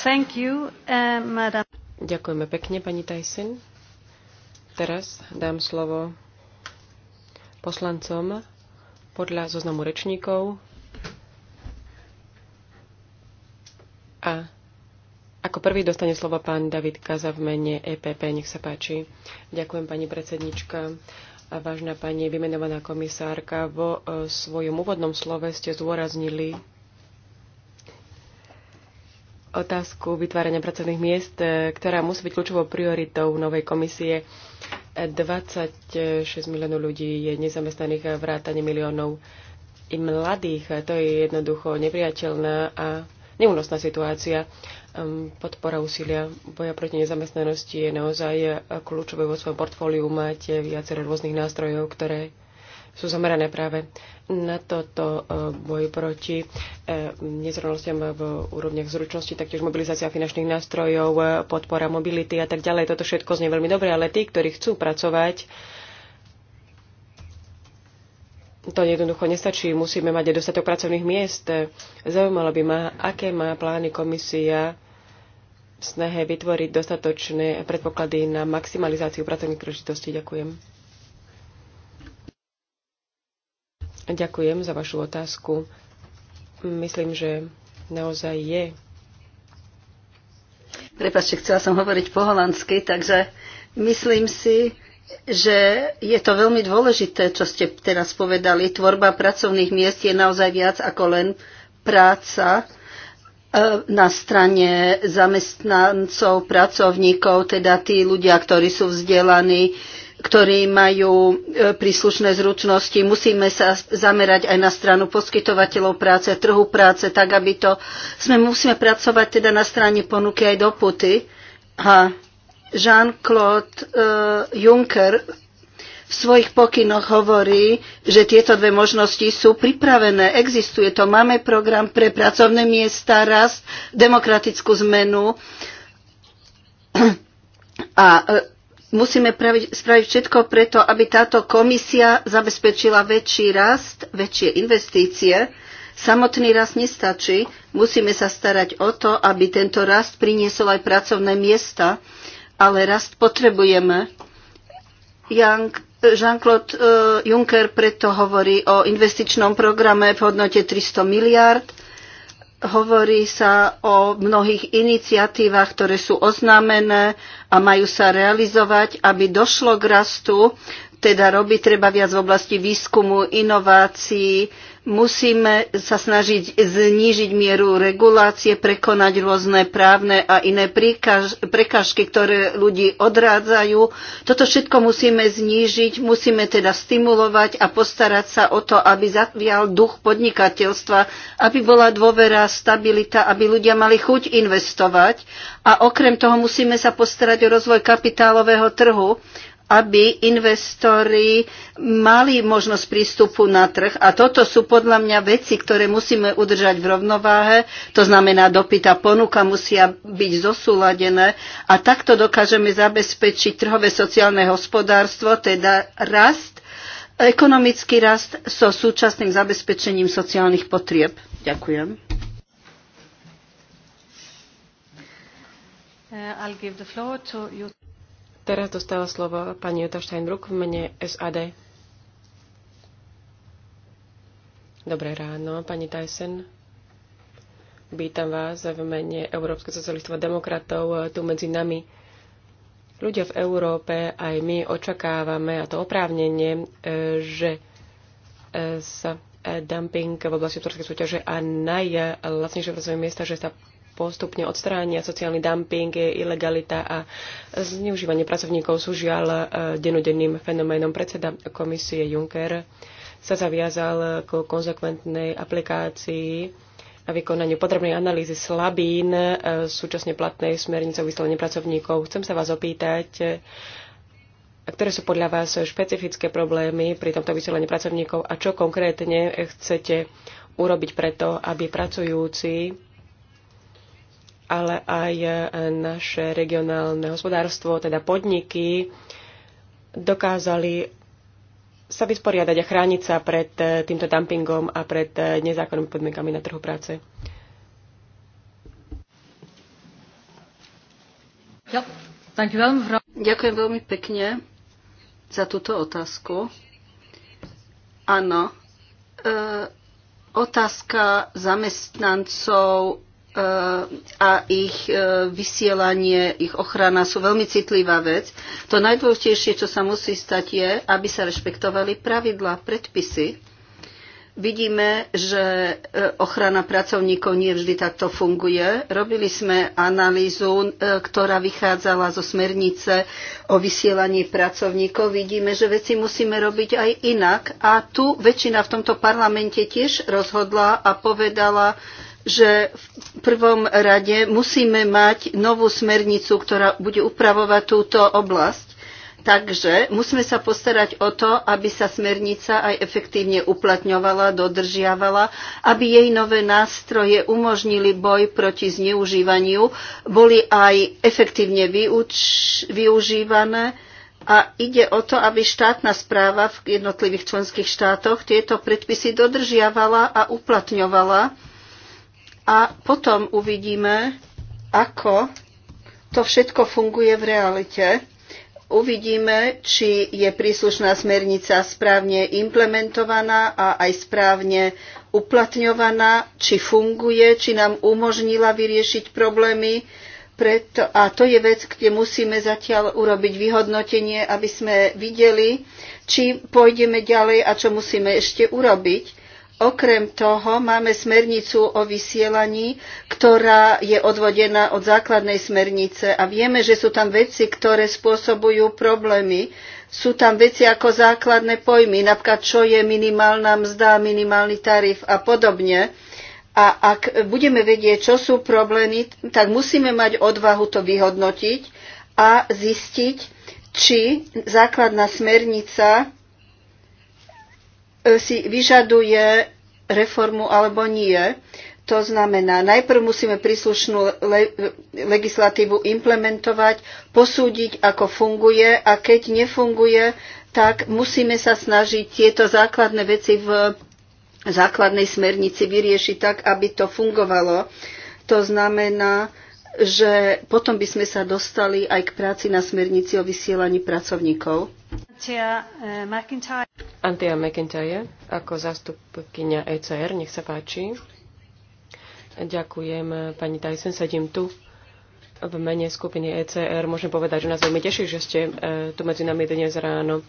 Thank you, uh, madam. Ďakujeme pekne, pani Tyson. Teraz dám slovo poslancom podľa zoznamu rečníkov. A ako prvý dostane slovo pán David Kaza v mene EPP. Nech sa páči. Ďakujem pani predsednička. A vážna pani vymenovaná komisárka, vo eh, svojom úvodnom slove ste zdôraznili otázku vytvárania pracovných miest, e, ktorá musí byť kľúčovou prioritou novej komisie. 26 miliónov ľudí je nezamestnaných a vrátane miliónov i mladých. To je jednoducho nepriateľná a neúnosná situácia. Podpora úsilia boja proti nezamestnanosti je naozaj kľúčové vo svojom portfóliu. Máte viacero rôznych nástrojov, ktoré sú zamerané práve na toto e, boj proti e, nezrovnalostiam v úrovniach zručnosti, taktiež mobilizácia finančných nástrojov, e, podpora mobility a tak ďalej. Toto všetko znie veľmi dobre, ale tí, ktorí chcú pracovať, to jednoducho nestačí. Musíme mať aj dostatok pracovných miest. Zaujímalo by ma, aké má plány komisia v snahe vytvoriť dostatočné predpoklady na maximalizáciu pracovných príležitostí. Ďakujem. Ďakujem za vašu otázku. Myslím, že naozaj je. Prepačte, chcela som hovoriť po holandsky, takže myslím si, že je to veľmi dôležité, čo ste teraz povedali. Tvorba pracovných miest je naozaj viac ako len práca e, na strane zamestnancov, pracovníkov, teda tí ľudia, ktorí sú vzdelaní, ktorí majú e, príslušné zručnosti. Musíme sa zamerať aj na stranu poskytovateľov práce, trhu práce, tak aby to... Sme musíme pracovať teda na strane ponuky aj doputy. A Jean-Claude e, Juncker v svojich pokynoch hovorí, že tieto dve možnosti sú pripravené, existuje to, máme program pre pracovné miesta, rast, demokratickú zmenu a e, Musíme praviť, spraviť všetko preto, aby táto komisia zabezpečila väčší rast, väčšie investície. Samotný rast nestačí. Musíme sa starať o to, aby tento rast priniesol aj pracovné miesta, ale rast potrebujeme. Jean-Claude e, Juncker preto hovorí o investičnom programe v hodnote 300 miliárd. Hovorí sa o mnohých iniciatívach, ktoré sú oznámené, a majú sa realizovať, aby došlo k rastu, teda robiť treba viac v oblasti výskumu, inovácií, Musíme sa snažiť znížiť mieru regulácie, prekonať rôzne právne a iné prekažky, ktoré ľudí odrádzajú. Toto všetko musíme znížiť, musíme teda stimulovať a postarať sa o to, aby zavial duch podnikateľstva, aby bola dôvera, stabilita, aby ľudia mali chuť investovať. A okrem toho musíme sa postarať o rozvoj kapitálového trhu, aby investori mali možnosť prístupu na trh. A toto sú podľa mňa veci, ktoré musíme udržať v rovnováhe. To znamená, dopyt a ponuka musia byť zosúladené. A takto dokážeme zabezpečiť trhové sociálne hospodárstvo, teda rast, ekonomický rast so súčasným zabezpečením sociálnych potrieb. Ďakujem. Uh, I'll give the floor to you. Teraz dostala slovo pani Jutta Steinbrück v mene SAD. Dobré ráno, pani Tyson. Vítam vás v mene Európskej socialistov a demokratov eh, tu medzi nami. Ľudia v Európe aj my očakávame, a to oprávnenie, eh, že eh, sa dumping v oblasti občanskej súťaže a najlacnejšie pracovné miesta, že sa postupne odstránia sociálny dumping, ilegalita a zneužívanie pracovníkov sú žiaľ e, denodenným fenoménom. Predseda komisie Juncker sa zaviazal k konzekventnej aplikácii a vykonaniu potrebnej analýzy slabín e, súčasne platnej smernice o vyslovení pracovníkov. Chcem sa vás opýtať, e, ktoré sú podľa vás špecifické problémy pri tomto vysielaní pracovníkov a čo konkrétne chcete urobiť preto, aby pracujúci ale aj e, naše regionálne hospodárstvo, teda podniky, dokázali sa vysporiadať a chrániť sa pred e, týmto dumpingom a pred e, nezákonnými podmienkami na trhu práce. Ďakujem veľmi pekne za túto otázku. Áno, e, otázka zamestnancov a ich e, vysielanie, ich ochrana sú veľmi citlivá vec. To najdôležitejšie, čo sa musí stať, je, aby sa rešpektovali pravidlá, predpisy. Vidíme, že e, ochrana pracovníkov nie vždy takto funguje. Robili sme analýzu, e, ktorá vychádzala zo smernice o vysielaní pracovníkov. Vidíme, že veci musíme robiť aj inak. A tu väčšina v tomto parlamente tiež rozhodla a povedala, že v prvom rade musíme mať novú smernicu, ktorá bude upravovať túto oblasť. Takže musíme sa postarať o to, aby sa smernica aj efektívne uplatňovala, dodržiavala, aby jej nové nástroje umožnili boj proti zneužívaniu, boli aj efektívne vyuč- využívané a ide o to, aby štátna správa v jednotlivých členských štátoch tieto predpisy dodržiavala a uplatňovala a potom uvidíme, ako to všetko funguje v realite. Uvidíme, či je príslušná smernica správne implementovaná a aj správne uplatňovaná, či funguje, či nám umožnila vyriešiť problémy. Preto, a to je vec, kde musíme zatiaľ urobiť vyhodnotenie, aby sme videli, či pôjdeme ďalej a čo musíme ešte urobiť. Okrem toho máme smernicu o vysielaní, ktorá je odvodená od základnej smernice a vieme, že sú tam veci, ktoré spôsobujú problémy. Sú tam veci ako základné pojmy, napríklad čo je minimálna mzda, minimálny tarif a podobne. A ak budeme vedieť, čo sú problémy, tak musíme mať odvahu to vyhodnotiť a zistiť, či základná smernica E, si vyžaduje reformu alebo nie. To znamená, najprv musíme príslušnú le- legislatívu implementovať, posúdiť, ako funguje a keď nefunguje, tak musíme sa snažiť tieto základné veci v základnej smernici vyriešiť tak, aby to fungovalo. To znamená, že potom by sme sa dostali aj k práci na smernici o vysielaní pracovníkov. Uh, Antia McIntyre ako zastupkynia ECR, nech sa páči. Ďakujem, pani Tyson, sedím tu v mene skupiny ECR. Môžem povedať, že nás veľmi teší, že ste eh, tu medzi nami dnes ráno.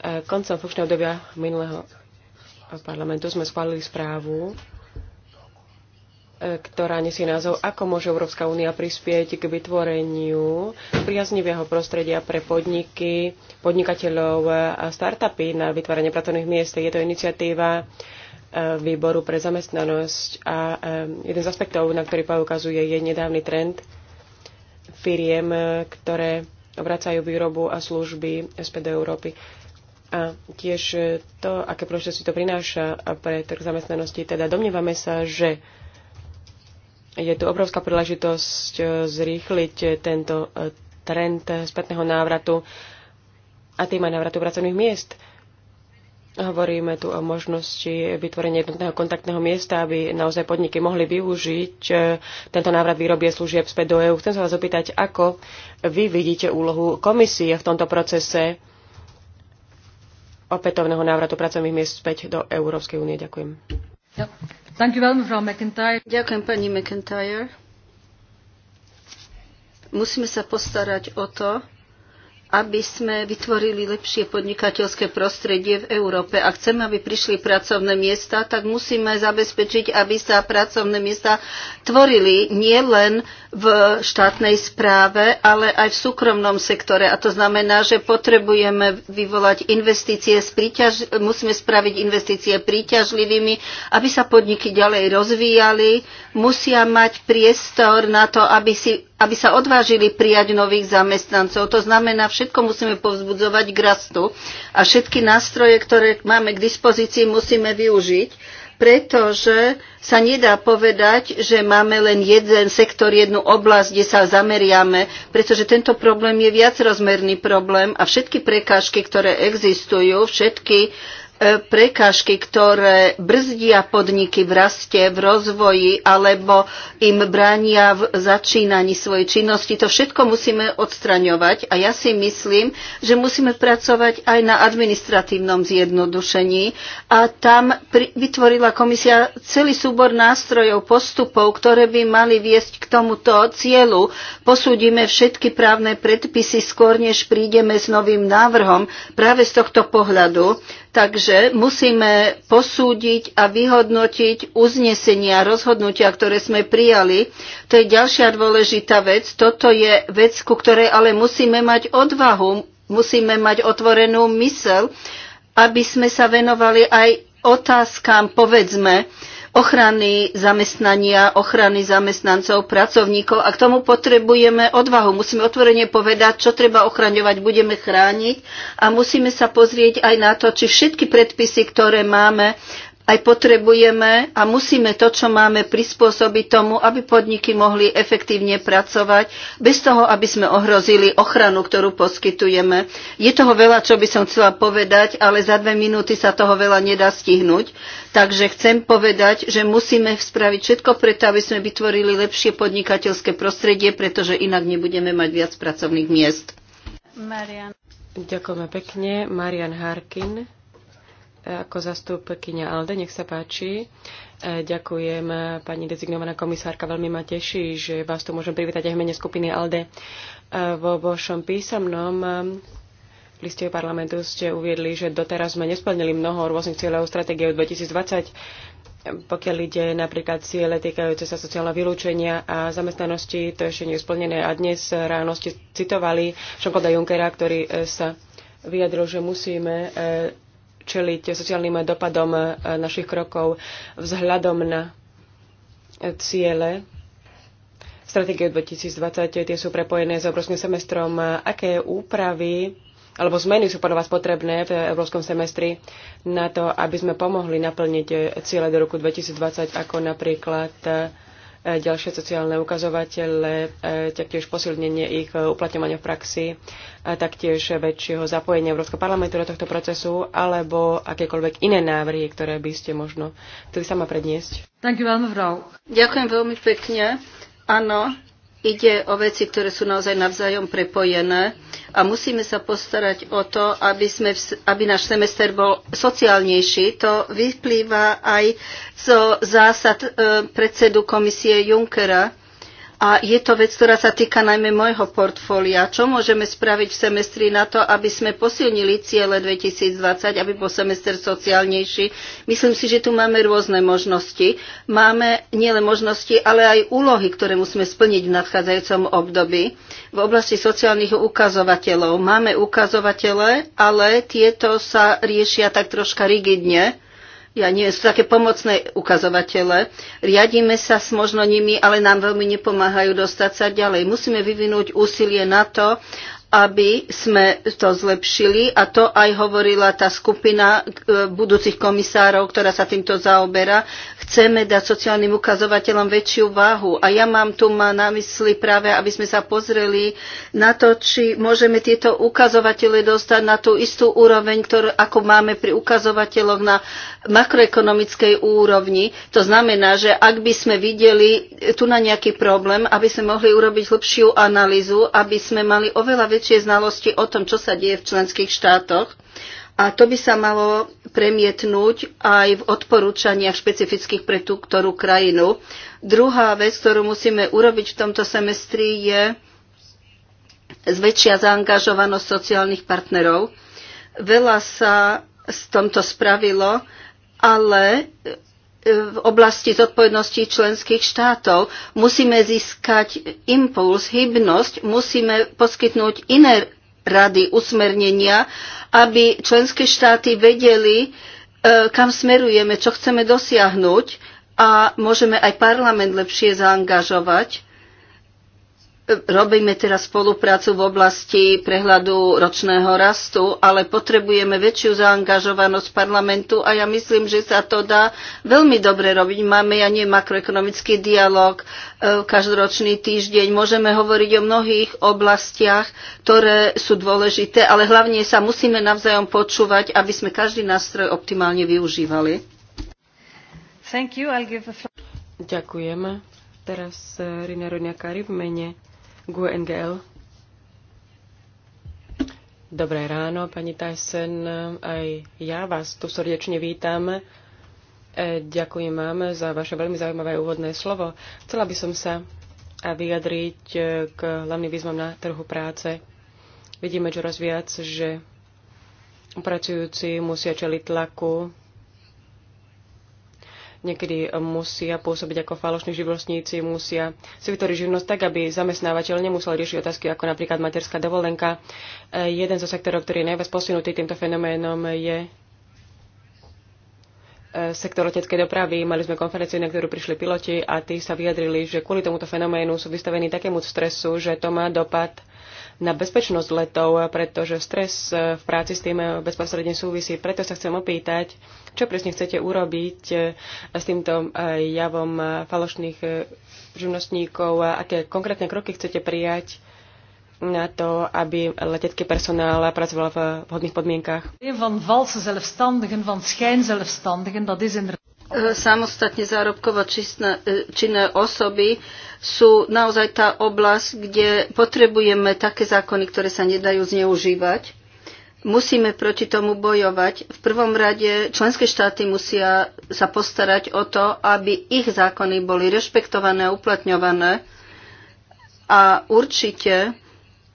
Eh, koncom funkčného obdobia minulého parlamentu sme schválili správu ktorá nesie názov Ako môže Európska únia prispieť k vytvoreniu priaznivého prostredia pre podniky, podnikateľov a startupy na vytváranie pracovných miest. Je to iniciatíva e, výboru pre zamestnanosť a e, jeden z aspektov, na ktorý poukazuje, je nedávny trend firiem, e, ktoré obracajú výrobu a služby späť do Európy. A tiež to, aké si to prináša pre trh zamestnanosti. Teda domnievame sa, že je tu obrovská príležitosť e, zrýchliť e, tento e, trend spätného návratu a tým aj návratu pracovných miest. Hovoríme tu o možnosti vytvorenia jednotného kontaktného miesta, aby naozaj podniky mohli využiť tento návrat výroby a služieb späť do EÚ. Chcem sa vás opýtať, ako vy vidíte úlohu komisie v tomto procese opätovného návratu pracovných miest späť do Európskej únie. Ďakujem. Ďakujem pani McIntyre. Musíme sa postarať o to, aby sme vytvorili lepšie podnikateľské prostredie v Európe. Ak chceme, aby prišli pracovné miesta, tak musíme zabezpečiť, aby sa pracovné miesta tvorili nielen v štátnej správe, ale aj v súkromnom sektore. A to znamená, že potrebujeme vyvolať investície, príťaž, musíme spraviť investície príťažlivými, aby sa podniky ďalej rozvíjali, musia mať priestor na to, aby si aby sa odvážili prijať nových zamestnancov. To znamená, všetko musíme povzbudzovať k rastu a všetky nástroje, ktoré máme k dispozícii, musíme využiť, pretože sa nedá povedať, že máme len jeden sektor, jednu oblasť, kde sa zameriame, pretože tento problém je viacrozmerný problém a všetky prekážky, ktoré existujú, všetky E, prekážky, ktoré brzdia podniky v raste, v rozvoji alebo im bránia v začínaní svojej činnosti. To všetko musíme odstraňovať a ja si myslím, že musíme pracovať aj na administratívnom zjednodušení a tam vytvorila komisia celý súbor nástrojov, postupov, ktoré by mali viesť k tomuto cieľu. Posúdime všetky právne predpisy skôr, než prídeme s novým návrhom práve z tohto pohľadu. Takže musíme posúdiť a vyhodnotiť uznesenia, rozhodnutia, ktoré sme prijali. To je ďalšia dôležitá vec. Toto je vec, ku ktorej ale musíme mať odvahu, musíme mať otvorenú mysel, aby sme sa venovali aj otázkam, povedzme, ochrany zamestnania, ochrany zamestnancov, pracovníkov a k tomu potrebujeme odvahu. Musíme otvorene povedať, čo treba ochraňovať, budeme chrániť a musíme sa pozrieť aj na to, či všetky predpisy, ktoré máme, aj potrebujeme a musíme to, čo máme, prispôsobiť tomu, aby podniky mohli efektívne pracovať, bez toho, aby sme ohrozili ochranu, ktorú poskytujeme. Je toho veľa, čo by som chcela povedať, ale za dve minúty sa toho veľa nedá stihnúť. Takže chcem povedať, že musíme spraviť všetko preto, aby sme vytvorili lepšie podnikateľské prostredie, pretože inak nebudeme mať viac pracovných miest. Marian. Ďakujeme pekne. Marian Harkin ako zastupkynia Alde. Nech sa páči. E, ďakujem, pani dezignovaná komisárka. Veľmi ma teší, že vás tu môžem privítať aj v mene skupiny Alde. E, vo vašom písomnom liste parlamentu ste uviedli, že doteraz sme nesplnili mnoho rôznych cieľov stratégie 2020 pokiaľ ide napríklad ciele týkajúce sa sociálneho vylúčenia a zamestnanosti, to ešte nie je splnené. A dnes ráno ste citovali jean Junkera, Junckera, ktorý e, sa vyjadril, že musíme čeliť sociálnym dopadom e, našich krokov vzhľadom na ciele stratégie 2020, tie sú prepojené s európskym semestrom. Aké úpravy alebo zmeny sú podľa vás potrebné v európskom semestri na to, aby sme pomohli naplniť ciele do roku 2020, ako napríklad e, ďalšie sociálne ukazovatele, e, taktiež posilnenie ich uplatňovania v praxi taktiež väčšieho zapojenia Európskeho parlamentu do tohto procesu, alebo akékoľvek iné návrhy, ktoré by ste možno chceli sama predniesť. Ďakujem veľmi pekne. Áno, ide o veci, ktoré sú naozaj navzájom prepojené a musíme sa postarať o to, aby, sme, aby náš semester bol sociálnejší. To vyplýva aj zo zásad e, predsedu komisie Junckera. A je to vec, ktorá sa týka najmä môjho portfólia. Čo môžeme spraviť v semestri na to, aby sme posilnili ciele 2020, aby bol semester sociálnejší? Myslím si, že tu máme rôzne možnosti. Máme nielen možnosti, ale aj úlohy, ktoré musíme splniť v nadchádzajúcom období. V oblasti sociálnych ukazovateľov máme ukazovatele, ale tieto sa riešia tak troška rigidne ja nie sú také pomocné ukazovatele. Riadíme sa s možno nimi, ale nám veľmi nepomáhajú dostať sa ďalej. Musíme vyvinúť úsilie na to, aby sme to zlepšili a to aj hovorila tá skupina e, budúcich komisárov, ktorá sa týmto zaoberá. Chceme dať sociálnym ukazovateľom väčšiu váhu a ja mám tu má na mysli práve, aby sme sa pozreli na to, či môžeme tieto ukazovatele dostať na tú istú úroveň, ktorú, ako máme pri ukazovateľoch na makroekonomickej úrovni. To znamená, že ak by sme videli tu na nejaký problém, aby sme mohli urobiť hĺbšiu analýzu, aby sme mali oveľa väčšie znalosti o tom, čo sa deje v členských štátoch. A to by sa malo premietnúť aj v odporúčaniach špecifických pre tú ktorú krajinu. Druhá vec, ktorú musíme urobiť v tomto semestri, je zväčšia zaangažovanosť sociálnych partnerov. Veľa sa z tomto spravilo, ale e, v oblasti zodpovednosti členských štátov. Musíme získať impuls, hybnosť, musíme poskytnúť iné rady, usmernenia, aby členské štáty vedeli, e, kam smerujeme, čo chceme dosiahnuť a môžeme aj parlament lepšie zaangažovať Robíme teraz spoluprácu v oblasti prehľadu ročného rastu, ale potrebujeme väčšiu zaangažovanosť parlamentu a ja myslím, že sa to dá veľmi dobre robiť. Máme ja nie makroekonomický dialog, e, každoročný týždeň. Môžeme hovoriť o mnohých oblastiach, ktoré sú dôležité, ale hlavne sa musíme navzájom počúvať, aby sme každý nástroj optimálne využívali. Thank you. I'll give the floor. Teraz e, Rina Roňakári v mene GUNGL. Dobré ráno, pani Tyson. Aj ja vás tu srdečne vítam. E, ďakujem vám za vaše veľmi zaujímavé úvodné slovo. Chcela by som sa vyjadriť e, k hlavným výzvam na trhu práce. Vidíme čoraz viac, že pracujúci musia čeliť tlaku Niekedy musia pôsobiť ako falošní živnostníci, musia si vytvoriť živnosť tak, aby zamestnávateľ nemusel riešiť otázky ako napríklad materská dovolenka. Jeden zo sektorov, ktorý je najviac posunutý týmto fenoménom, je eh, sektor leteckej dopravy. Mali sme konferenciu, na ktorú prišli piloti a tí sa vyjadrili, že kvôli tomuto fenoménu sú vystavení takému stresu, že to má dopad na bezpečnosť letov, pretože stres eh, v práci s tým eh, bezprostredne súvisí. Preto sa chcem opýtať, čo presne chcete urobiť eh, s týmto javom falošných živnostníkov, a aké konkrétne kroky chcete prijať na to, aby letecký personál pracoval v vhodných podmienkach. Van valse zelfstandigen, van zelfstandigen, dat is inderdaad... E, samostatne zárobkovo e, činné osoby sú naozaj tá oblasť, kde potrebujeme také zákony, ktoré sa nedajú zneužívať. Musíme proti tomu bojovať. V prvom rade členské štáty musia sa postarať o to, aby ich zákony boli rešpektované a uplatňované. A určite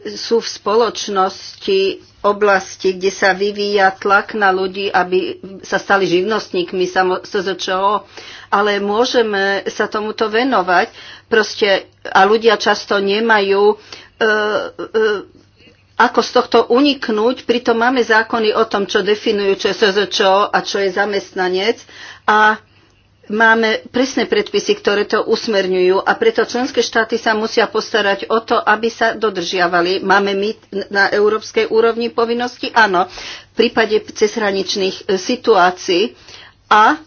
sú v spoločnosti oblasti, kde sa vyvíja tlak na ľudí, aby sa stali živnostníkmi SZČO, ale môžeme sa tomuto venovať. Proste, a ľudia často nemajú uh, uh, ako z tohto uniknúť, pritom máme zákony o tom, čo definujú, čo je SZČO a čo je zamestnanec. A máme presné predpisy, ktoré to usmerňujú a preto členské štáty sa musia postarať o to, aby sa dodržiavali. Máme my na európskej úrovni povinnosti? Áno, v prípade cezhraničných e, situácií a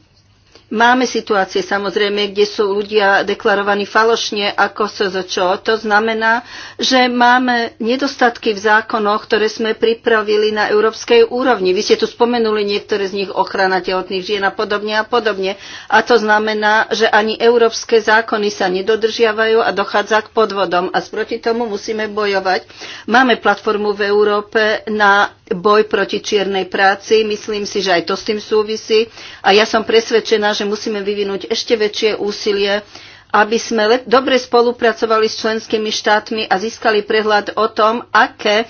Máme situácie samozrejme, kde sú ľudia deklarovaní falošne ako SZČO. To znamená, že máme nedostatky v zákonoch, ktoré sme pripravili na európskej úrovni. Vy ste tu spomenuli niektoré z nich, ochrana tehotných žien a podobne a podobne. A to znamená, že ani európske zákony sa nedodržiavajú a dochádza k podvodom. A sproti tomu musíme bojovať. Máme platformu v Európe na boj proti čiernej práci. Myslím si, že aj to s tým súvisí. A ja som presvedčená, že musíme vyvinúť ešte väčšie úsilie, aby sme dobre spolupracovali s členskými štátmi a získali prehľad o tom, aké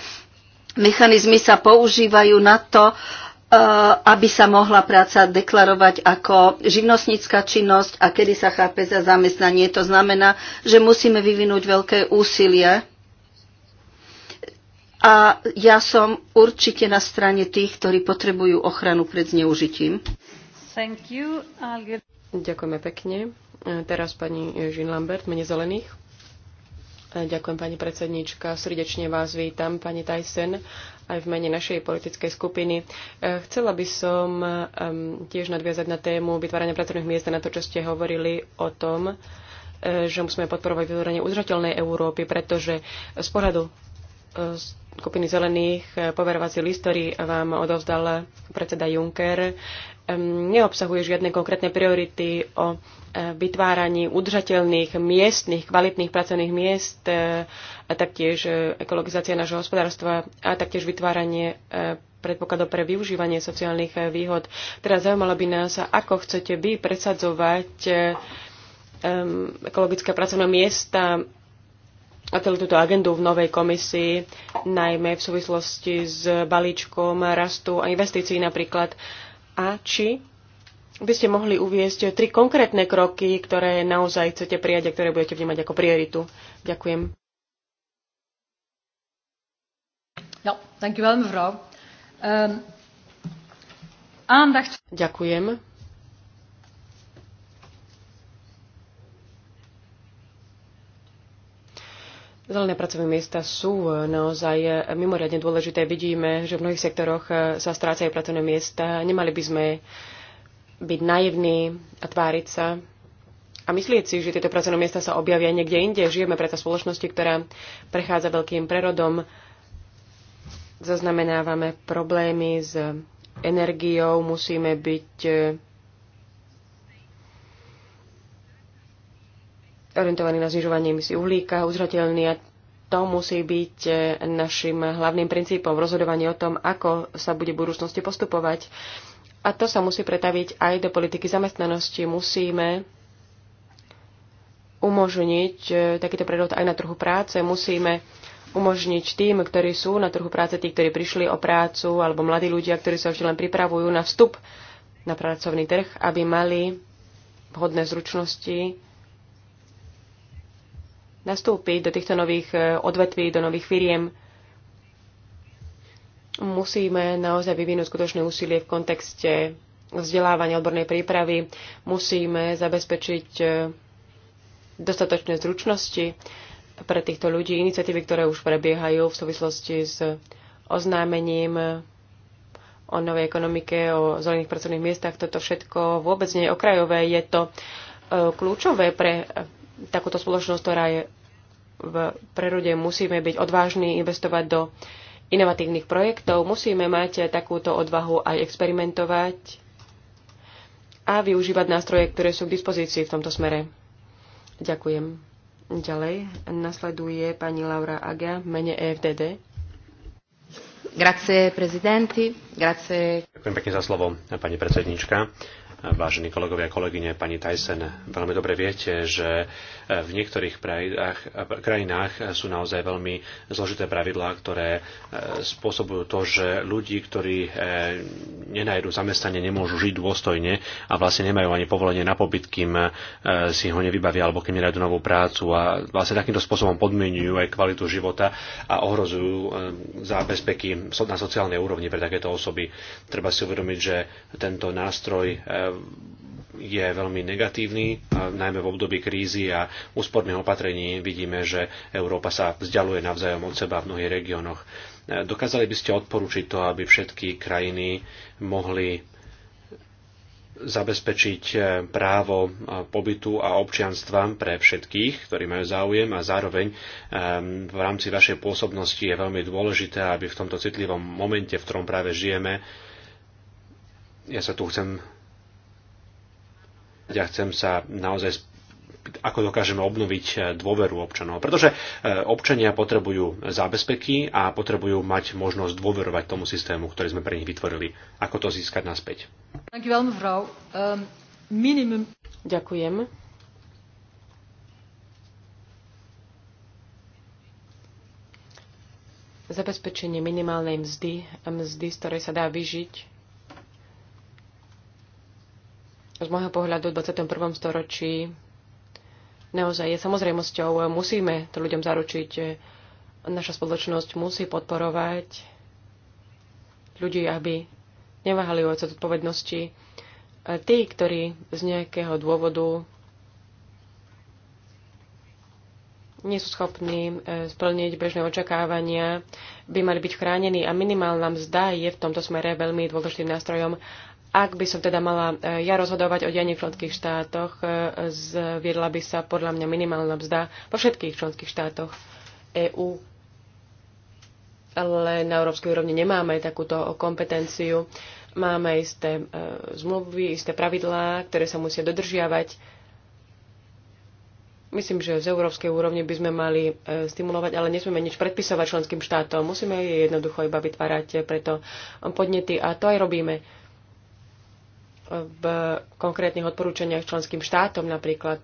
mechanizmy sa používajú na to, e, aby sa mohla práca deklarovať ako živnostnícka činnosť a kedy sa chápe za zamestnanie. To znamená, že musíme vyvinúť veľké úsilie a ja som určite na strane tých, ktorí potrebujú ochranu pred zneužitím. Ďakujeme pekne. E, teraz pani Jean Lambert, mene zelených. E, ďakujem, pani predsednička. Srdečne vás vítam, pani Tyson, aj v mene našej politickej skupiny. E, chcela by som tiež nadviazať na tému vytvárania pracovných miest na to, čo ste hovorili o tom, že musíme podporovať vytvorenie uzrateľnej Európy, pretože z pohľadu z skupiny zelených e, poverovací list, ktorý vám odovzdal predseda Juncker, neobsahuje žiadne konkrétne priority o e, vytváraní udržateľných, miestnych, kvalitných pracovných miest, e, a taktiež ekologizácia nášho hospodárstva a taktiež vytváranie predpokladov pre využívanie sociálnych výhod. Teraz zaujímalo by nás, ako chcete vy presadzovať ekologické pracovné miesta a celú túto agendu v novej komisii, najmä v súvislosti s balíčkom rastu a investícií napríklad. A či by ste mohli uviesť tri konkrétne kroky, ktoré naozaj chcete prijať a ktoré budete vnímať ako prioritu. Ďakujem. No, thank you well, Um, and... Ďakujem. Zelené pracovné miesta sú e, naozaj e, mimoriadne dôležité. Vidíme, že v mnohých sektoroch e, sa strácajú pracovné miesta. Nemali by sme byť naivní a tváriť sa a myslieť si, že tieto pracovné miesta sa objavia niekde inde. Žijeme preto spoločnosti, ktorá prechádza veľkým prerodom. Zaznamenávame problémy s energiou, musíme byť orientovaný na znižovanie emisí uhlíka, uzrateľný a to musí byť e, našim hlavným princípom v rozhodovaní o tom, ako sa bude v budúcnosti postupovať. A to sa musí pretaviť aj do politiky zamestnanosti. Musíme umožniť e, takýto prerod aj na trhu práce. Musíme umožniť tým, ktorí sú na trhu práce, tí, ktorí prišli o prácu, alebo mladí ľudia, ktorí sa ešte len pripravujú na vstup na pracovný trh, aby mali vhodné zručnosti, nastúpiť do týchto nových e, odvetví, do nových firiem, musíme naozaj vyvinúť skutočné úsilie v kontexte vzdelávania odbornej prípravy, musíme zabezpečiť e, dostatočné zručnosti pre týchto ľudí, iniciatívy, ktoré už prebiehajú v súvislosti s oznámením o novej ekonomike, o zelených pracovných miestach. Toto všetko vôbec nie je okrajové, je to e, kľúčové pre takúto spoločnosť, ktorá je v prerode, musíme byť odvážni investovať do inovatívnych projektov, musíme mať takúto odvahu aj experimentovať a využívať nástroje, ktoré sú k dispozícii v tomto smere. Ďakujem. Ďalej nasleduje pani Laura Aga, mene EFDD. Grazie, prezidenti. Grazie. Ďakujem pekne za slovo, pani predsednička vážení kolegovia a kolegyne, pani Tyson, veľmi dobre viete, že e, v niektorých e, krajinách sú naozaj veľmi zložité pravidlá, ktoré e, spôsobujú to, že ľudí, ktorí nenajdu zamestnanie, nemôžu žiť dôstojne a vlastne nemajú ani povolenie na pobyt, kým si ho nevybavia alebo kým nenajdu novú prácu a vlastne takýmto spôsobom podmienujú aj kvalitu života a ohrozujú zábezpeky na sociálnej úrovni pre takéto osoby. Treba si uvedomiť, že tento nástroj je veľmi negatívny, najmä v období krízy a úsporných opatrení vidíme, že Európa sa vzdialuje navzájom od seba v mnohých regiónoch. Dokázali by ste odporučiť to, aby všetky krajiny mohli zabezpečiť eh, právo eh, pobytu a občianstva pre všetkých, ktorí majú záujem a zároveň eh, v rámci vašej pôsobnosti je veľmi dôležité, aby v tomto citlivom momente, v ktorom práve žijeme, ja sa tu chcem ja chcem sa naozaj ako dokážeme obnoviť eh, dôveru občanov. Pretože eh, občania potrebujú zábezpeky a potrebujú mať možnosť dôverovať tomu systému, ktorý sme pre nich vytvorili. Ako to získať naspäť? Ehm, Ďakujem. Zabezpečenie minimálnej mzdy, mzdy, z ktorej sa dá vyžiť, z môjho pohľadu v 21. storočí naozaj je samozrejmosťou. Musíme to ľuďom zaručiť. Naša spoločnosť musí podporovať ľudí, aby neváhali od zodpovednosti. Tí, ktorí z nejakého dôvodu nie sú schopní e, splniť bežné očakávania, by mali byť chránení a minimálna mzda je v tomto smere veľmi dôležitým nástrojom ak by som teda mala e, ja rozhodovať o dianí v členských štátoch, e, zviedla by sa podľa mňa minimálna mzda vo všetkých členských štátoch EÚ. Ale na európskej úrovni nemáme takúto kompetenciu. Máme isté e, zmluvy, isté pravidlá, ktoré sa musia dodržiavať. Myslím, že z európskej úrovne by sme mali stimulovať, ale nesmieme nič predpisovať členským štátom. Musíme jednoducho iba vytvárať preto podnety a to aj robíme v konkrétnych odporúčaniach členským štátom napríklad.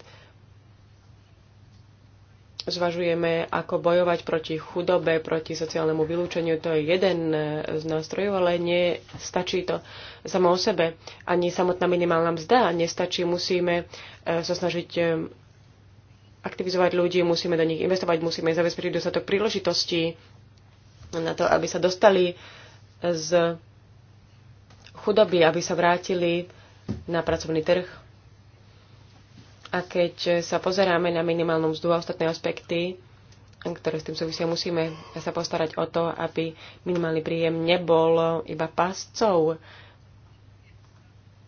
Zvažujeme, ako bojovať proti chudobe, proti sociálnemu vylúčeniu. To je jeden e, z nástrojov, ale nestačí to samo o sebe. Ani samotná minimálna mzda nestačí. Musíme e, sa snažiť e, aktivizovať ľudí, musíme do nich investovať, musíme zabezpečiť dostatok príležitostí na to, aby sa dostali z chudoby, aby sa vrátili na pracovný trh. A keď sa pozeráme na minimálnu mzdu a ostatné aspekty, ktoré s tým súvisia, musíme sa postarať o to, aby minimálny príjem nebol iba páscov.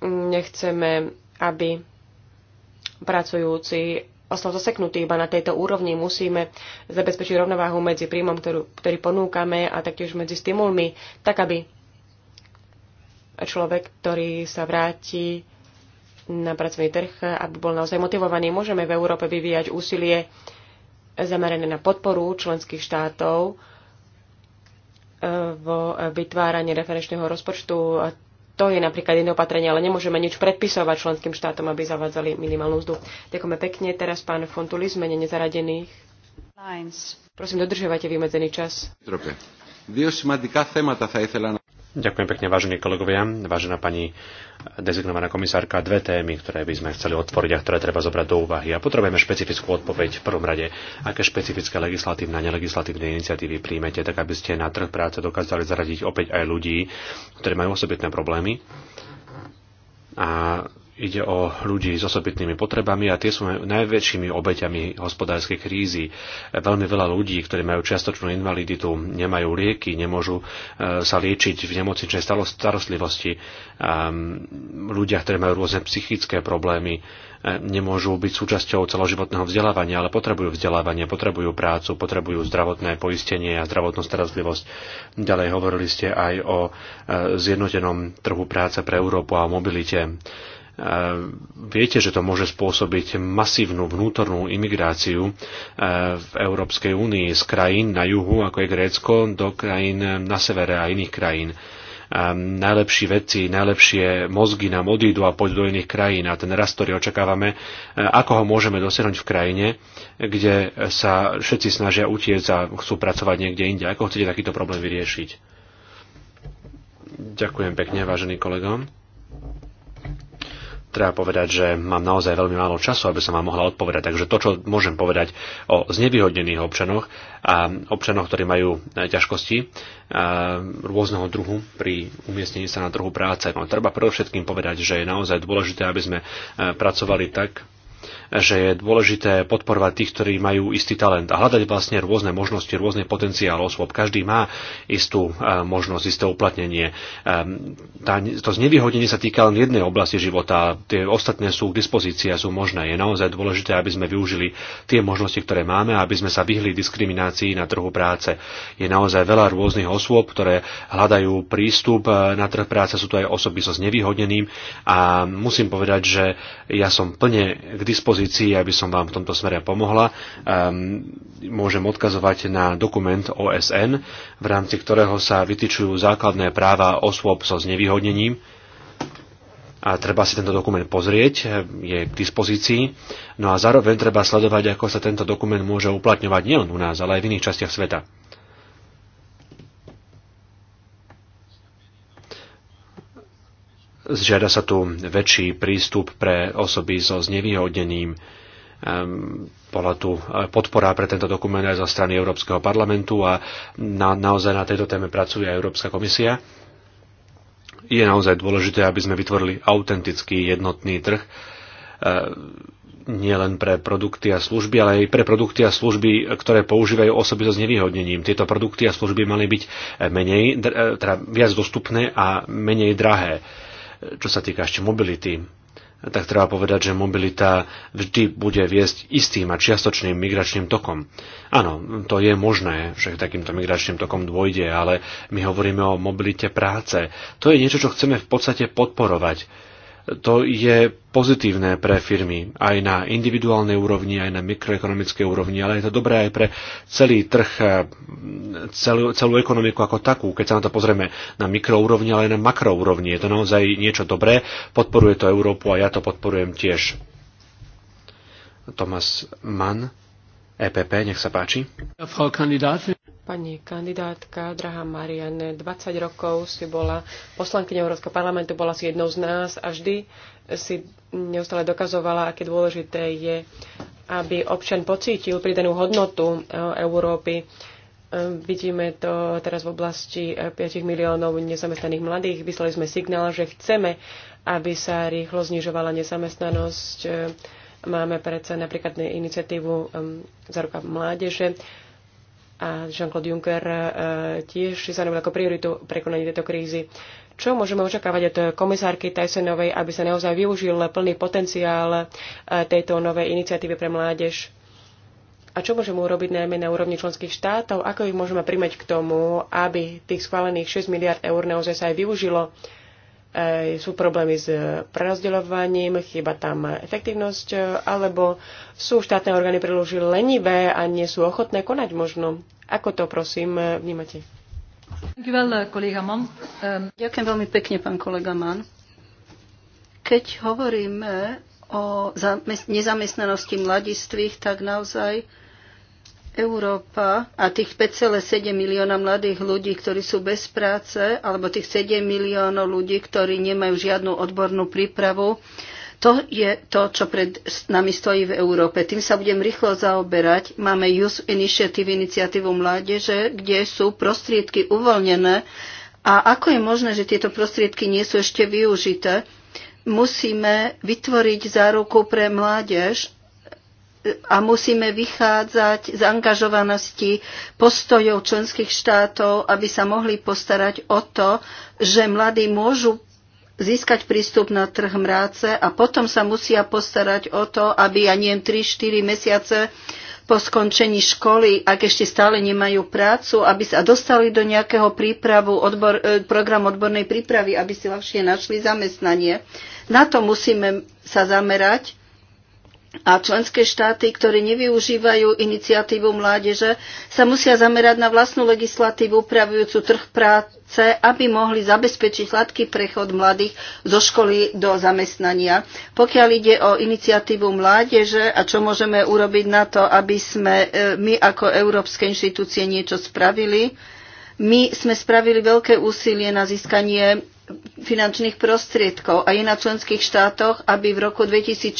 Nechceme, aby pracujúci ostal zaseknutý iba na tejto úrovni. Musíme zabezpečiť rovnováhu medzi príjmom, ktorú, ktorý ponúkame a taktiež medzi stimulmi, tak aby človek, ktorý sa vráti na pracovný trh, aby bol naozaj motivovaný. Môžeme v Európe vyvíjať úsilie zamerané na podporu členských štátov e, vo vytváraní referenčného rozpočtu. A to je napríklad jedno opatrenie, ale nemôžeme nič predpisovať členským štátom, aby zavádzali minimálnu mzdu. Ďakujeme pekne. Teraz pán Fontuli, zmene nezaradených. Lines. Prosím, dodržiavajte vymedzený čas. Dvoje Δύο témata sa θα ήθελα Ďakujem pekne, vážení kolegovia, vážená pani dezignovaná komisárka, dve témy, ktoré by sme chceli otvoriť a ktoré treba zobrať do úvahy. A potrebujeme špecifickú odpoveď v prvom rade, aké špecifické legislatívne a nelegislatívne iniciatívy príjmete, tak aby ste na trh práce dokázali zaradiť opäť aj ľudí, ktorí majú osobitné problémy a Ide o ľudí s osobitnými potrebami a tie sú najväčšími obeťami hospodárskej krízy. Veľmi veľa ľudí, ktorí majú čiastočnú invaliditu, nemajú lieky, nemôžu e, sa liečiť v nemocničnej starostlivosti. Ľudia, ktorí majú rôzne psychické problémy, e, nemôžu byť súčasťou celoživotného vzdelávania, ale potrebujú vzdelávanie, potrebujú prácu, potrebujú zdravotné poistenie a zdravotnú starostlivosť. Ďalej hovorili ste aj o e, zjednotenom trhu práce pre Európu a o mobilite Eh, viete, že to môže spôsobiť masívnu vnútornú imigráciu eh, v Európskej únii z krajín na juhu, ako je Grécko, do krajín na severe a iných krajín eh, najlepší vedci, najlepšie mozgy nám odídu a poď do iných krajín a ten rast, ktorý očakávame, ako ho môžeme dosiahnuť v krajine, kde sa všetci snažia utiecť a chcú pracovať niekde inde. Ako chcete takýto problém vyriešiť? Ďakujem pekne, vážený kolega treba povedať, že mám naozaj veľmi málo času, aby som vám mohla odpovedať. Takže to, čo môžem povedať o znevýhodnených občanoch a občanoch, ktorí majú eh, ťažkosti eh, rôzneho druhu pri umiestnení sa na trhu práce. No, treba predovšetkým povedať, že je naozaj dôležité, aby sme eh, pracovali tak, že je dôležité podporovať tých, ktorí majú istý talent a hľadať vlastne rôzne možnosti, rôzne potenciál osôb. Každý má istú e, možnosť, isté uplatnenie. E, to znevýhodnenie sa týka len jednej oblasti života. Tie ostatné sú k dispozícii a sú možné. Je naozaj dôležité, aby sme využili tie možnosti, ktoré máme, a aby sme sa vyhli diskriminácii na trhu práce. Je naozaj veľa rôznych osôb, ktoré hľadajú prístup e, na trh práce. Sú to aj osoby so znevýhodneným a musím povedať, že ja som plne k dispozícii dispozícii, aby som vám v tomto smere pomohla. Ehm, môžem odkazovať na dokument OSN, v rámci ktorého sa vytýčujú základné práva osôb so znevýhodnením, a treba si tento dokument pozrieť, je k dispozícii. No a zároveň treba sledovať, ako sa tento dokument môže uplatňovať nielen u nás, ale aj v iných častiach sveta. Žiada sa tu väčší prístup pre osoby so znevýhodnením. Ehm, bola tu eh, podpora pre tento dokument aj zo strany Európskeho parlamentu a na, naozaj na tejto téme pracuje aj Európska komisia. Je naozaj dôležité, aby sme vytvorili autentický jednotný trh eh, nielen pre produkty a služby, ale aj pre produkty a služby, ktoré používajú osoby so znevýhodnením. Tieto produkty a služby mali byť menej, eh, teda viac dostupné a menej drahé. Čo sa týka ešte mobility, tak treba povedať, že mobilita vždy bude viesť istým a čiastočným migračným tokom. Áno, to je možné, že takýmto migračným tokom dôjde, ale my hovoríme o mobilite práce. To je niečo, čo chceme v podstate podporovať to je pozitívne pre firmy aj na individuálnej úrovni, aj na mikroekonomickej úrovni, ale je to dobré aj pre celý trh, eh, celú, celú ekonomiku ako takú. Keď sa na to pozrieme na mikroúrovni, ale aj na makroúrovni, je to naozaj niečo dobré, podporuje to Európu a ja to podporujem tiež. Thomas Mann, EPP, nech sa páči. Frau Pani kandidátka, drahá Marianne, 20 rokov si bola poslankyňou Európskeho parlamentu, bola si jednou z nás a vždy si neustále dokazovala, aké dôležité je, aby občan pocítil pridanú hodnotu e, Európy. E, vidíme to teraz v oblasti 5 e, miliónov nezamestnaných mladých. Vyslali sme signál, že chceme, aby sa rýchlo znižovala nezamestnanosť. Máme predsa napríklad iniciatívu za ruka mládeže a Jean-Claude Juncker e, tiež si zanúbil ako prioritu prekonanie tejto krízy. Čo môžeme očakávať od komisárky Tysonovej, aby sa naozaj využil plný potenciál e, tejto novej iniciatívy pre mládež? A čo môžeme urobiť najmä na úrovni členských štátov? Ako ich môžeme primať k tomu, aby tých schválených 6 miliard eur naozaj sa aj využilo? sú problémy s prerozdeľovaním, chyba tam efektívnosť, alebo sú štátne orgány príliš lenivé a nie sú ochotné konať možno. Ako to, prosím, vnímate? Ehm, Ďakujem veľmi pekne, pán kolega Mann. Keď hovoríme o nezamestnanosti mladistvých, tak naozaj Európa a tých 5,7 milióna mladých ľudí, ktorí sú bez práce, alebo tých 7 miliónov ľudí, ktorí nemajú žiadnu odbornú prípravu, to je to, čo pred nami stojí v Európe. Tým sa budem rýchlo zaoberať. Máme Youth Initiative, iniciatívu mládeže, kde sú prostriedky uvoľnené. A ako je možné, že tieto prostriedky nie sú ešte využité? Musíme vytvoriť záruku pre mládež, a musíme vychádzať z angažovanosti postojov členských štátov, aby sa mohli postarať o to, že mladí môžu získať prístup na trh mráce a potom sa musia postarať o to, aby, ja neviem, 3-4 mesiace po skončení školy, ak ešte stále nemajú prácu, aby sa dostali do nejakého prípravu, odbor, e, program odbornej prípravy, aby si ľahšie našli zamestnanie. Na to musíme sa zamerať a členské štáty, ktoré nevyužívajú iniciatívu mládeže, sa musia zamerať na vlastnú legislatívu upravujúcu trh práce, aby mohli zabezpečiť hladký prechod mladých zo školy do zamestnania. Pokiaľ ide o iniciatívu mládeže a čo môžeme urobiť na to, aby sme e, my ako európske inštitúcie niečo spravili, my sme spravili veľké úsilie na získanie finančných prostriedkov a je na členských štátoch, aby v roku 2014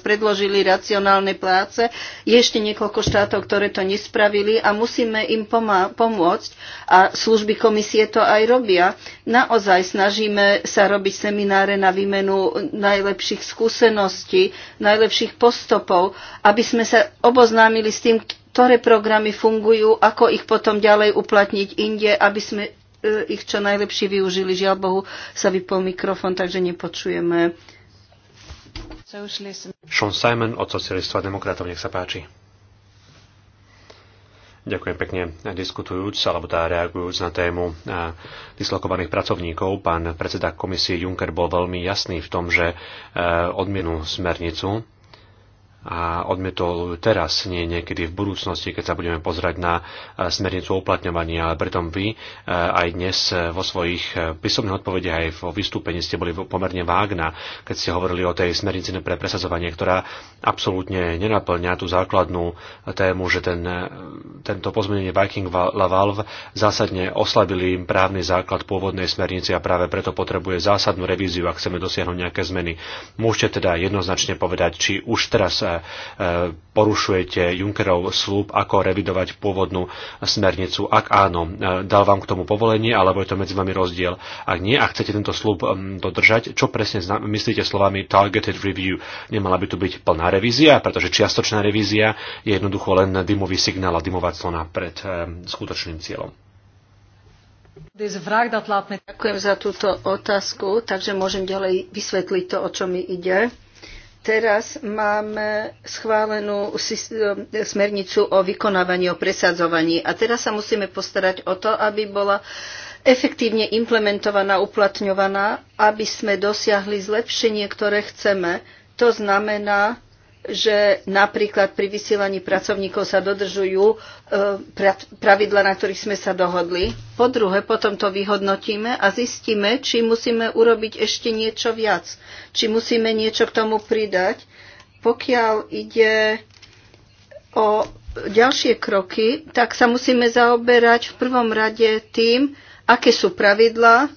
predložili racionálne pláce. Je ešte niekoľko štátov, ktoré to nespravili a musíme im pomôcť a služby komisie to aj robia. Naozaj snažíme sa robiť semináre na výmenu najlepších skúseností, najlepších postupov, aby sme sa oboznámili s tým, ktoré programy fungujú, ako ich potom ďalej uplatniť inde, aby sme E, ich čo najlepšie využili. Žiaľ Bohu, sa vypol mikrofon, takže nepočujeme. Sean Simon od Socialistov a demokratov, nech sa páči. Ďakujem pekne. Diskutujúc alebo tá teda reagujúc na tému e, dislokovaných pracovníkov, pán predseda komisie Juncker bol veľmi jasný v tom, že e, odmienu smernicu a odmietol teraz, nie niekedy v budúcnosti, keď sa budeme pozerať na e, smernicu uplatňovania, ale pritom vy e, aj dnes e, vo svojich písomných odpovediach aj vo vystúpení ste boli pomerne vágna, keď ste hovorili o tej smernici pre presazovanie, ktorá absolútne nenaplňa tú základnú tému, že ten, tento pozmenenie Viking La Valve zásadne oslabili im právny základ pôvodnej smernice a práve preto potrebuje zásadnú revíziu, ak chceme dosiahnuť nejaké zmeny. Môžete teda jednoznačne povedať, či už teraz E, porušujete Junckerov slúb, ako revidovať pôvodnú smernicu. Ak áno, e, dal vám k tomu povolenie, alebo je to medzi vami rozdiel. Ak nie, a chcete tento slúb dodržať, čo presne myslíte slovami targeted review? Nemala by tu byť plná revízia, pretože čiastočná revízia je jednoducho len dymový signál a dymová clona pred e, skutočným cieľom. Ďakujem za túto otázku, takže môžem ďalej vysvetliť to, o čo mi ide. Teraz máme schválenú e, smernicu o vykonávaní, o presadzovaní a teraz sa musíme postarať o to, aby bola efektívne implementovaná, uplatňovaná, aby sme dosiahli zlepšenie, ktoré chceme. To znamená že napríklad pri vysielaní pracovníkov sa dodržujú e, pravidla, na ktorých sme sa dohodli. Po druhé, potom to vyhodnotíme a zistíme, či musíme urobiť ešte niečo viac, či musíme niečo k tomu pridať. Pokiaľ ide o ďalšie kroky, tak sa musíme zaoberať v prvom rade tým, aké sú pravidlá,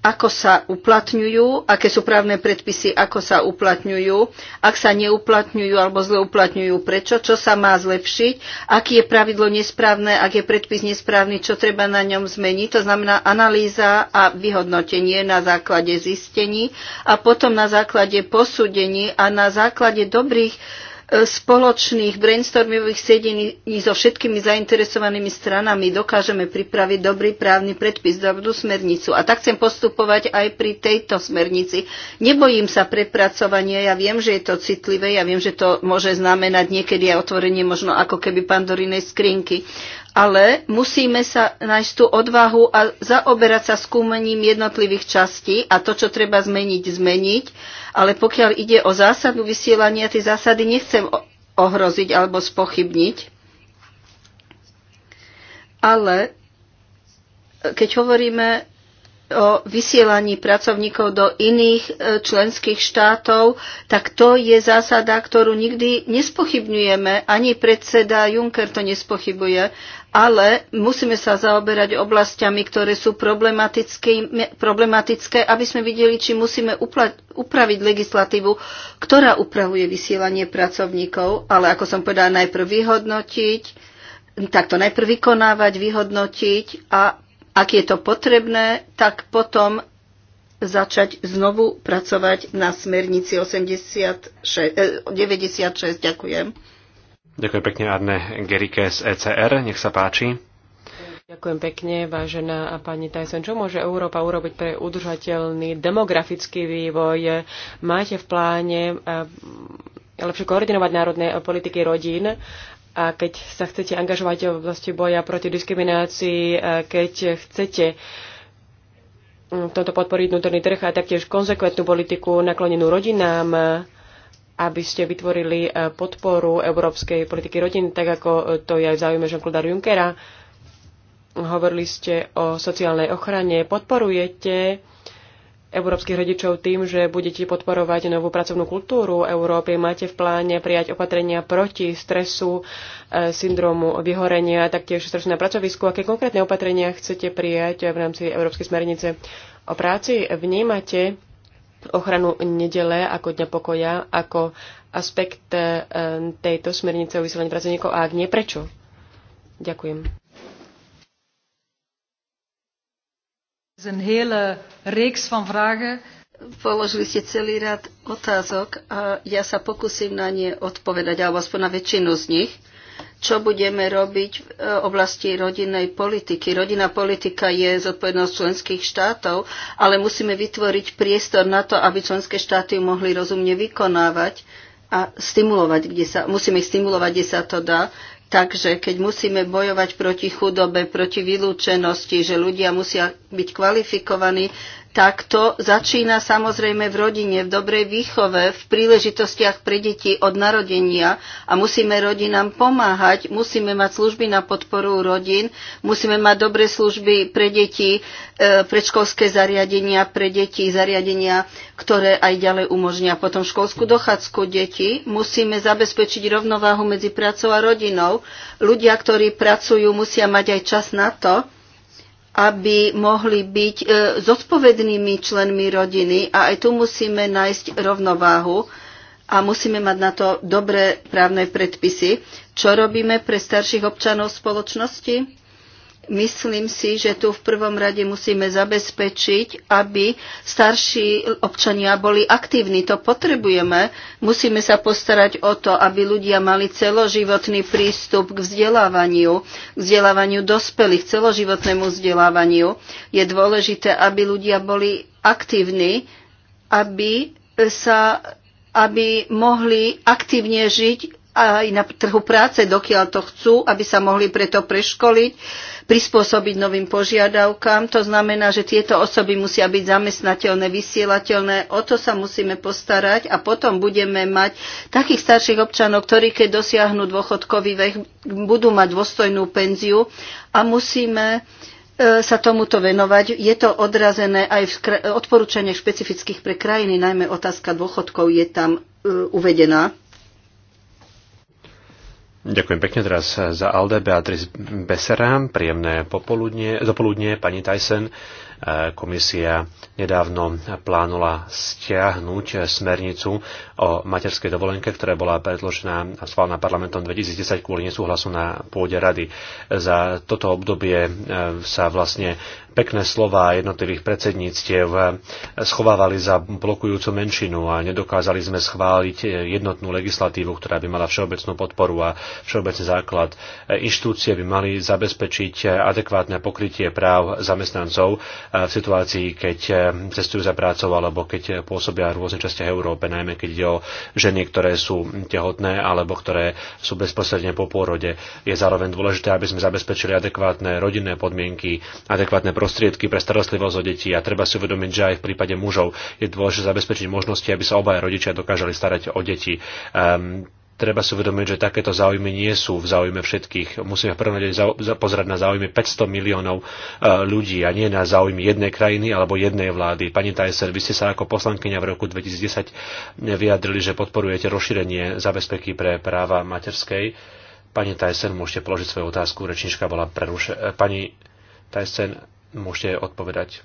ako sa uplatňujú, aké sú právne predpisy, ako sa uplatňujú, ak sa neuplatňujú alebo zle uplatňujú, prečo, čo sa má zlepšiť, aký je pravidlo nesprávne, ak je predpis nesprávny, čo treba na ňom zmeniť. To znamená analýza a vyhodnotenie na základe zistení a potom na základe posúdení a na základe dobrých spoločných brainstormových sedení so všetkými zainteresovanými stranami dokážeme pripraviť dobrý právny predpis, dobrú smernicu. A tak chcem postupovať aj pri tejto smernici. Nebojím sa prepracovania, ja viem, že je to citlivé, ja viem, že to môže znamenať niekedy aj otvorenie možno ako keby pandorinej skrinky ale musíme sa nájsť tú odvahu a zaoberať sa skúmením jednotlivých častí a to, čo treba zmeniť, zmeniť. Ale pokiaľ ide o zásadu vysielania, tie zásady nechcem ohroziť alebo spochybniť. Ale e, keď hovoríme o vysielaní pracovníkov do iných e, členských štátov, tak to je zásada, ktorú nikdy nespochybňujeme. Ani predseda Juncker to nespochybuje ale musíme sa zaoberať oblastiami, ktoré sú problematické, aby sme videli, či musíme upla- upraviť legislatívu, ktorá upravuje vysielanie pracovníkov, ale ako som povedala, najprv vyhodnotiť, takto najprv vykonávať, vyhodnotiť a ak je to potrebné, tak potom začať znovu pracovať na smernici 86, 96. Eh, Ďakujem. Ďakujem pekne Arne Gerike z ECR. Nech sa páči. Ďakujem pekne, vážená pani Tyson. Čo môže Európa urobiť pre udržateľný demografický vývoj? Máte v pláne eh, lepšie koordinovať národné politiky rodín a keď sa chcete angažovať v oblasti boja proti diskriminácii, eh, keď chcete mm, toto podporiť vnútorný trh a taktiež konzekventnú politiku naklonenú rodinám, aby ste vytvorili e, podporu európskej politiky rodiny, tak ako e, to je aj v záujme Jean-Claude Junckera. Hovorili ste o sociálnej ochrane. Podporujete európskych rodičov tým, že budete podporovať novú pracovnú kultúru Európy. Máte v pláne prijať opatrenia proti stresu, e, syndromu vyhorenia, a taktiež stresu na pracovisku. Aké konkrétne opatrenia chcete prijať v rámci Európskej smernice o práci? Vnímate ochranu nedele ako dňa pokoja, ako aspekt e, tejto smernice o vysielaní pracovníkov a ak nie, prečo? Ďakujem. Položili ste celý rad otázok a ja sa pokúsim na ne odpovedať, alebo aspoň na väčšinu z nich čo budeme robiť v e, oblasti rodinnej politiky. Rodinná politika je zodpovednosť členských štátov, ale musíme vytvoriť priestor na to, aby členské štáty mohli rozumne vykonávať a stimulovať, kde sa, musíme ich stimulovať, kde sa to dá. Takže keď musíme bojovať proti chudobe, proti vylúčenosti, že ľudia musia byť kvalifikovaní takto začína samozrejme v rodine, v dobrej výchove, v príležitostiach pre deti od narodenia a musíme rodinám pomáhať, musíme mať služby na podporu rodín, musíme mať dobré služby pre deti, e, predškolské zariadenia pre deti, zariadenia, ktoré aj ďalej umožnia potom školskú dochádzku deti, Musíme zabezpečiť rovnováhu medzi prácou a rodinou. Ľudia, ktorí pracujú, musia mať aj čas na to, aby mohli byť e, zodpovednými členmi rodiny a aj tu musíme nájsť rovnováhu a musíme mať na to dobré právne predpisy. Čo robíme pre starších občanov spoločnosti? Myslím si, že tu v prvom rade musíme zabezpečiť, aby starší občania boli aktívni. To potrebujeme. Musíme sa postarať o to, aby ľudia mali celoživotný prístup k vzdelávaniu, k vzdelávaniu dospelých, celoživotnému vzdelávaniu. Je dôležité, aby ľudia boli aktívni, aby, sa, aby mohli aktívne žiť aj na trhu práce, dokiaľ to chcú, aby sa mohli preto preškoliť, prispôsobiť novým požiadavkám. To znamená, že tieto osoby musia byť zamestnateľné, vysielateľné. O to sa musíme postarať a potom budeme mať takých starších občanov, ktorí keď dosiahnu dôchodkový vek, budú mať dôstojnú penziu a musíme e, sa tomuto venovať. Je to odrazené aj v odporúčaniach špecifických pre krajiny, najmä otázka dôchodkov je tam e, uvedená. Ďakujem pekne teraz za Alde Beatrice Besera. Príjemné popoludne, dopoludne. Pani Tyson, eh, komisia nedávno plánula stiahnuť smernicu o materskej dovolenke, ktorá bola predložená a schválená parlamentom 2010 kvôli nesúhlasu na pôde rady. Za toto obdobie eh, sa vlastne pekné slova jednotlivých predsedníctiev schovávali za blokujúcu menšinu a nedokázali sme schváliť jednotnú legislatívu, ktorá by mala všeobecnú podporu a všeobecný základ. Inštitúcie by mali zabezpečiť adekvátne pokrytie práv zamestnancov v situácii, keď cestujú za prácou alebo keď pôsobia v rôznych častiach Európe, najmä keď ide o ženy, ktoré sú tehotné alebo ktoré sú bezprostredne po pôrode. Je zároveň dôležité, aby sme zabezpečili adekvátne rodinné podmienky, adekvátne prostriedky pre starostlivosť o deti a treba si uvedomiť, že aj v prípade mužov je dôležité zabezpečiť možnosti, aby sa obaja rodičia dokážali starať o deti. Um, treba si uvedomiť, že takéto záujmy nie sú v záujme všetkých. Musíme v prvom rade pozerať na záujmy 500 miliónov e, ľudí a nie na záujmy jednej krajiny alebo jednej vlády. Pani Tajser, vy ste sa ako poslankyňa v roku 2010 vyjadrili, že podporujete rozšírenie zabezpeky pre práva materskej. Pani Tajsen, môžete položiť svoju otázku. Rečnička bola prerušená. Pani Tajsen, Môžete odpovedať.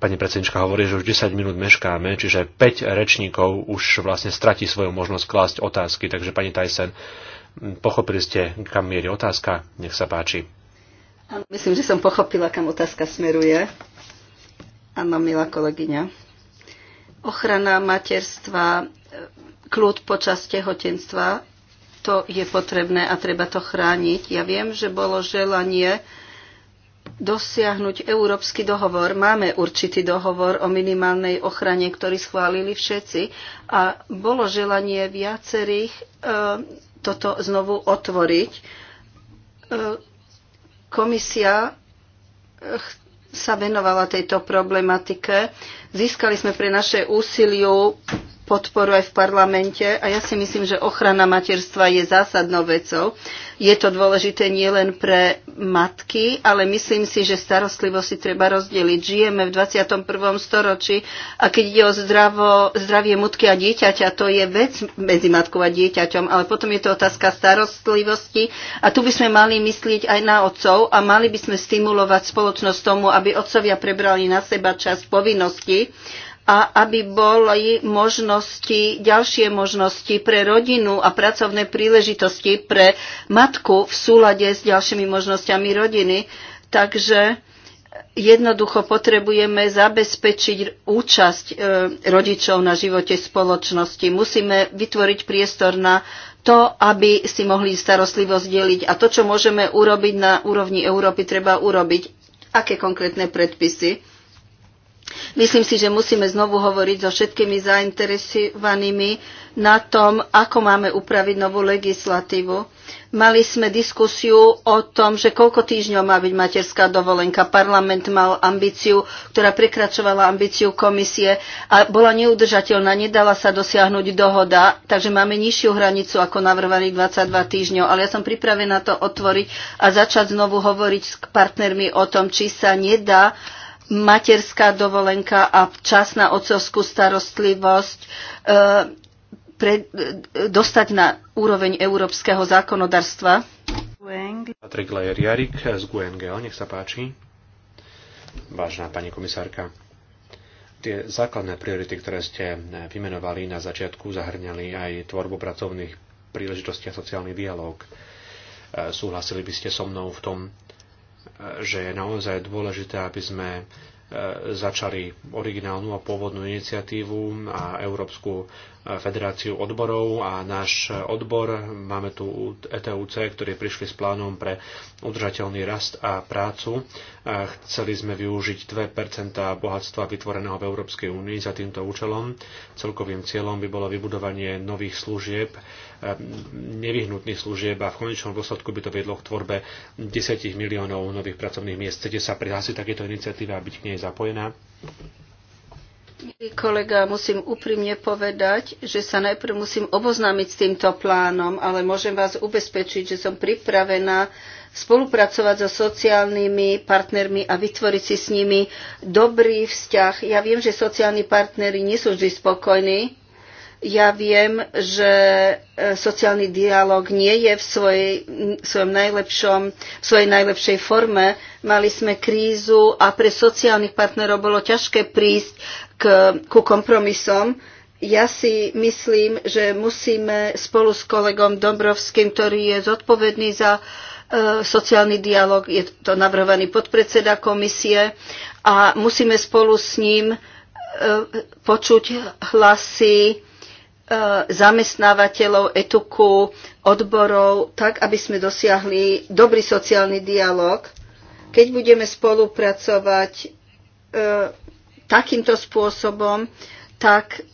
Pani predsednička hovorí, že už 10 minút meškáme, čiže 5 rečníkov už vlastne stratí svoju možnosť klásť otázky. Takže pani Tyson, pochopili ste, kam mierí otázka? Nech sa páči. Myslím, že som pochopila, kam otázka smeruje. Áno, milá kolegyňa. Ochrana materstva, kľud počas tehotenstva to je potrebné a treba to chrániť. Ja viem, že bolo želanie dosiahnuť európsky dohovor. Máme určitý dohovor o minimálnej ochrane, ktorý schválili všetci a bolo želanie viacerých e, toto znovu otvoriť. E, komisia e, sa venovala tejto problematike. Získali sme pre naše úsiliu podporu aj v parlamente a ja si myslím, že ochrana materstva je zásadnou vecou. Je to dôležité nielen pre matky, ale myslím si, že starostlivosť si treba rozdeliť. Žijeme v 21. storočí a keď ide o zdravo, zdravie matky a dieťaťa, to je vec medzi matkou a dieťaťom, ale potom je to otázka starostlivosti a tu by sme mali myslieť aj na otcov a mali by sme stimulovať spoločnosť tomu, aby otcovia prebrali na seba časť povinností a aby boli možnosti, ďalšie možnosti pre rodinu a pracovné príležitosti pre matku v súlade s ďalšími možnosťami rodiny. Takže jednoducho potrebujeme zabezpečiť účasť e, rodičov na živote spoločnosti. Musíme vytvoriť priestor na to, aby si mohli starostlivosť deliť. A to, čo môžeme urobiť na úrovni Európy, treba urobiť. Aké konkrétne predpisy? Myslím si, že musíme znovu hovoriť so všetkými zainteresovanými na tom, ako máme upraviť novú legislatívu. Mali sme diskusiu o tom, že koľko týždňov má byť materská dovolenka. Parlament mal ambíciu, ktorá prekračovala ambíciu komisie a bola neudržateľná, nedala sa dosiahnuť dohoda, takže máme nižšiu hranicu ako navrhovaných 22 týždňov. Ale ja som pripravená to otvoriť a začať znovu hovoriť s partnermi o tom, či sa nedá uh, materská dovolenka a čas na otcovskú starostlivosť e, pre, e, dostať na úroveň európskeho zákonodarstva. Patrik Lajer Jarik z Guengel, nech sa páči. Vážená pani komisárka, tie základné priority, ktoré ste e, vymenovali na začiatku, zahrňali aj tvorbu pracovných príležitostí a sociálny dialog. Súhlasili by ste so mnou v tom, že je naozaj dôležité, aby sme e, začali originálnu a pôvodnú iniciatívu a európsku Federáciu odborov a náš odbor, máme tu ETUC, ktorí prišli s plánom pre udržateľný rast a prácu. Chceli sme využiť 2% bohatstva vytvoreného v Európskej únii za týmto účelom. Celkovým cieľom by bolo vybudovanie nových služieb, e, nevyhnutných služieb a v konečnom dôsledku by to viedlo k tvorbe 10 miliónov nových pracovných miest. Chcete sa prihlásiť takéto iniciatíve a byť k nej zapojená? Kolega, musím úprimne povedať, že sa najprv musím oboznámiť s týmto plánom, ale môžem vás ubezpečiť, že som pripravená spolupracovať so sociálnymi partnermi a vytvoriť si s nimi dobrý vzťah. Ja viem, že sociálni partnery nie sú vždy spokojní. Ja viem, že e, sociálny dialog nie je v svojej, svojom najlepšom, v svojej najlepšej forme. Mali sme krízu a pre sociálnych partnerov bolo ťažké prísť k, ku kompromisom. Ja si myslím, že musíme spolu s kolegom Dombrovským, ktorý je zodpovedný za e, sociálny dialog, je to navrhovaný podpredseda komisie a musíme spolu s ním e, počuť hlasy e, zamestnávateľov, etuku, odborov, tak, aby sme dosiahli dobrý sociálny dialog. Keď budeme spolupracovať takýmto spôsobom, tak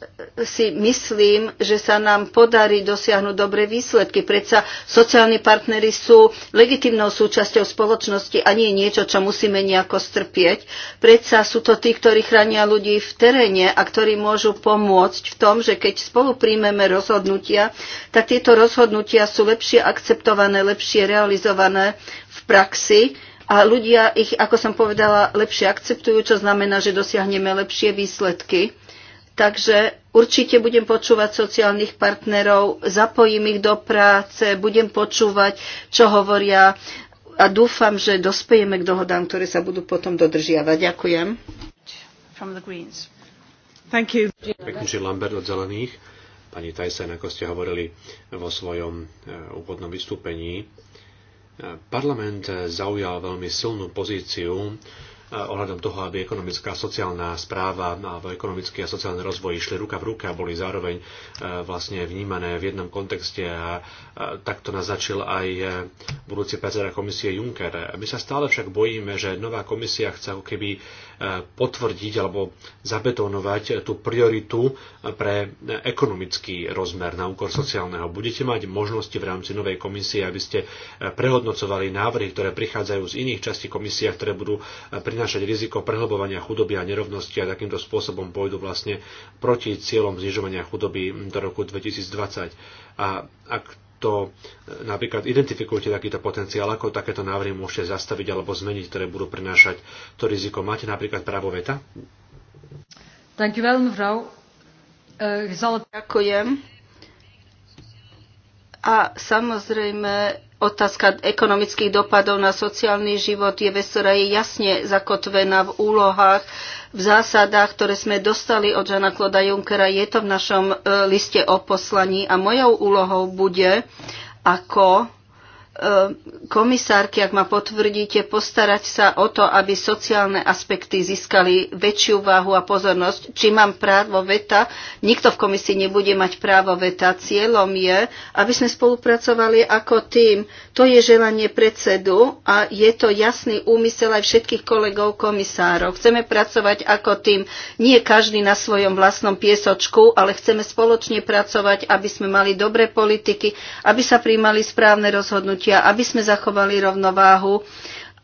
si myslím, že sa nám podarí dosiahnuť dobré výsledky. Predsa sociálni partnery sú legitimnou súčasťou spoločnosti a nie niečo, čo musíme nejako strpieť. Predsa sú to tí, ktorí chránia ľudí v teréne a ktorí môžu pomôcť v tom, že keď spolu príjmeme rozhodnutia, tak tieto rozhodnutia sú lepšie akceptované, lepšie realizované v praxi a ľudia ich, ako som povedala, lepšie akceptujú, čo znamená, že dosiahneme lepšie výsledky. Takže určite budem počúvať sociálnych partnerov, zapojím ich do práce, budem počúvať, čo hovoria a dúfam, že dospejeme k dohodám, ktoré sa budú potom dodržiavať. Ďakujem. From the Greens. Thank you. Pekný Lambert od Zelených. Pani Tyson, ako ste hovorili vo svojom eh, úvodnom vystúpení, Parlament zaujal veľmi silnú pozíciu e, ohľadom toho, aby ekonomická a sociálna správa a ekonomický a sociálny rozvoj išli ruka v ruka a boli zároveň e, vlastne vnímané v jednom kontexte a e, takto naznačil aj budúci predseda komisie Juncker. My sa stále však bojíme, že nová komisia chce ako keby potvrdiť alebo zabetonovať tú prioritu pre ekonomický rozmer na úkor sociálneho. Budete mať možnosti v rámci novej komisie, aby ste prehodnocovali návrhy, ktoré prichádzajú z iných častí komisie, ktoré budú prinášať riziko prehlbovania chudoby a nerovnosti a takýmto spôsobom pôjdu vlastne proti cieľom znižovania chudoby do roku 2020. A ak takto, e, napríklad identifikujete takýto potenciál, ako takéto návrhy môžete zastaviť alebo zmeniť, ktoré budú prinášať to riziko. Máte napríklad právo veta? Ďakujem e, Ďakujem. A samozrejme otázka ekonomických dopadov na sociálny život je vec, ktorá je jasne zakotvená v úlohách, v zásadách, ktoré sme dostali od Žana Kloda Junkera. Je to v našom e, liste o poslaní a mojou úlohou bude, ako E, komisárky, ak ma potvrdíte, postarať sa o to, aby sociálne aspekty získali väčšiu váhu a pozornosť. Či mám právo veta? Nikto v komisii nebude mať právo veta. Cieľom je, aby sme spolupracovali ako tým. To je želanie predsedu a je to jasný úmysel aj všetkých kolegov komisárov. Chceme pracovať ako tým. Nie každý na svojom vlastnom piesočku, ale chceme spoločne pracovať, aby sme mali dobré politiky, aby sa príjmali správne rozhodnutia rozhodnutia, aby sme zachovali rovnováhu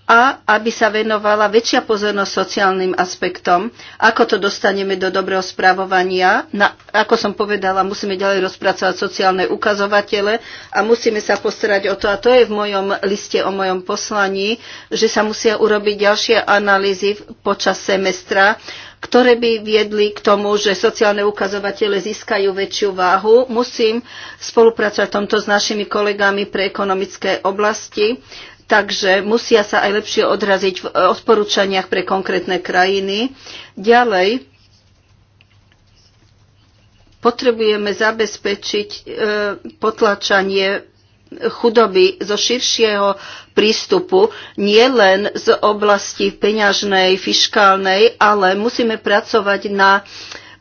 a aby sa venovala väčšia pozornosť sociálnym aspektom. Ako to dostaneme do dobrého správovania? Na, ako som povedala, musíme ďalej rozpracovať sociálne ukazovatele a musíme sa postarať o to, a to je v mojom liste o mojom poslaní, že sa musia urobiť ďalšie analýzy počas semestra ktoré by viedli k tomu, že sociálne ukazovatele získajú väčšiu váhu. Musím spolupracovať v tomto s našimi kolegami pre ekonomické oblasti, takže musia sa aj lepšie odraziť v odporúčaniach pre konkrétne krajiny. Ďalej, potrebujeme zabezpečiť e, potlačanie chudoby zo širšieho prístupu len z oblasti peňažnej, fiškálnej, ale musíme pracovať na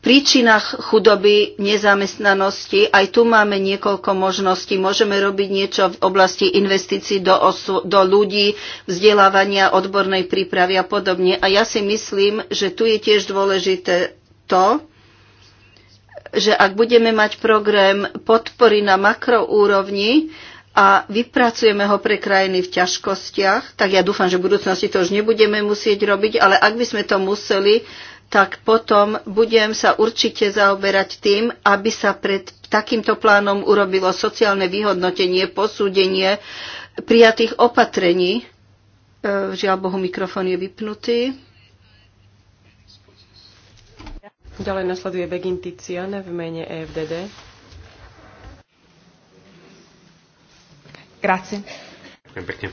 príčinách chudoby, nezamestnanosti. Aj tu máme niekoľko možností. Môžeme robiť niečo v oblasti investícií do, osu, do ľudí, vzdelávania, odbornej prípravy a podobne. A ja si myslím, že tu je tiež dôležité to, že ak budeme mať program podpory na makroúrovni, a vypracujeme ho pre krajiny v ťažkostiach, tak ja dúfam, že v budúcnosti to už nebudeme musieť robiť, ale ak by sme to museli, tak potom budem sa určite zaoberať tým, aby sa pred takýmto plánom urobilo sociálne vyhodnotenie, posúdenie prijatých opatrení. E, žiaľ Bohu, mikrofón je vypnutý. Ďalej nasleduje Begin Tiziane v mene EFDD. Grazie. Ďakujem pekne.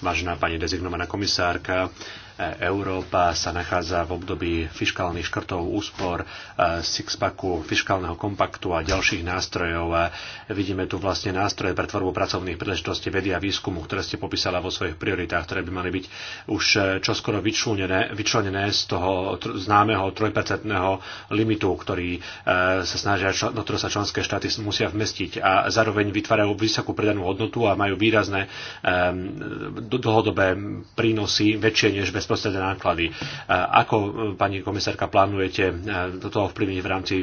Vážená pani dezignovaná komisárka, Európa sa nachádza v období fiskálnych škrtov úspor, e, sixpacku, fiskálneho kompaktu a ďalších nástrojov. A vidíme tu vlastne nástroje pre tvorbu pracovných príležitostí vedy a výskumu, ktoré ste popísala vo svojich prioritách, ktoré by mali byť už e, čoskoro vyčlenené, vyčlenené z toho známeho trojpercentného limitu, ktorý e, sa snažia, na ktoré sa členské štáty musia vmestiť a zároveň vytvárajú vysokú predanú hodnotu a majú výrazné dlhodobé prínosy väčšie než bez bezprostredné náklady. E, ako, e, pani komisárka, plánujete e, toto ovplyvniť v rámci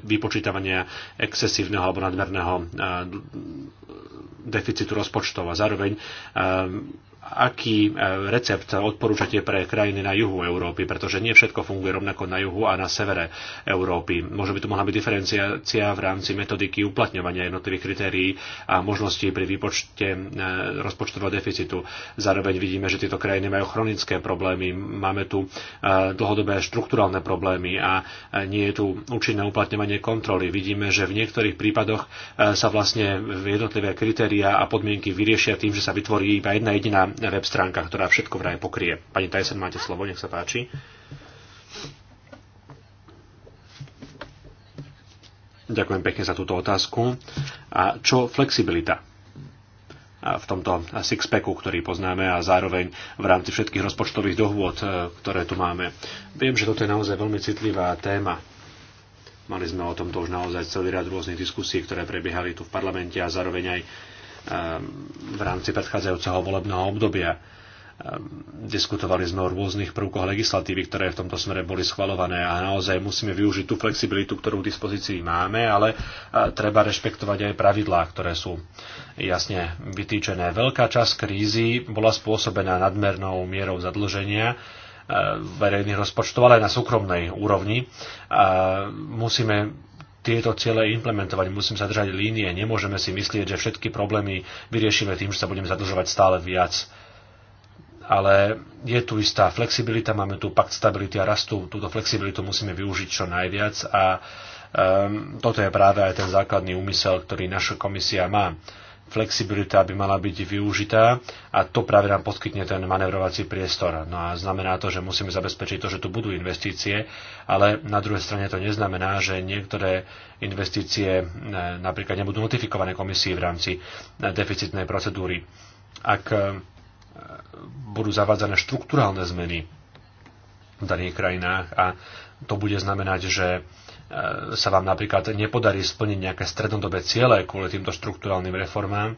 vypočítavania excesívneho alebo nadmerného deficitu rozpočtov a zároveň aký e, recept odporúčate pre krajiny na juhu Európy, pretože nie všetko funguje rovnako na juhu a na severe Európy. Možno by tu mohla byť diferenciácia v rámci metodiky uplatňovania jednotlivých kritérií a možností pri výpočte e, rozpočtového deficitu. Zároveň vidíme, že tieto krajiny majú chronické problémy, máme tu e, dlhodobé štruktúralne problémy a nie je tu účinné uplatňovanie kontroly. Vidíme, že v niektorých prípadoch sa vlastne jednotlivé kritéria a podmienky vyriešia tým, že sa vytvorí iba jedna jediná web stránka, ktorá všetko vraj pokrie. Pani Tyson, máte slovo, nech sa páči. Ďakujem pekne za túto otázku. A čo flexibilita? v tomto sixpacku, ktorý poznáme a zároveň v rámci všetkých rozpočtových dohôd, e, ktoré tu máme. Viem, že toto je naozaj veľmi citlivá téma. Mali sme o tomto už naozaj celý rad rôznych diskusí, ktoré prebiehali tu v parlamente a zároveň aj v rámci predchádzajúceho volebného obdobia. Ehm, diskutovali sme o rôznych prvkoch legislatívy, ktoré v tomto smere boli schvalované a naozaj musíme využiť tú flexibilitu, ktorú v dispozícii máme, ale e, treba rešpektovať aj pravidlá, ktoré sú jasne vytýčené. Veľká časť krízy bola spôsobená nadmernou mierou zadlženia, e, verejných rozpočtov, ale aj na súkromnej úrovni. Musíme tieto ciele implementovať. musíme sa držať línie. Nemôžeme si myslieť, že všetky problémy vyriešime tým, že sa budeme zadlžovať stále viac. Ale je tu istá flexibilita, máme tu pakt stability a rastu. Túto flexibilitu musíme využiť čo najviac a um, toto je práve aj ten základný úmysel, ktorý naša komisia má. Uh, flexibilita by mala byť využitá a to práve nám poskytne ten manevrovací priestor. No a znamená to, že musíme zabezpečiť to, že tu budú investície, ale na druhej strane to neznamená, že niektoré investície e, napríklad nebudú notifikované komisii v rámci e, deficitnej procedúry. Ak e, budú zavádzané štruktúralne zmeny v daných krajinách a to bude znamenať, že E, sa vám napríklad nepodarí splniť nejaké strednodobé ciele kvôli týmto štrukturálnym reformám, e,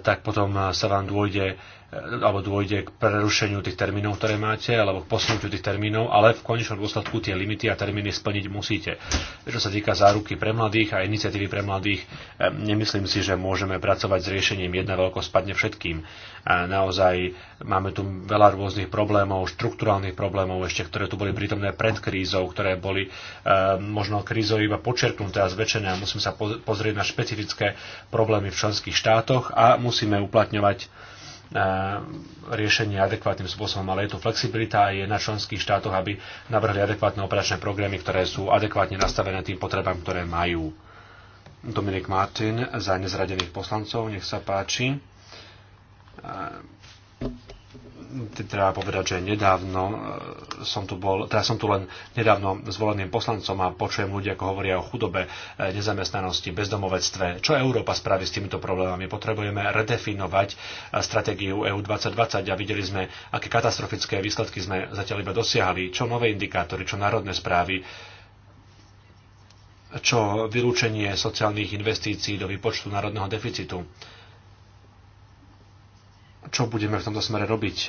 tak potom sa vám dôjde alebo dôjde k prerušeniu tých termínov, ktoré máte, alebo k posunutiu tých termínov, ale v konečnom dôsledku tie limity a termíny splniť musíte. Čo sa týka záruky pre mladých a iniciatívy pre mladých, nemyslím si, že môžeme pracovať s riešením jedna veľkosť spadne všetkým. A naozaj máme tu veľa rôznych problémov, štruktúrálnych problémov ešte, ktoré tu boli prítomné pred krízou, ktoré boli e, možno krízou iba počerknuté a zväčšené a musíme sa pozrieť na špecifické problémy v členských štátoch a musíme uplatňovať E, riešenie adekvátnym spôsobom, ale je tu flexibilita a je na členských štátoch, aby navrhli adekvátne operačné programy, ktoré sú adekvátne nastavené tým potrebám, ktoré majú. Dominik Martin za nezradených poslancov, nech sa páči. E, treba povedať, že nedávno e, som tu bol, teda som tu len nedávno zvoleným poslancom a počujem ľudia, ako hovoria o chudobe, e, nezamestnanosti, bezdomovectve. Čo Európa spraví s týmito problémami? Potrebujeme redefinovať e, stratégiu EU 2020 a videli sme, aké katastrofické výsledky sme zatiaľ iba dosiahli, čo nové indikátory, čo národné správy, čo vylúčenie sociálnych investícií do výpočtu národného deficitu čo budeme v tomto smere robiť. E,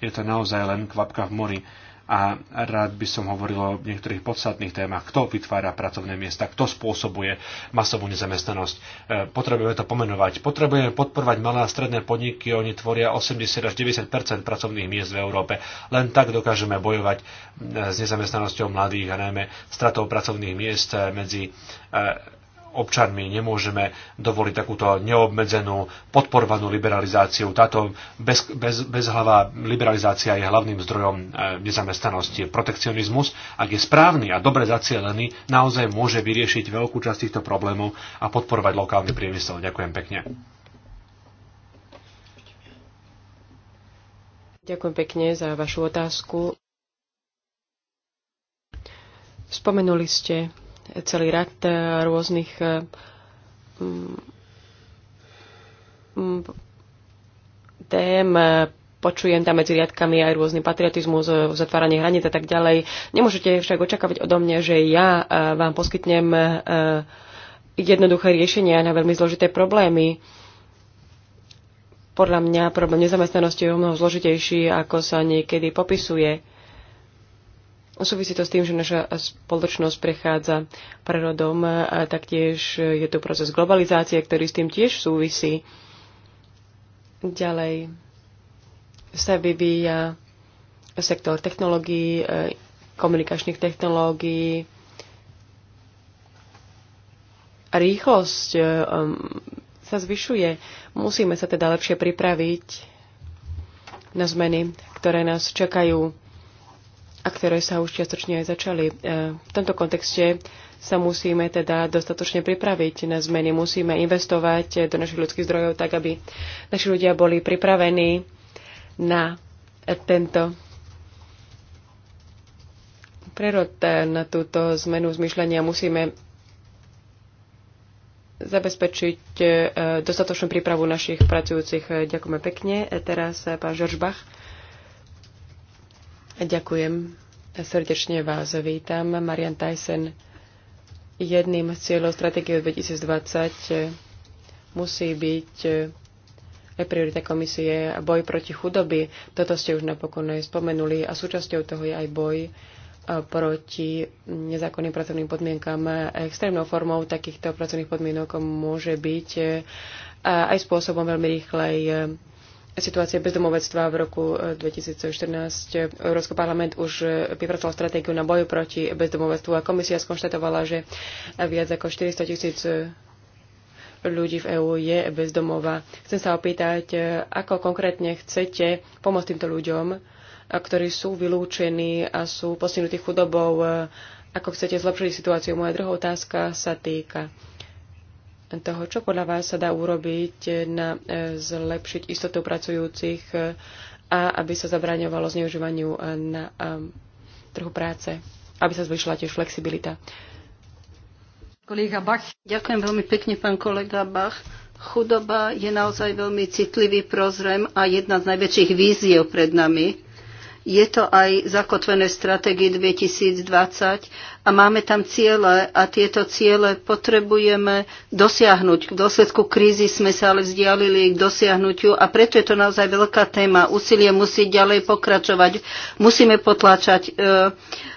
je to naozaj len kvapka v mori a rád by som hovoril o niektorých podstatných témach. Kto vytvára pracovné miesta, kto spôsobuje masovú nezamestnanosť. E, potrebujeme to pomenovať. Potrebujeme podporovať malé a stredné podniky, oni tvoria 80 až 90 pracovných miest v Európe. Len tak dokážeme bojovať e, s nezamestnanosťou mladých a najmä stratou pracovných miest medzi občanmi. Nemôžeme dovoliť takúto neobmedzenú, podporovanú liberalizáciu. Táto bez, bez, bezhlavá liberalizácia je hlavným zdrojom e, nezamestnanosti. Protekcionizmus, ak je správny a dobre zacielený, naozaj môže vyriešiť veľkú časť týchto problémov a podporovať lokálny priemysel. Ďakujem pekne. Ďakujem pekne za vašu otázku. Spomenuli ste celý rad e, rôznych e, mm, mm, tém. E, počujem tam medzi riadkami aj rôzny patriotizmus, zatváranie hraníc a tak ďalej. Nemôžete však očakávať odo mňa, že ja vám poskytnem jednoduché riešenia na veľmi zložité problémy. Podľa mňa problém nezamestnanosti je o mnoho zložitejší, ako sa niekedy popisuje Súvisí to s tým, že naša spoločnosť prechádza prerodom a taktiež je to proces globalizácie, ktorý s tým tiež súvisí. Ďalej sa vyvíja sektor technológií, e, komunikačných technológií, rýchlosť e, sa zvyšuje. Musíme sa teda lepšie pripraviť na zmeny, ktoré nás čakajú a ktoré sa už čiastočne aj začali. E, v tomto kontexte sa musíme teda dostatočne pripraviť na zmeny. Musíme investovať do našich ľudských zdrojov tak, aby naši ľudia boli pripravení na tento prerod, e, na túto zmenu zmyšľania. Musíme zabezpečiť e, dostatočnú prípravu našich pracujúcich. Ďakujeme pekne. Teraz pán Žoržbach. Bach. Ďakujem. Srdečne vás vítam. Marian Tyson, jedným z cieľov stratégie 2020 musí byť aj e, priorita komisie a boj proti chudoby. Toto ste už napokon aj spomenuli a súčasťou toho je aj boj e, proti nezákonným pracovným podmienkam. Extrémnou formou takýchto pracovných podmienok môže byť e, aj spôsobom veľmi rýchlej situácie bezdomovectva v roku 2014. Eh, Európsky parlament už eh, vypracoval stratégiu na boju proti bezdomovectvu a komisia skonštatovala, že viac ako 400 tisíc eh, ľudí v EÚ je bezdomová. Chcem sa opýtať, ako konkrétne chcete pomôcť týmto ľuďom, ktorí sú vylúčení a sú postihnutí chudobou, ako chcete zlepšiť situáciu. Moja druhá otázka sa týka toho, čo podľa vás sa dá urobiť na e, zlepšiť istotu pracujúcich e, a aby sa zabraňovalo zneužívaniu e, na trhu práce, aby sa zvyšila tiež flexibilita. Kolega Bach. Ďakujem veľmi pekne, pán kolega Bach. Chudoba je naozaj veľmi citlivý prozrem a jedna z najväčších víziev pred nami. Je to aj zakotvené v stratégii 2020 a máme tam ciele a tieto ciele potrebujeme dosiahnuť. V dôsledku krízy sme sa ale vzdialili k dosiahnutiu a preto je to naozaj veľká téma. Úsilie musí ďalej pokračovať. Musíme potláčať e,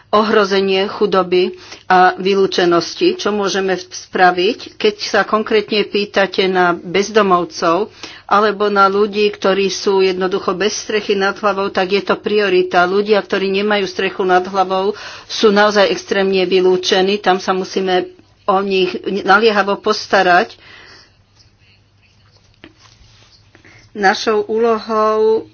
ohrozenie chudoby a vylúčenosti. Čo môžeme spraviť, keď sa konkrétne pýtate na bezdomovcov alebo na ľudí, ktorí sú jednoducho bez strechy nad hlavou, tak je to priorita. Ľudia, ktorí nemajú strechu nad hlavou, sú naozaj extrémne vylúčení. Tam sa musíme o nich naliehavo postarať. Našou úlohou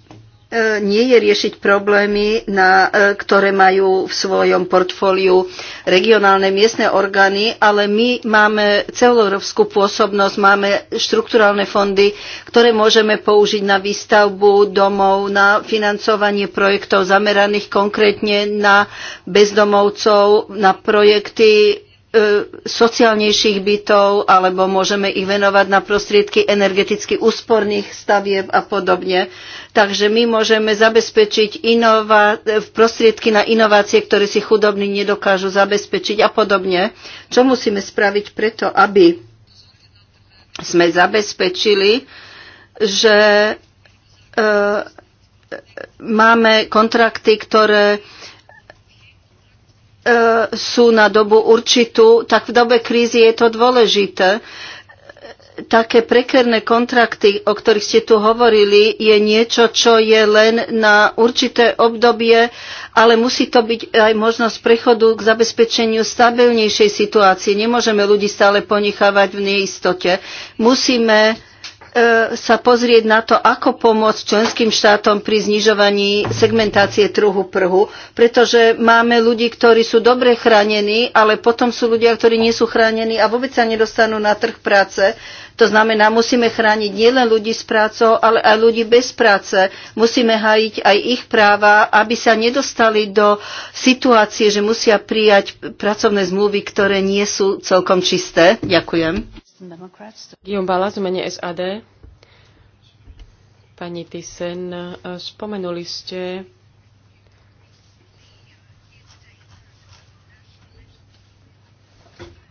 E, nie je riešiť problémy, na, e, ktoré majú v svojom portfóliu regionálne miestne orgány, ale my máme celorovskú pôsobnosť, máme štrukturálne fondy, ktoré môžeme použiť na výstavbu domov, na financovanie projektov zameraných konkrétne na bezdomovcov, na projekty E, sociálnejších bytov, alebo môžeme ich venovať na prostriedky energeticky úsporných stavieb a podobne. Takže my môžeme zabezpečiť inova- e, prostriedky na inovácie, ktoré si chudobní nedokážu zabezpečiť a podobne. Čo musíme spraviť preto, aby sme zabezpečili, že e, e máme kontrakty, ktoré E, sú na dobu určitú, tak v dobe krízy je to dôležité. Také prekerné kontrakty, o ktorých ste tu hovorili, je niečo, čo je len na určité obdobie, ale musí to byť aj možnosť prechodu k zabezpečeniu stabilnejšej situácie. Nemôžeme ľudí stále ponechávať v neistote. Musíme E, sa pozrieť na to, ako pomôcť členským štátom pri znižovaní segmentácie trhu prhu, pretože máme ľudí, ktorí sú dobre chránení, ale potom sú ľudia, ktorí nie sú chránení a vôbec sa nedostanú na trh práce. To znamená, musíme chrániť nielen ľudí s prácou, ale aj ľudí bez práce. Musíme hájiť aj ich práva, aby sa nedostali do situácie, že musia prijať pracovné zmluvy, ktoré nie sú celkom čisté. Ďakujem. Guillaume Balas v mene SAD. Pani Thyssen, eh, spomenuli ste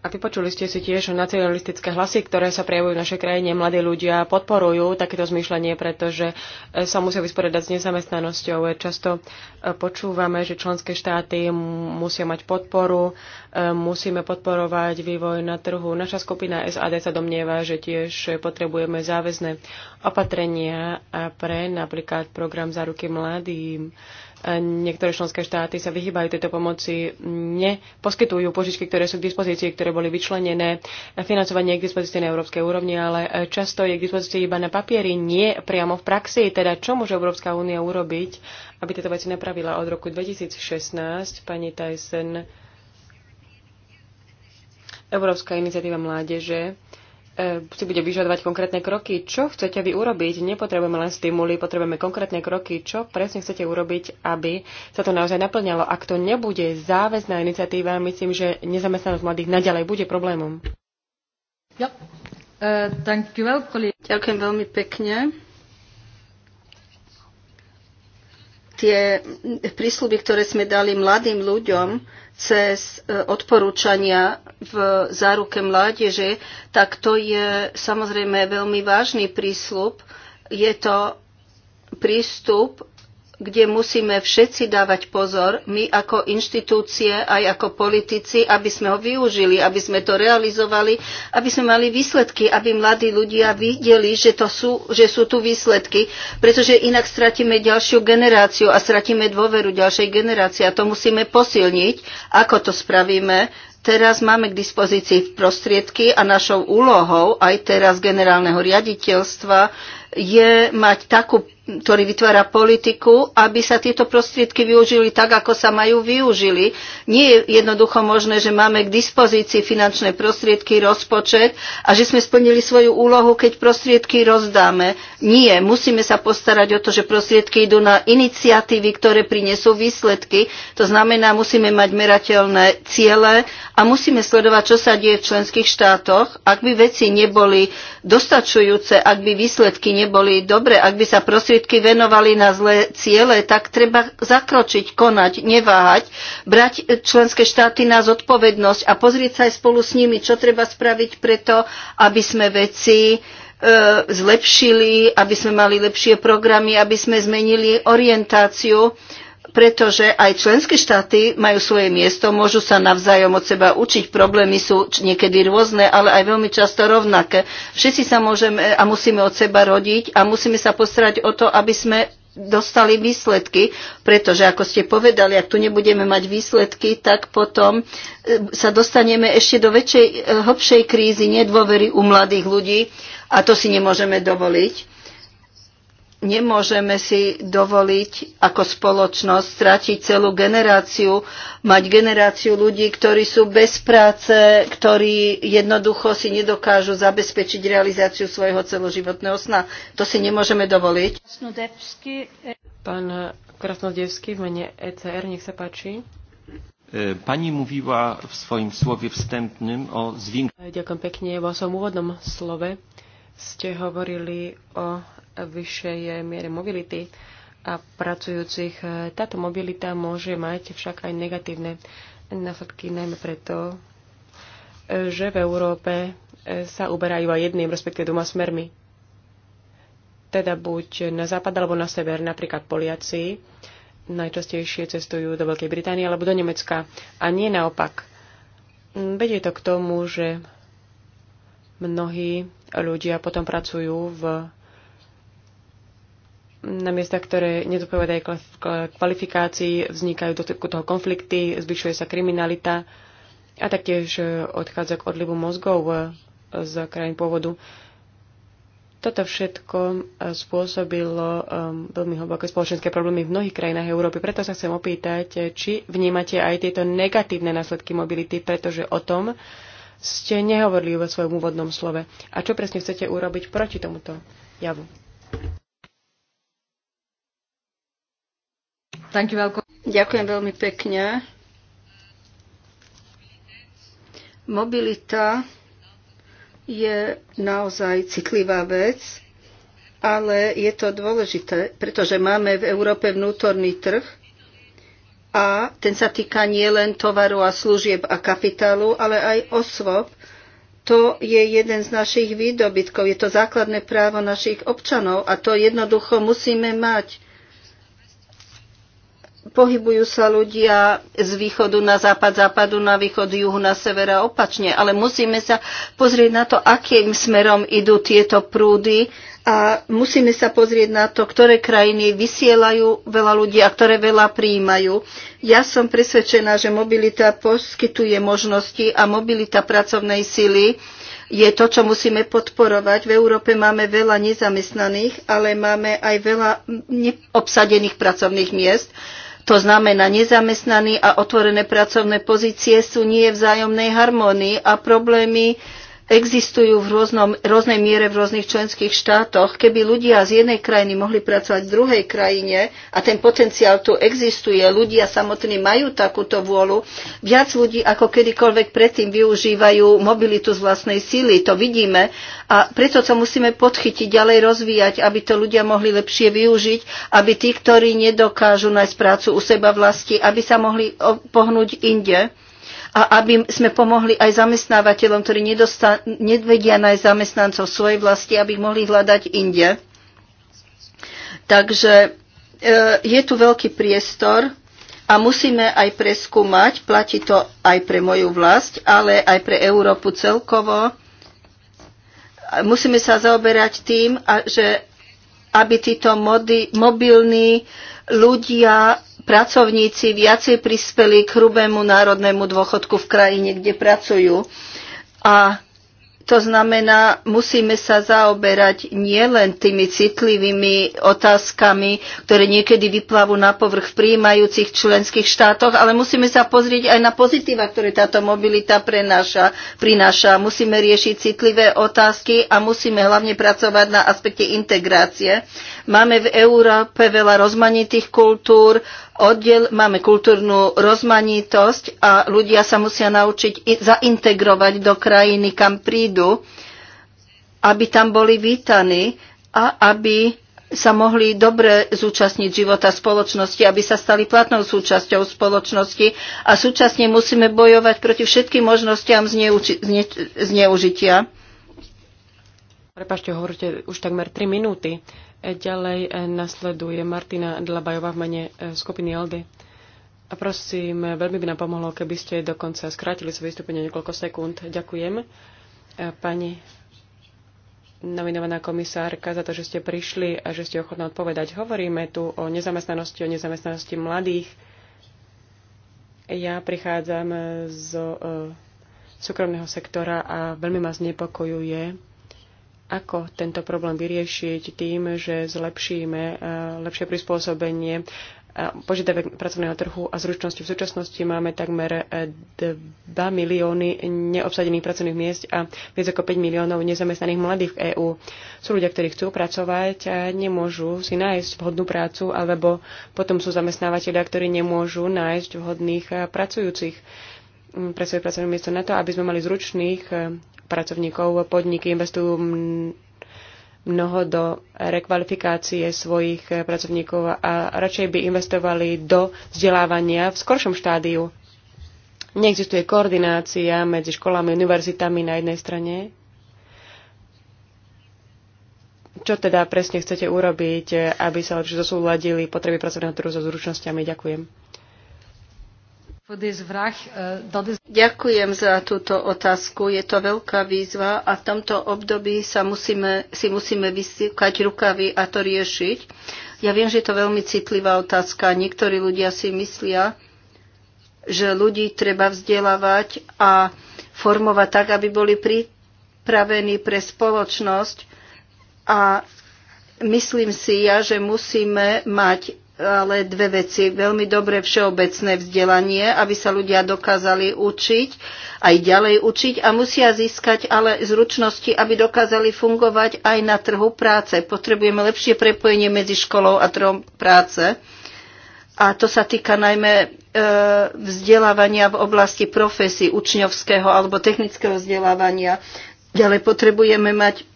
A vypočuli ste si tiež nacionalistické hlasy, ktoré sa prejavujú v našej krajine. Mladí ľudia podporujú takéto zmýšľanie, pretože e, sa musia vysporiadať s nezamestnanosťou. E, často e, počúvame, že členské štáty musia mať podporu, musíme podporovať vývoj na trhu. Naša skupina SAD sa domnieva, že tiež potrebujeme záväzné opatrenia pre napríklad program za ruky mladým Niektoré členské štáty sa vyhýbajú tejto pomoci, neposkytujú požičky, ktoré sú k dispozícii, ktoré boli vyčlenené. Financovanie je k dispozícii na európskej úrovni, ale často je k dispozícii iba na papieri, nie priamo v praxi. Teda čo môže Európska únia urobiť, aby tieto veci napravila? Od roku 2016 pani Tyson Európska iniciatíva mládeže E, si bude vyžadovať konkrétne kroky. Čo chcete vy urobiť? Nepotrebujeme len stimuly, potrebujeme konkrétne kroky. Čo presne chcete urobiť, aby sa to naozaj naplňalo? Ak to nebude záväzná iniciatíva, myslím, že nezamestnanosť mladých naďalej bude problémom. Ja. Uh, Ďakujem veľmi pekne. Tie prísluby, ktoré sme dali mladým ľuďom, cez e, odporúčania v záruke mládeže, tak to je samozrejme veľmi vážny prísľub. Je to prístup, kde musíme všetci dávať pozor, my ako inštitúcie, aj ako politici, aby sme ho využili, aby sme to realizovali, aby sme mali výsledky, aby mladí ľudia videli, že, to sú, že sú tu výsledky, pretože inak stratíme ďalšiu generáciu a stratíme dôveru ďalšej generácie a to musíme posilniť. Ako to spravíme? Teraz máme k dispozícii prostriedky a našou úlohou aj teraz generálneho riaditeľstva je mať takú ktorý vytvára politiku, aby sa tieto prostriedky využili tak, ako sa majú využili. Nie je jednoducho možné, že máme k dispozícii finančné prostriedky, rozpočet a že sme splnili svoju úlohu, keď prostriedky rozdáme. Nie, musíme sa postarať o to, že prostriedky idú na iniciatívy, ktoré prinesú výsledky. To znamená, musíme mať merateľné ciele a musíme sledovať, čo sa deje v členských štátoch. Ak by veci neboli dostačujúce, ak by výsledky neboli dobre, ak by sa prostriedky prostriedky venovali na zlé ciele, tak treba zakročiť, konať, neváhať, brať členské štáty na zodpovednosť a pozrieť sa aj spolu s nimi, čo treba spraviť preto, aby sme veci e, zlepšili, aby sme mali lepšie programy, aby sme zmenili orientáciu pretože aj členské štáty majú svoje miesto, môžu sa navzájom od seba učiť, problémy sú niekedy rôzne, ale aj veľmi často rovnaké. Všetci sa môžeme a musíme od seba rodiť a musíme sa postarať o to, aby sme dostali výsledky, pretože ako ste povedali, ak tu nebudeme mať výsledky, tak potom e, sa dostaneme ešte do väčšej, e, hlbšej krízy nedôvery u mladých ľudí a to si nemôžeme dovoliť. Nemôžeme si dovoliť ako spoločnosť stratiť celú generáciu, mať generáciu ľudí, ktorí sú bez práce, ktorí jednoducho si nedokážu zabezpečiť realizáciu svojho celoživotného sna. To si nemôžeme dovoliť. E- Pán Krasnodevský v mene ECR, nech sa páči. E, pani mówiła v svojom slove vstępnym o zwiększeniu. Ďakujem pekne. Vo svojom úvodnom slove ste hovorili o vyššej miere mobility a pracujúcich. Táto mobilita môže mať však aj negatívne následky, najmä preto, že v Európe sa uberajú aj jedným, respektíve dvoma smermi. Teda buď na západ alebo na sever, napríklad Poliaci najčastejšie cestujú do Veľkej Británie alebo do Nemecka a nie naopak. Vedie to k tomu, že mnohí ľudia potom pracujú v na miesta, ktoré nezodpovedajú kvalifikácii, vznikajú do toho konflikty, zvyšuje sa kriminalita a taktiež e, odchádza k odlivu mozgov e, z krajín pôvodu. Toto všetko e, spôsobilo veľmi hlboké spoločenské problémy v mnohých krajinách Európy. Preto sa chcem opýtať, či vnímate aj tieto negatívne následky mobility, pretože o tom ste nehovorili vo svojom úvodnom slove. A čo presne chcete urobiť proti tomuto javu? Ďakujem veľmi pekne. Mobilita je naozaj citlivá vec, ale je to dôležité, pretože máme v Európe vnútorný trh a ten sa týka nielen tovaru a služieb a kapitálu, ale aj osôb. To je jeden z našich výdobytkov, je to základné právo našich občanov a to jednoducho musíme mať pohybujú sa ľudia z východu na západ, západu na východ, juhu na sever a opačne, ale musíme sa pozrieť na to, akým smerom idú tieto prúdy a musíme sa pozrieť na to, ktoré krajiny vysielajú veľa ľudí a ktoré veľa príjmajú. Ja som presvedčená, že mobilita poskytuje možnosti a mobilita pracovnej sily je to, čo musíme podporovať. V Európe máme veľa nezamestnaných, ale máme aj veľa neobsadených pracovných miest to znamená, nezamestnaní a otvorené pracovné pozície sú nie vzájomnej harmónii a problémy existujú v rôznom, rôznej miere v rôznych členských štátoch. Keby ľudia z jednej krajiny mohli pracovať v druhej krajine a ten potenciál tu existuje, ľudia samotní majú takúto vôľu, viac ľudí ako kedykoľvek predtým využívajú mobilitu z vlastnej síly, to vidíme a preto sa musíme podchytiť, ďalej rozvíjať, aby to ľudia mohli lepšie využiť, aby tí, ktorí nedokážu nájsť prácu u seba vlasti, aby sa mohli pohnúť inde a aby sme pomohli aj zamestnávateľom, ktorí nevedia nájsť zamestnancov svojej vlasti, aby mohli hľadať inde. Takže e, je tu veľký priestor a musíme aj preskúmať, platí to aj pre moju vlast, ale aj pre Európu celkovo. Musíme sa zaoberať tým, že aby títo mobilní ľudia pracovníci viacej prispeli k hrubému národnému dôchodku v krajine, kde pracujú. A to znamená, musíme sa zaoberať nielen tými citlivými otázkami, ktoré niekedy vyplavú na povrch v príjmajúcich členských štátoch, ale musíme sa pozrieť aj na pozitíva, ktoré táto mobilita prenáša, prináša. Musíme riešiť citlivé otázky a musíme hlavne pracovať na aspekte integrácie. Máme v Európe veľa rozmanitých kultúr, oddiel, máme kultúrnu rozmanitosť a ľudia sa musia naučiť zaintegrovať do krajiny, kam prídu, aby tam boli vítaní a aby sa mohli dobre zúčastniť života spoločnosti, aby sa stali platnou súčasťou spoločnosti a súčasne musíme bojovať proti všetkým možnostiam zneužitia. Prepašte, hovoríte už takmer 3 minúty. Ďalej e, nasleduje Martina Dlabajová v mene e, skupiny LD. A prosím, e, veľmi by nám pomohlo, keby ste dokonca skrátili svoje vystúpenie niekoľko sekúnd. Ďakujem. Pani nominovaná komisárka, za to, že ste prišli a že ste ochotná odpovedať. Hovoríme tu o nezamestnanosti, o nezamestnanosti mladých. Ja prichádzam z súkromného sektora a veľmi ma znepokojuje ako tento problém vyriešiť tým, že zlepšíme e, lepšie prispôsobenie e, požiadavek pracovného trhu a zručnosti. V súčasnosti máme takmer 2 e, milióny neobsadených pracovných miest a viac ako 5 miliónov nezamestnaných mladých v EÚ. Sú ľudia, ktorí chcú pracovať a nemôžu si nájsť vhodnú prácu, alebo potom sú zamestnávateľia, ktorí nemôžu nájsť vhodných pracujúcich pre svoje pracovné miesto na to, aby sme mali zručných pracovníkov. Podniky investujú mnoho do rekvalifikácie svojich pracovníkov a radšej by investovali do vzdelávania v skoršom štádiu. Neexistuje koordinácia medzi školami a univerzitami na jednej strane. Čo teda presne chcete urobiť, aby sa lepšie zosúladili potreby pracovného trhu so zručnosťami? Ďakujem. Eh, Ďakujem za túto otázku. Je to veľká výzva a v tomto období sa musíme, si musíme vysýkať rukavy a to riešiť. Ja viem, že je to veľmi citlivá otázka. Niektorí ľudia si myslia, že ľudí treba vzdelávať a formovať tak, aby boli pripravení pre spoločnosť. A myslím si ja, že musíme mať ale dve veci. Veľmi dobre všeobecné vzdelanie, aby sa ľudia dokázali učiť, aj ďalej učiť a musia získať ale zručnosti, aby dokázali fungovať aj na trhu práce. Potrebujeme lepšie prepojenie medzi školou a trhom práce. A to sa týka najmä e, vzdelávania v oblasti profesí učňovského alebo technického vzdelávania. Ďalej potrebujeme mať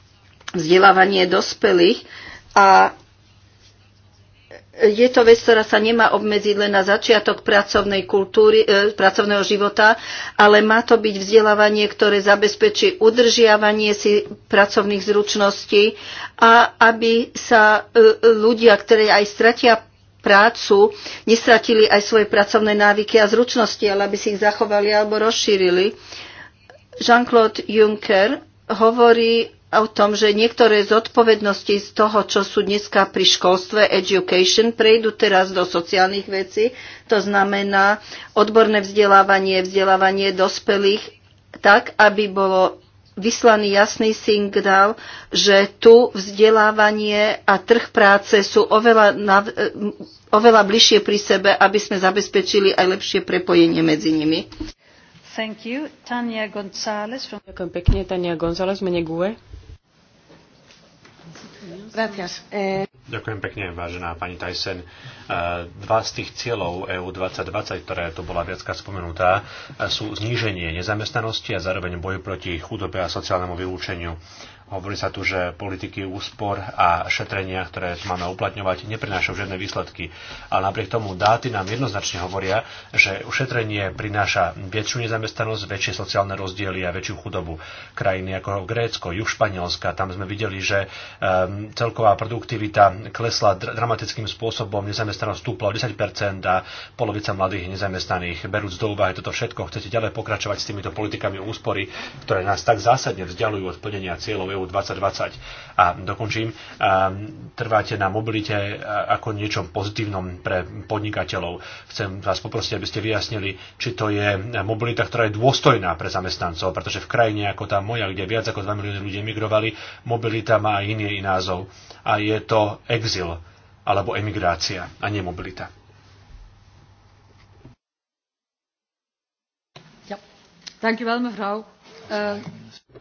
vzdelávanie dospelých a je to vec, ktorá sa nemá obmedziť len na začiatok pracovnej kultúry, e, pracovného života, ale má to byť vzdelávanie, ktoré zabezpečí udržiavanie si pracovných zručností a aby sa e, ľudia, ktorí aj stratia prácu, nestratili aj svoje pracovné návyky a zručnosti, ale aby si ich zachovali alebo rozšírili. Jean-Claude Juncker hovorí o tom, že niektoré zodpovednosti z toho, čo sú dneska pri školstve, education, prejdú teraz do sociálnych vecí, to znamená odborné vzdelávanie, vzdelávanie dospelých, tak, aby bolo vyslaný jasný signál, že tu vzdelávanie a trh práce sú oveľa, na, eh, oveľa bližšie pri sebe, aby sme zabezpečili aj lepšie prepojenie medzi nimi. Thank you. Tania González from... Ďakujem pekne, Tania González, mene GUE. Gracias. Eh, Ďakujem pekne, vážená pani Tyson. Eh, dva z tých cieľov EU 2020, ktoré tu bola viacka spomenutá, eh, sú zníženie nezamestnanosti a zároveň boj proti chudobe a sociálnemu vylúčeniu. Hovorí sa tu, že politiky úspor a šetrenia, ktoré máme uplatňovať, neprinášajú žiadne výsledky. Ale napriek tomu dáty nám jednoznačne hovoria, že ušetrenie prináša väčšiu nezamestnanosť, väčšie sociálne rozdiely a väčšiu chudobu. Krajiny ako Grécko, juh Španielska, tam sme videli, že um, celková produktivita klesla dr- dramatickým spôsobom, nezamestnanosť stúpla o 10% a polovica mladých nezamestnaných. Berúc do úvahy toto všetko, chcete ďalej pokračovať s týmito politikami úspory, ktoré nás tak zásadne vzdialujú od plnenia cieľov EU 2020. A dokončím, trváte na mobilite ako niečom pozitívnom pre podnikateľov. Chcem vás poprosiť, aby ste vyjasnili, či to je mobilita, ktorá je dôstojná pre zamestnancov, pretože v krajine ako tá moja, kde viac ako 2 milióny ľudí emigrovali, mobilita má aj iný názov a je to exil alebo emigrácia a nie mobilita. Dank u wel, mevrouw. Uh,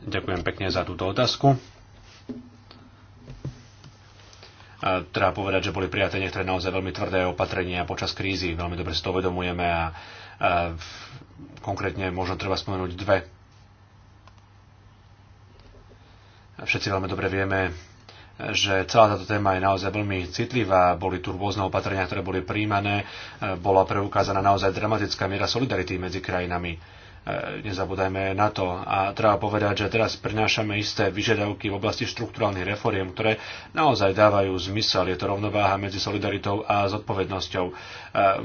Ďakujem pekne za túto otázku. A treba povedať, že boli prijaté niektoré naozaj veľmi tvrdé opatrenia počas krízy. Veľmi dobre si to uvedomujeme a, a v, konkrétne možno treba spomenúť dve. Všetci veľmi dobre vieme, že celá táto téma je naozaj veľmi citlivá. Boli tu rôzne opatrenia, ktoré boli príjmané. Bola preukázaná naozaj dramatická miera solidarity medzi krajinami E, nezabúdajme na to. A treba povedať, že teraz prinášame isté vyžiadavky v oblasti štruktúrálnych reforiem, ktoré naozaj dávajú zmysel. Je to rovnováha medzi solidaritou a zodpovednosťou. E,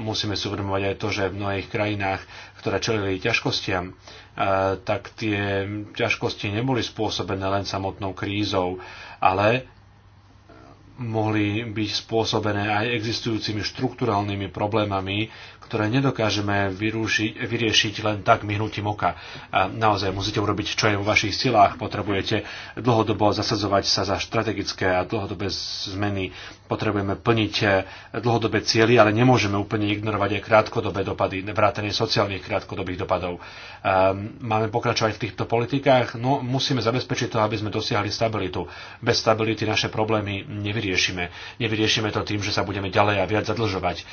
musíme si uvedomovať aj to, že v mnohých krajinách, ktoré čelili ťažkostiam, e, tak tie ťažkosti neboli spôsobené len samotnou krízou, ale mohli byť spôsobené aj existujúcimi štruktúralnými problémami, ktoré nedokážeme vyrúšiť, vyriešiť len tak myhnutím oka. A naozaj musíte urobiť, čo je vo vašich silách. Potrebujete dlhodobo zasadzovať sa za strategické a dlhodobé zmeny Potrebujeme plniť eh, dlhodobé cieľy, ale nemôžeme úplne ignorovať aj krátkodobé dopady, vrátanie sociálnych krátkodobých dopadov. Ehm, máme pokračovať v týchto politikách? No, musíme zabezpečiť to, aby sme dosiahli stabilitu. Bez stability naše problémy nevyriešime. Nevyriešime to tým, že sa budeme ďalej a viac zadlžovať, eh,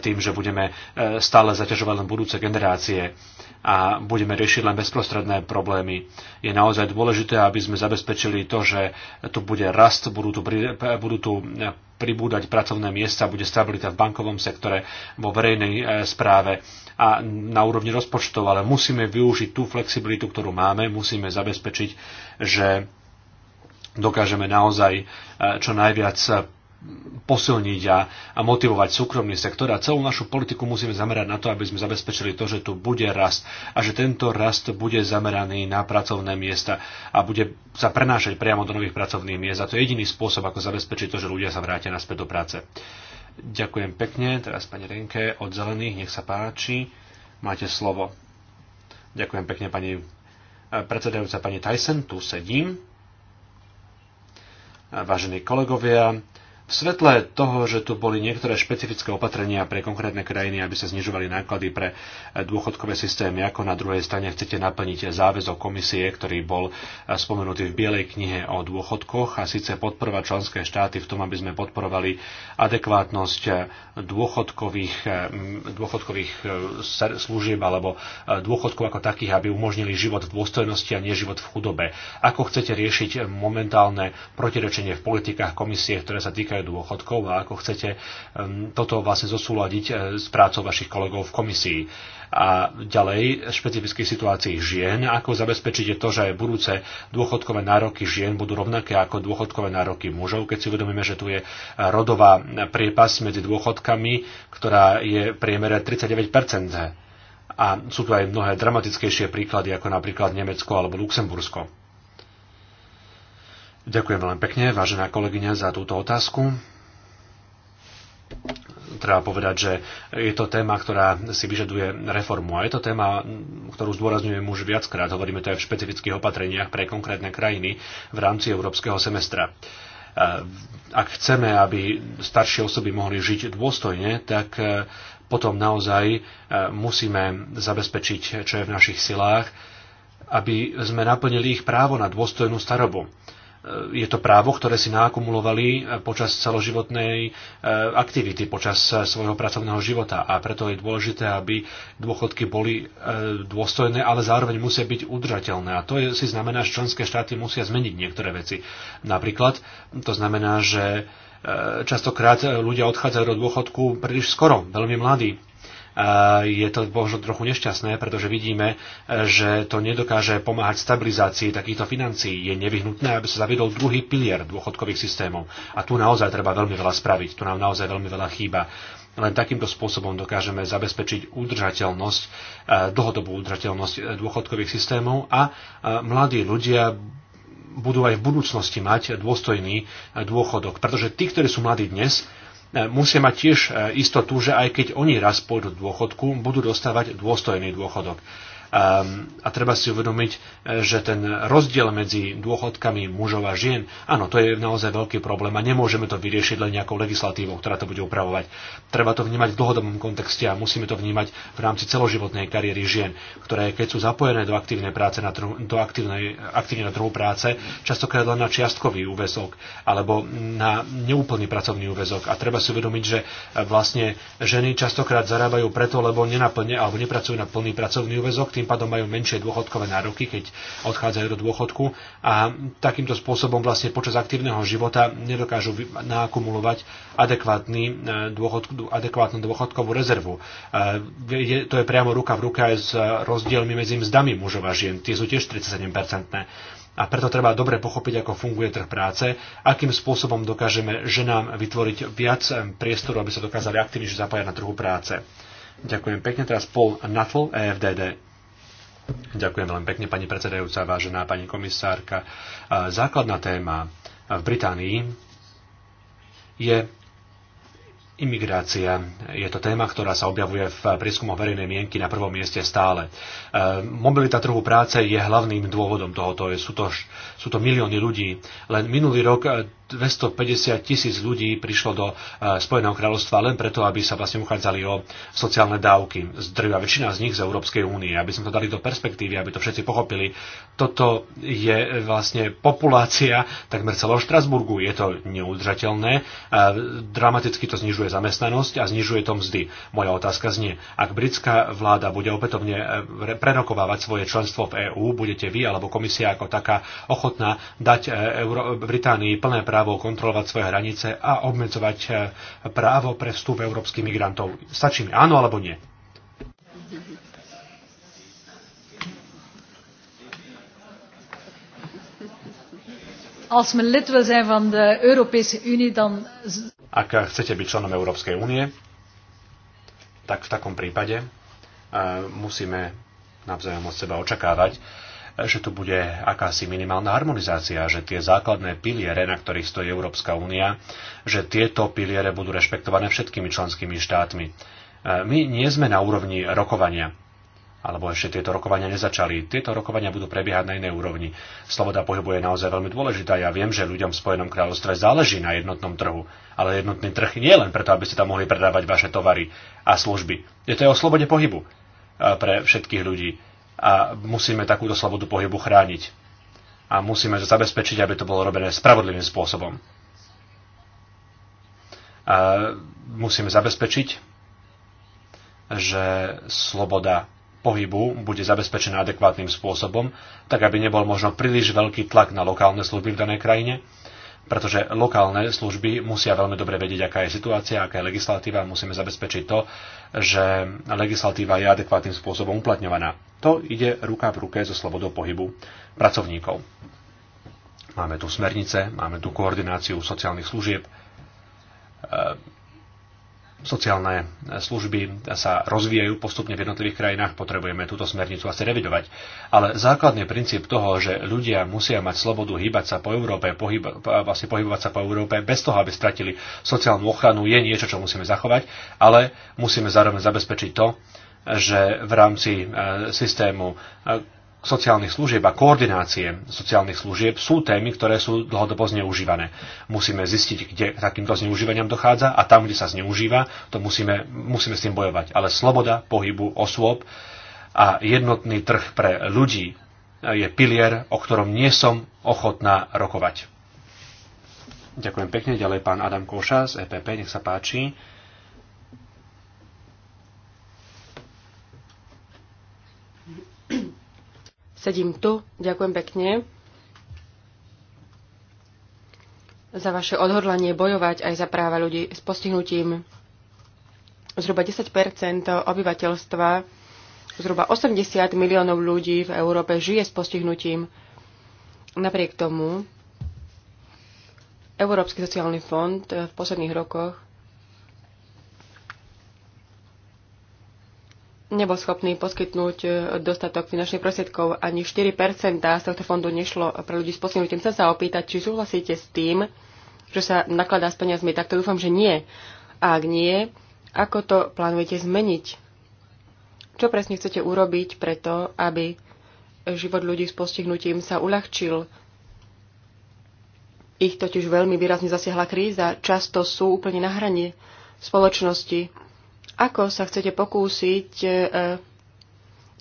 tým, že budeme eh, stále zaťažovať len budúce generácie a budeme riešiť len bezprostredné problémy. Je naozaj dôležité, aby sme zabezpečili to, že tu bude rast, budú tu, budú tu e, pribúdať pracovné miesta, bude stabilita v bankovom sektore, vo verejnej e, správe a na úrovni rozpočtov, ale musíme využiť tú flexibilitu, ktorú máme, musíme zabezpečiť, že dokážeme naozaj e, čo najviac posilniť a, a motivovať súkromný sektor a celú našu politiku musíme zamerať na to, aby sme zabezpečili to, že tu bude rast a že tento rast bude zameraný na pracovné miesta a bude sa prenášať priamo do nových pracovných miest a to je jediný spôsob, ako zabezpečiť to, že ľudia sa vrátia naspäť do práce. Ďakujem pekne, teraz pani Renke od Zelených, nech sa páči, máte slovo. Ďakujem pekne pani eh, predsedajúca pani Tyson, tu sedím. Vážení kolegovia, v svetle toho, že tu boli niektoré špecifické opatrenia pre konkrétne krajiny, aby sa znižovali náklady pre dôchodkové systémy, ako na druhej strane chcete naplniť záväzok komisie, ktorý bol spomenutý v Bielej knihe o dôchodkoch a síce podporovať členské štáty v tom, aby sme podporovali adekvátnosť dôchodkových, mm, dôchodkových eh, služieb alebo eh, dôchodkov ako takých, aby umožnili život v dôstojnosti a nie život v chudobe. Ako chcete riešiť momentálne protirečenie v politikách komisie, ktoré sa týka týka dôchodkov a ako chcete um, toto vlastne zosúľadiť uh, s prácou vašich kolegov v komisii. A ďalej, špecifických situácií žien, ako zabezpečíte to, že aj budúce dôchodkové nároky žien budú rovnaké ako dôchodkové nároky mužov, keď si uvedomíme, že tu je uh, rodová priepas medzi dôchodkami, ktorá je priemere 39 a sú tu aj mnohé dramatickejšie príklady, ako napríklad Nemecko alebo Luxembursko. Ďakujem veľmi pekne, vážená kolegyňa, za túto otázku treba povedať, že je to téma, ktorá si vyžaduje reformu. A je to téma, ktorú zdôrazňujem už viackrát. Hovoríme to aj v špecifických opatreniach pre konkrétne krajiny v rámci európskeho semestra. Ak chceme, aby staršie osoby mohli žiť dôstojne, tak e, potom naozaj e, musíme zabezpečiť, čo je v našich silách, aby sme naplnili ich právo na dôstojnú starobu je to právo, ktoré si naakumulovali počas celoživotnej e, aktivity, počas e, svojho pracovného života. A preto je dôležité, aby dôchodky boli e, dôstojné, ale zároveň musia byť udržateľné. A to je, si znamená, že členské štáty musia zmeniť niektoré veci. Napríklad to znamená, že častokrát ľudia odchádzajú do dôchodku príliš skoro, veľmi mladí je to možno trochu nešťastné, pretože vidíme, že to nedokáže pomáhať stabilizácii takýchto financií. Je nevyhnutné, aby sa zaviedol druhý pilier dôchodkových systémov. A tu naozaj treba veľmi veľa spraviť. Tu nám naozaj veľmi veľa chýba. Len takýmto spôsobom dokážeme zabezpečiť udržateľnosť, e, dlhodobú udržateľnosť e, dôchodkových systémov a e, mladí ľudia budú aj v budúcnosti mať dôstojný dôchodok. Pretože tí, ktorí sú mladí dnes, E, musia mať tiež e, istotu, že aj keď oni raz pôjdu do dôchodku, budú dostávať dôstojný dôchodok. Ehm, a treba si uvedomiť, e, že ten rozdiel medzi dôchodkami mužov a žien, áno, to je naozaj veľký problém a nemôžeme to vyriešiť len nejakou legislatívou, ktorá to bude upravovať. Treba to vnímať v dlhodobom kontexte a musíme to vnímať v rámci celoživotnej kariéry žien, ktoré keď sú zapojené do aktívnej práce na trhu, do aktívnej, aktívne na trhu práce, častokrát len na čiastkový úvezok alebo na neúplný pracovný úvezok. A treba si uvedomiť, že e, vlastne ženy častokrát zarábajú preto, lebo nenaplne alebo nepracujú na plný pracovný úvezok, tým pádom majú menšie dôchodkové nároky, keď odchádzajú do dôchodku a takýmto spôsobom vlastne počas aktívneho života nedokážu naakumulovať adekvátny e, dôchodk, adekvátnu dôchodkovú rezervu. E, je, to je priamo ruka v ruke aj s rozdielmi medzi mzdami mužov a žien. Tie sú tiež 37-percentné. A preto treba dobre pochopiť, ako funguje trh práce, akým spôsobom dokážeme ženám vytvoriť viac e, priestoru, aby sa dokázali aktívnejšie zapájať na trhu práce. Ďakujem pekne. Teraz Paul Nuttall, EFDD. Ďakujem veľmi pekne, pani predsedajúca, vážená pani komisárka. Základná téma v Británii je Imigrácia je to téma, ktorá sa objavuje v prieskumoch verejnej mienky na prvom mieste stále. E, mobilita trhu práce je hlavným dôvodom tohoto. Sú to sú to milióny ľudí. Len minulý rok 250 eh, tisíc ľudí prišlo do eh, Spojeného kráľovstva len preto, aby sa vlastne uchádzali o sociálne dávky. Zdrvia väčšina z nich z Európskej únie. Aby sme to dali do perspektívy, aby to všetci pochopili. Toto je vlastne populácia takmer celého Štrasburgu. Je to neudržateľné. Eh, dramaticky to znižuje zamestnanosť a znižuje to mzdy. Moja otázka znie, ak britská vláda bude opätovne prerokovávať svoje členstvo v EÚ, budete vy alebo komisia ako taká ochotná ochotná dať e, Euro- Británii plné právo kontrolovať svoje hranice a obmedzovať e, právo pre vstup európskych migrantov. Stačí mi áno alebo nie? Als men lid wil zijn van de Europese Unie, dan... Ak chcete byť členom Európskej únie, tak v takom prípade e, musíme navzájom od seba očakávať, že tu bude akási minimálna harmonizácia, že tie základné piliere, na ktorých stojí Európska únia, že tieto piliere budú rešpektované všetkými členskými štátmi. E, my nie sme na úrovni rokovania, alebo ešte tieto rokovania nezačali. Tieto rokovania budú prebiehať na inej úrovni. Sloboda pohybu je naozaj veľmi dôležitá. Ja viem, že ľuďom v Spojenom kráľovstve záleží na jednotnom trhu, ale jednotný trh nie len preto, aby ste tam mohli predávať vaše tovary a služby. Je to aj o slobode pohybu e, pre všetkých ľudí a musíme takúto slobodu pohybu chrániť. A musíme zabezpečiť, aby to bolo robené spravodlivým spôsobom. A musíme zabezpečiť, že sloboda pohybu bude zabezpečená adekvátnym spôsobom, tak aby nebol možno príliš veľký tlak na lokálne služby v danej krajine, pretože lokálne služby musia veľmi dobre vedieť, aká je situácia, aká je legislatíva. Musíme zabezpečiť to, že legislatíva je adekvátnym spôsobom uplatňovaná. To ide ruka v ruke so slobodou pohybu pracovníkov. Máme tu smernice, máme tu koordináciu sociálnych služieb, sociálne e, služby sa rozvíjajú postupne v jednotlivých krajinách, potrebujeme túto smernicu asi revidovať. Ale základný princíp toho, že ľudia musia mať slobodu hýbať sa po Európe, pohyba, vlastne pohybovať sa po Európe bez toho, aby stratili sociálnu ochranu, je niečo, čo musíme zachovať, ale musíme zároveň zabezpečiť to, že v rámci e, systému e, sociálnych služieb a koordinácie sociálnych služieb sú témy, ktoré sú dlhodobo zneužívané. Musíme zistiť, kde k takýmto zneužívaniam dochádza a tam, kde sa zneužíva, to musíme, musíme s tým bojovať. Ale sloboda pohybu osôb a jednotný trh pre ľudí je pilier, o ktorom nie som ochotná rokovať. Ďakujem pekne. Ďalej pán Adam Koša z EPP, nech sa páči. sedím tu. Ďakujem pekne za vaše odhodlanie bojovať aj za práva ľudí s postihnutím. Zhruba 10 obyvateľstva, zhruba 80 miliónov ľudí v Európe žije s postihnutím. Napriek tomu Európsky sociálny fond v posledných rokoch nebol schopný poskytnúť e, dostatok finančných prostriedkov. Ani 4 z tohto fondu nešlo pre ľudí s postihnutím. Chcem sa opýtať, či súhlasíte s tým, že sa nakladá s peniazmi. Tak to dúfam, že nie. A ak nie, ako to plánujete zmeniť? Čo presne chcete urobiť preto, aby život ľudí s postihnutím sa uľahčil? Ich totiž veľmi výrazne zasiahla kríza. Často sú úplne na hrane spoločnosti ako sa chcete pokúsiť e,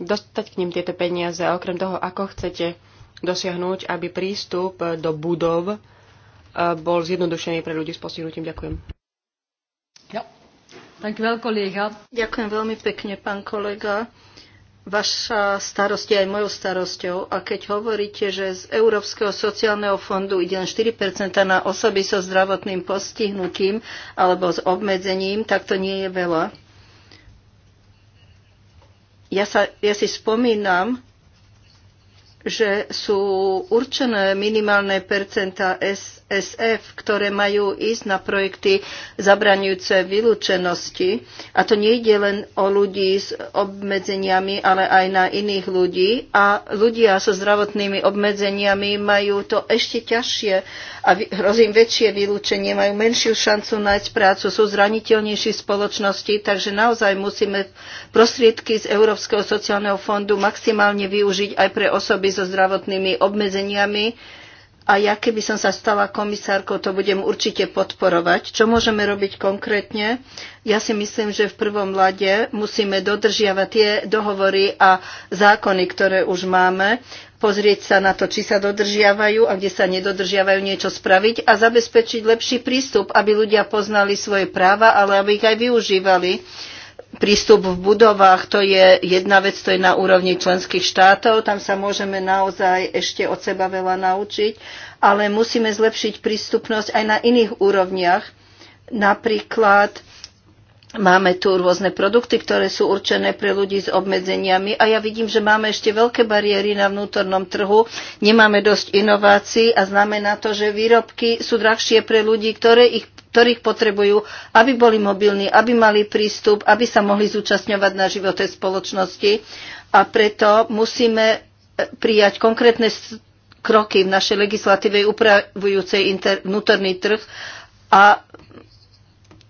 dostať k ním tieto peniaze, okrem toho, ako chcete dosiahnuť, aby prístup do budov e, bol zjednodušený pre ľudí s postihnutím. Ďakujem. Ja. Tak kolega. Ďakujem veľmi pekne, pán kolega. Vaša starosť je aj mojou starosťou. A keď hovoríte, že z Európskeho sociálneho fondu ide len 4 na osoby so zdravotným postihnutím alebo s obmedzením, tak to nie je veľa. Ja, sa, ja si spomínam, že sú určené minimálne percentá S, SF, ktoré majú ísť na projekty zabraňujúce vylúčenosti. A to nie ide len o ľudí s obmedzeniami, ale aj na iných ľudí. A ľudia so zdravotnými obmedzeniami majú to ešte ťažšie a hrozím väčšie vylúčenie, majú menšiu šancu nájsť prácu, sú zraniteľnejší v spoločnosti, takže naozaj musíme prostriedky z Európskeho sociálneho fondu maximálne využiť aj pre osoby so zdravotnými obmedzeniami, a ja keby som sa stala komisárkou, to budem určite podporovať. Čo môžeme robiť konkrétne? Ja si myslím, že v prvom lade musíme dodržiavať tie dohovory a zákony, ktoré už máme, pozrieť sa na to, či sa dodržiavajú a kde sa nedodržiavajú niečo spraviť a zabezpečiť lepší prístup, aby ľudia poznali svoje práva, ale aby ich aj využívali prístup v budovách, to je jedna vec, to je na úrovni členských štátov, tam sa môžeme naozaj ešte od seba veľa naučiť, ale musíme zlepšiť prístupnosť aj na iných úrovniach. Napríklad máme tu rôzne produkty, ktoré sú určené pre ľudí s obmedzeniami a ja vidím, že máme ešte veľké bariéry na vnútornom trhu, nemáme dosť inovácií a znamená to, že výrobky sú drahšie pre ľudí, ktoré ich ktorých potrebujú, aby boli mobilní, aby mali prístup, aby sa mohli zúčastňovať na živote spoločnosti. A preto musíme e, prijať konkrétne kroky v našej legislatíve upravujúcej inter, vnútorný trh a,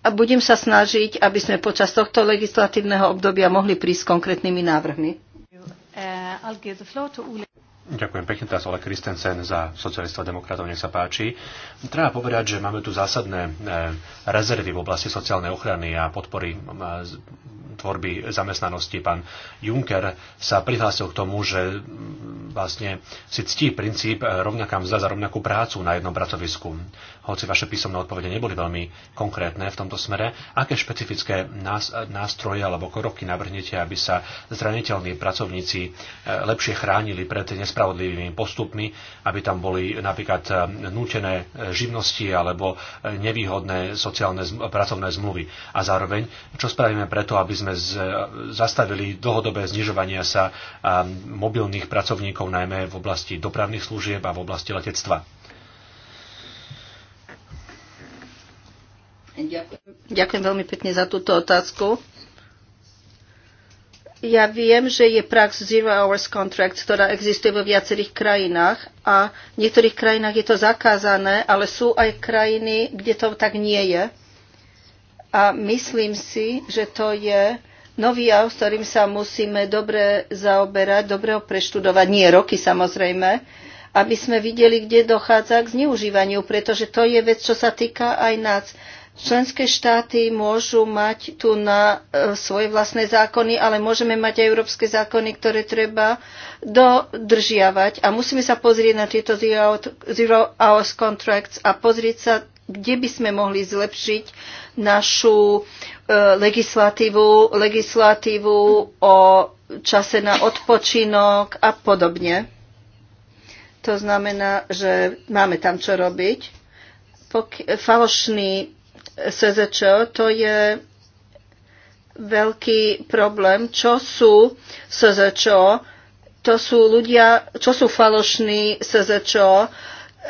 a budem sa snažiť, aby sme počas tohto legislatívneho obdobia mohli prísť s konkrétnymi návrhmi. Ďakujem pekne, teraz Ole Kristensen za socialistov a demokratov, nech sa páči. Treba povedať, že máme tu zásadné eh, rezervy v oblasti sociálnej ochrany a podpory eh, tvorby zamestnanosti. Pán Juncker sa prihlásil k tomu, že mm, vlastne si ctí princíp e, rovnaká mzda za rovnakú prácu na jednom pracovisku. Hoci vaše písomné odpovede neboli veľmi konkrétne v tomto smere, aké špecifické nástroje alebo kroky navrhnete, aby sa zraniteľní pracovníci e, lepšie chránili pred nespravodlivými postupmi, aby tam boli napríklad e, nútené živnosti alebo nevýhodné sociálne pracovné zmluvy. A zároveň, čo spravíme preto, aby sme sme z, zastavili dlhodobé znižovania sa mobilných pracovníkov, najmä v oblasti dopravných služieb a v oblasti letectva. Ďakujem, ďakujem veľmi pekne za túto otázku. Ja viem, že je prax Zero Hours Contract, ktorá existuje vo viacerých krajinách a v niektorých krajinách je to zakázané, ale sú aj krajiny, kde to tak nie je a myslím si, že to je nový jav, s ktorým sa musíme dobre zaoberať, dobre ho preštudovať, nie roky samozrejme, aby sme videli, kde dochádza k zneužívaniu, pretože to je vec, čo sa týka aj nás. Členské štáty môžu mať tu na e, svoje vlastné zákony, ale môžeme mať aj európske zákony, ktoré treba dodržiavať. A musíme sa pozrieť na tieto zero, zero hours contracts a pozrieť sa kde by sme mohli zlepšiť našu e, legislatívu, legislatívu o čase na odpočinok a podobne. To znamená, že máme tam čo robiť. Pok- falošný SZČ to je veľký problém. Čo sú SZČ? To sú ľudia, čo sú falošní SZČ?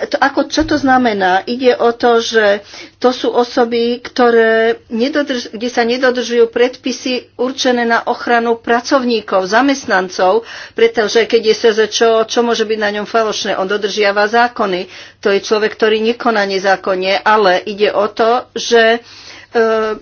to, ako, čo to znamená? Ide o to, že to sú osoby, ktoré nedodrž, kde sa nedodržujú predpisy určené na ochranu pracovníkov, zamestnancov, pretože keď je SZČO, čo môže byť na ňom falošné? On dodržiava zákony. To je človek, ktorý nekoná nezákonne, ale ide o to, že e,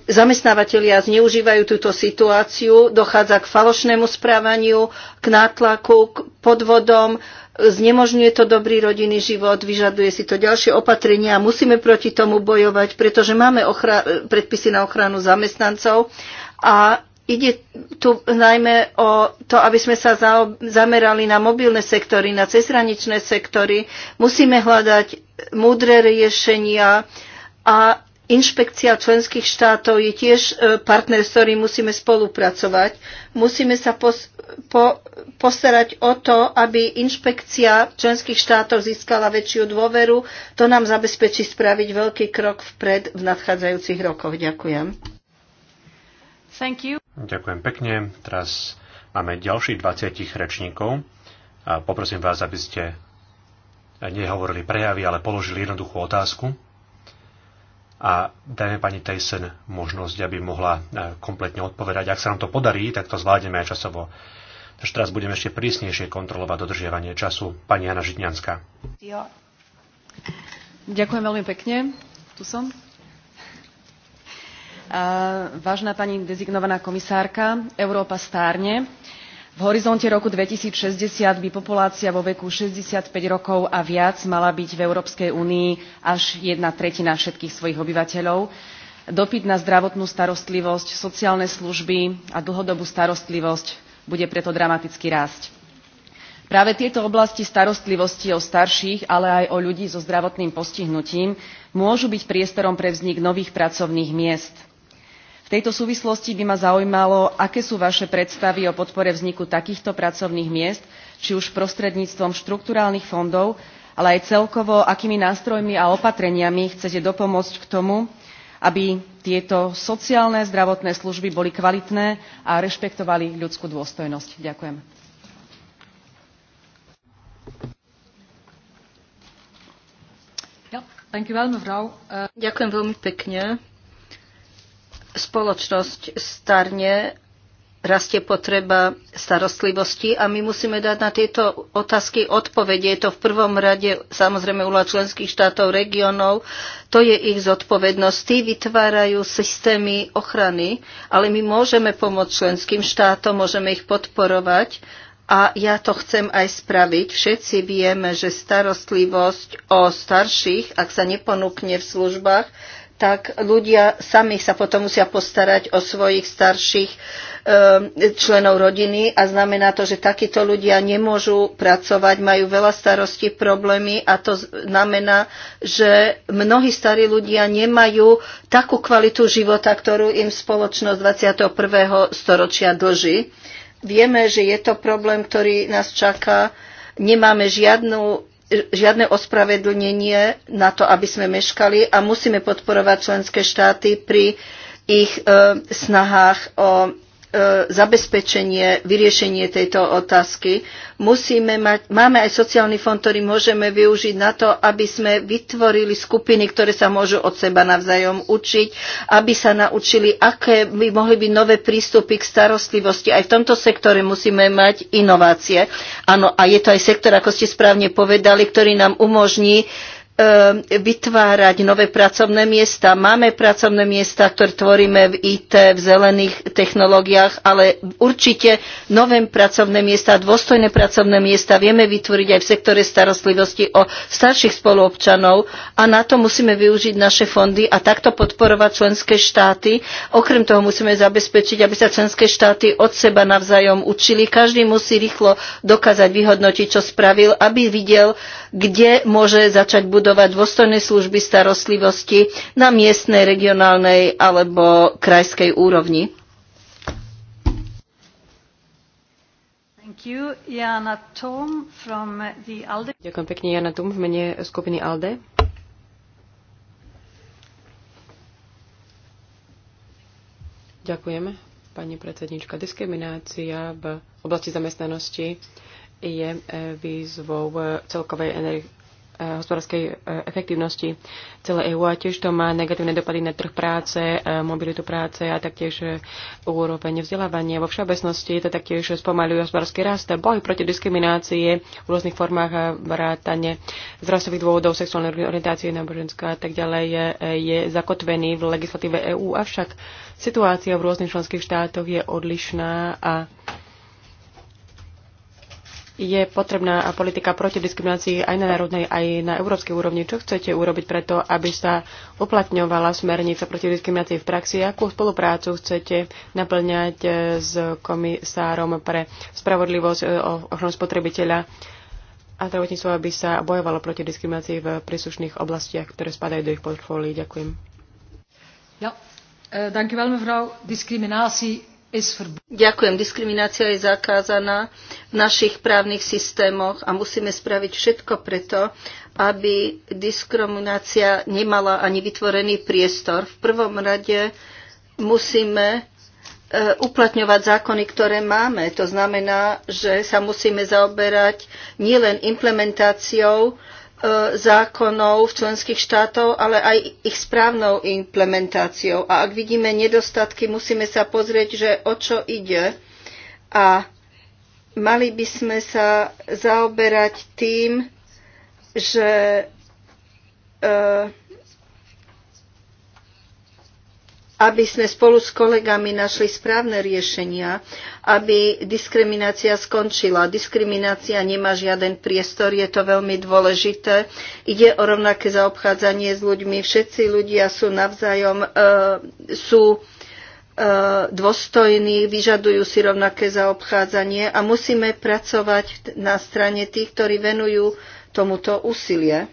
zamestnávateľia zneužívajú túto situáciu, dochádza k falošnému správaniu, k nátlaku, k podvodom, znemožňuje to dobrý rodinný život, vyžaduje si to ďalšie opatrenia a musíme proti tomu bojovať, pretože máme predpisy na ochranu zamestnancov a ide tu najmä o to, aby sme sa zamerali na mobilné sektory, na cezhraničné sektory. Musíme hľadať múdre riešenia a inšpekcia členských štátov je tiež e, partner, s ktorým musíme spolupracovať. Musíme sa pos- po, postarať o to, aby inšpekcia členských štátov získala väčšiu dôveru. To nám zabezpečí spraviť veľký krok vpred v nadchádzajúcich rokoch. Ďakujem. Thank you. Ďakujem pekne. Teraz máme ďalších 20 rečníkov. A poprosím vás, aby ste nehovorili prejavy, ale položili jednoduchú otázku a dajme pani Tyson možnosť, aby mohla e, kompletne odpovedať. Ak sa nám to podarí, tak to zvládneme aj časovo. Takže teraz budeme ešte prísnejšie kontrolovať dodržiavanie času. Pani Jana Žitňanská. Jo. Ďakujem veľmi pekne. Tu som. Vážna pani dezignovaná komisárka, Európa stárne v horizonte roku 2060 by populácia vo veku 65 rokov a viac mala byť v Európskej únii až jedna tretina všetkých svojich obyvateľov. Dopyt na zdravotnú starostlivosť, sociálne služby a dlhodobú starostlivosť bude preto dramaticky rásť. Práve tieto oblasti starostlivosti o starších, ale aj o ľudí so zdravotným postihnutím môžu byť priestorom pre vznik nových pracovných miest – tejto súvislosti by ma zaujímalo aké sú vaše predstavy o podpore vzniku takýchto pracovných miest či už prostredníctvom štrukturálnych fondov ale aj celkovo akými nástrojmi a opatreniami chcete dopomôcť k tomu aby tieto sociálne zdravotné služby boli kvalitné a rešpektovali ľudskú dôstojnosť. ďakujem. Eh, ďakujem veľmi pekne spoločnosť starne, rastie potreba starostlivosti a my musíme dať na tieto otázky odpovede. Je to v prvom rade samozrejme úloha členských štátov, regionov, to je ich zodpovednosť. Tí vytvárajú systémy ochrany, ale my môžeme pomôcť členským štátom, môžeme ich podporovať a ja to chcem aj spraviť. Všetci vieme, že starostlivosť o starších, ak sa neponúkne v službách, tak ľudia sami sa potom musia postarať o svojich starších eh, členov rodiny a znamená to, že takíto ľudia nemôžu pracovať, majú veľa starostí, problémy a to znamená, že mnohí starí ľudia nemajú takú kvalitu života, ktorú im spoločnosť 21. storočia dlží. Vieme, že je to problém, ktorý nás čaká. Nemáme žiadnu žiadne ospravedlnenie na to, aby sme meškali a musíme podporovať členské štáty pri ich e, snahách o E, zabezpečenie, vyriešenie tejto otázky. Musíme mať, máme aj sociálny fond, ktorý môžeme využiť na to, aby sme vytvorili skupiny, ktoré sa môžu od seba navzájom učiť, aby sa naučili, aké by mohli byť nové prístupy k starostlivosti. Aj v tomto sektore musíme mať inovácie. Áno, a je to aj sektor, ako ste správne povedali, ktorý nám umožní uh, Ehm, vytvárať nové pracovné miesta. Máme pracovné miesta, ktoré tvoríme v IT, v zelených technológiách, ale určite nové pracovné miesta, dôstojné pracovné miesta vieme vytvoriť aj v sektore starostlivosti o starších spoluobčanov a na to musíme využiť naše fondy a takto podporovať členské štáty. Okrem toho musíme zabezpečiť, aby sa členské štáty od seba navzájom učili. Každý musí rýchlo dokázať vyhodnotiť, čo spravil, aby videl, kde môže začať budovať vybudovať dôstojné služby starostlivosti na miestnej, regionálnej alebo krajskej úrovni. Ďakujem pekne, Jana Tum v mene skupiny ALDE. Ďakujem, pani predsednička. Diskriminácia v oblasti zamestnanosti je eh, výzvou eh, celkovej hospodárskej e, efektívnosti celé EÚ a tiež to má negatívne dopady na trh práce, e, mobilitu práce a taktiež e, úroveň vzdelávania. Vo všeobecnosti to taktiež spomaľuje hospodársky rast, boj proti diskriminácie v rôznych formách vrátane z rasových dôvodov, sexuálnej orientácie, náboženská a tak ďalej je, je zakotvený v legislatíve EÚ, avšak situácia v rôznych členských štátoch je odlišná a je potrebná politika proti diskriminácii aj na národnej, aj na európskej úrovni. Čo chcete urobiť preto, aby sa uplatňovala smernica proti diskriminácii v praxi? Akú spoluprácu chcete naplňať e, s komisárom pre spravodlivosť e, ochranu spotrebiteľa a zdravotníctvo, aby sa bojovalo proti diskriminácii v príslušných oblastiach, ktoré spadajú do ich portfólií? Ďakujem. Ja, e, dank u wel mevrouw. Discriminatie Ďakujem. Diskriminácia je zakázaná v našich právnych systémoch a musíme spraviť všetko preto, aby diskriminácia nemala ani vytvorený priestor. V prvom rade musíme e, uplatňovať zákony, ktoré máme. To znamená, že sa musíme zaoberať nielen implementáciou E, zákonov v členských štátov, ale aj ich správnou implementáciou. A ak vidíme nedostatky, musíme sa pozrieť, že o čo ide. A mali by sme sa zaoberať tým, že e, aby sme spolu s kolegami našli správne riešenia, aby diskriminácia skončila. Diskriminácia nemá žiaden priestor, je to veľmi dôležité. Ide o rovnaké zaobchádzanie s ľuďmi. Všetci ľudia sú navzájom, e, sú e, dôstojní, vyžadujú si rovnaké zaobchádzanie a musíme pracovať na strane tých, ktorí venujú tomuto úsilie.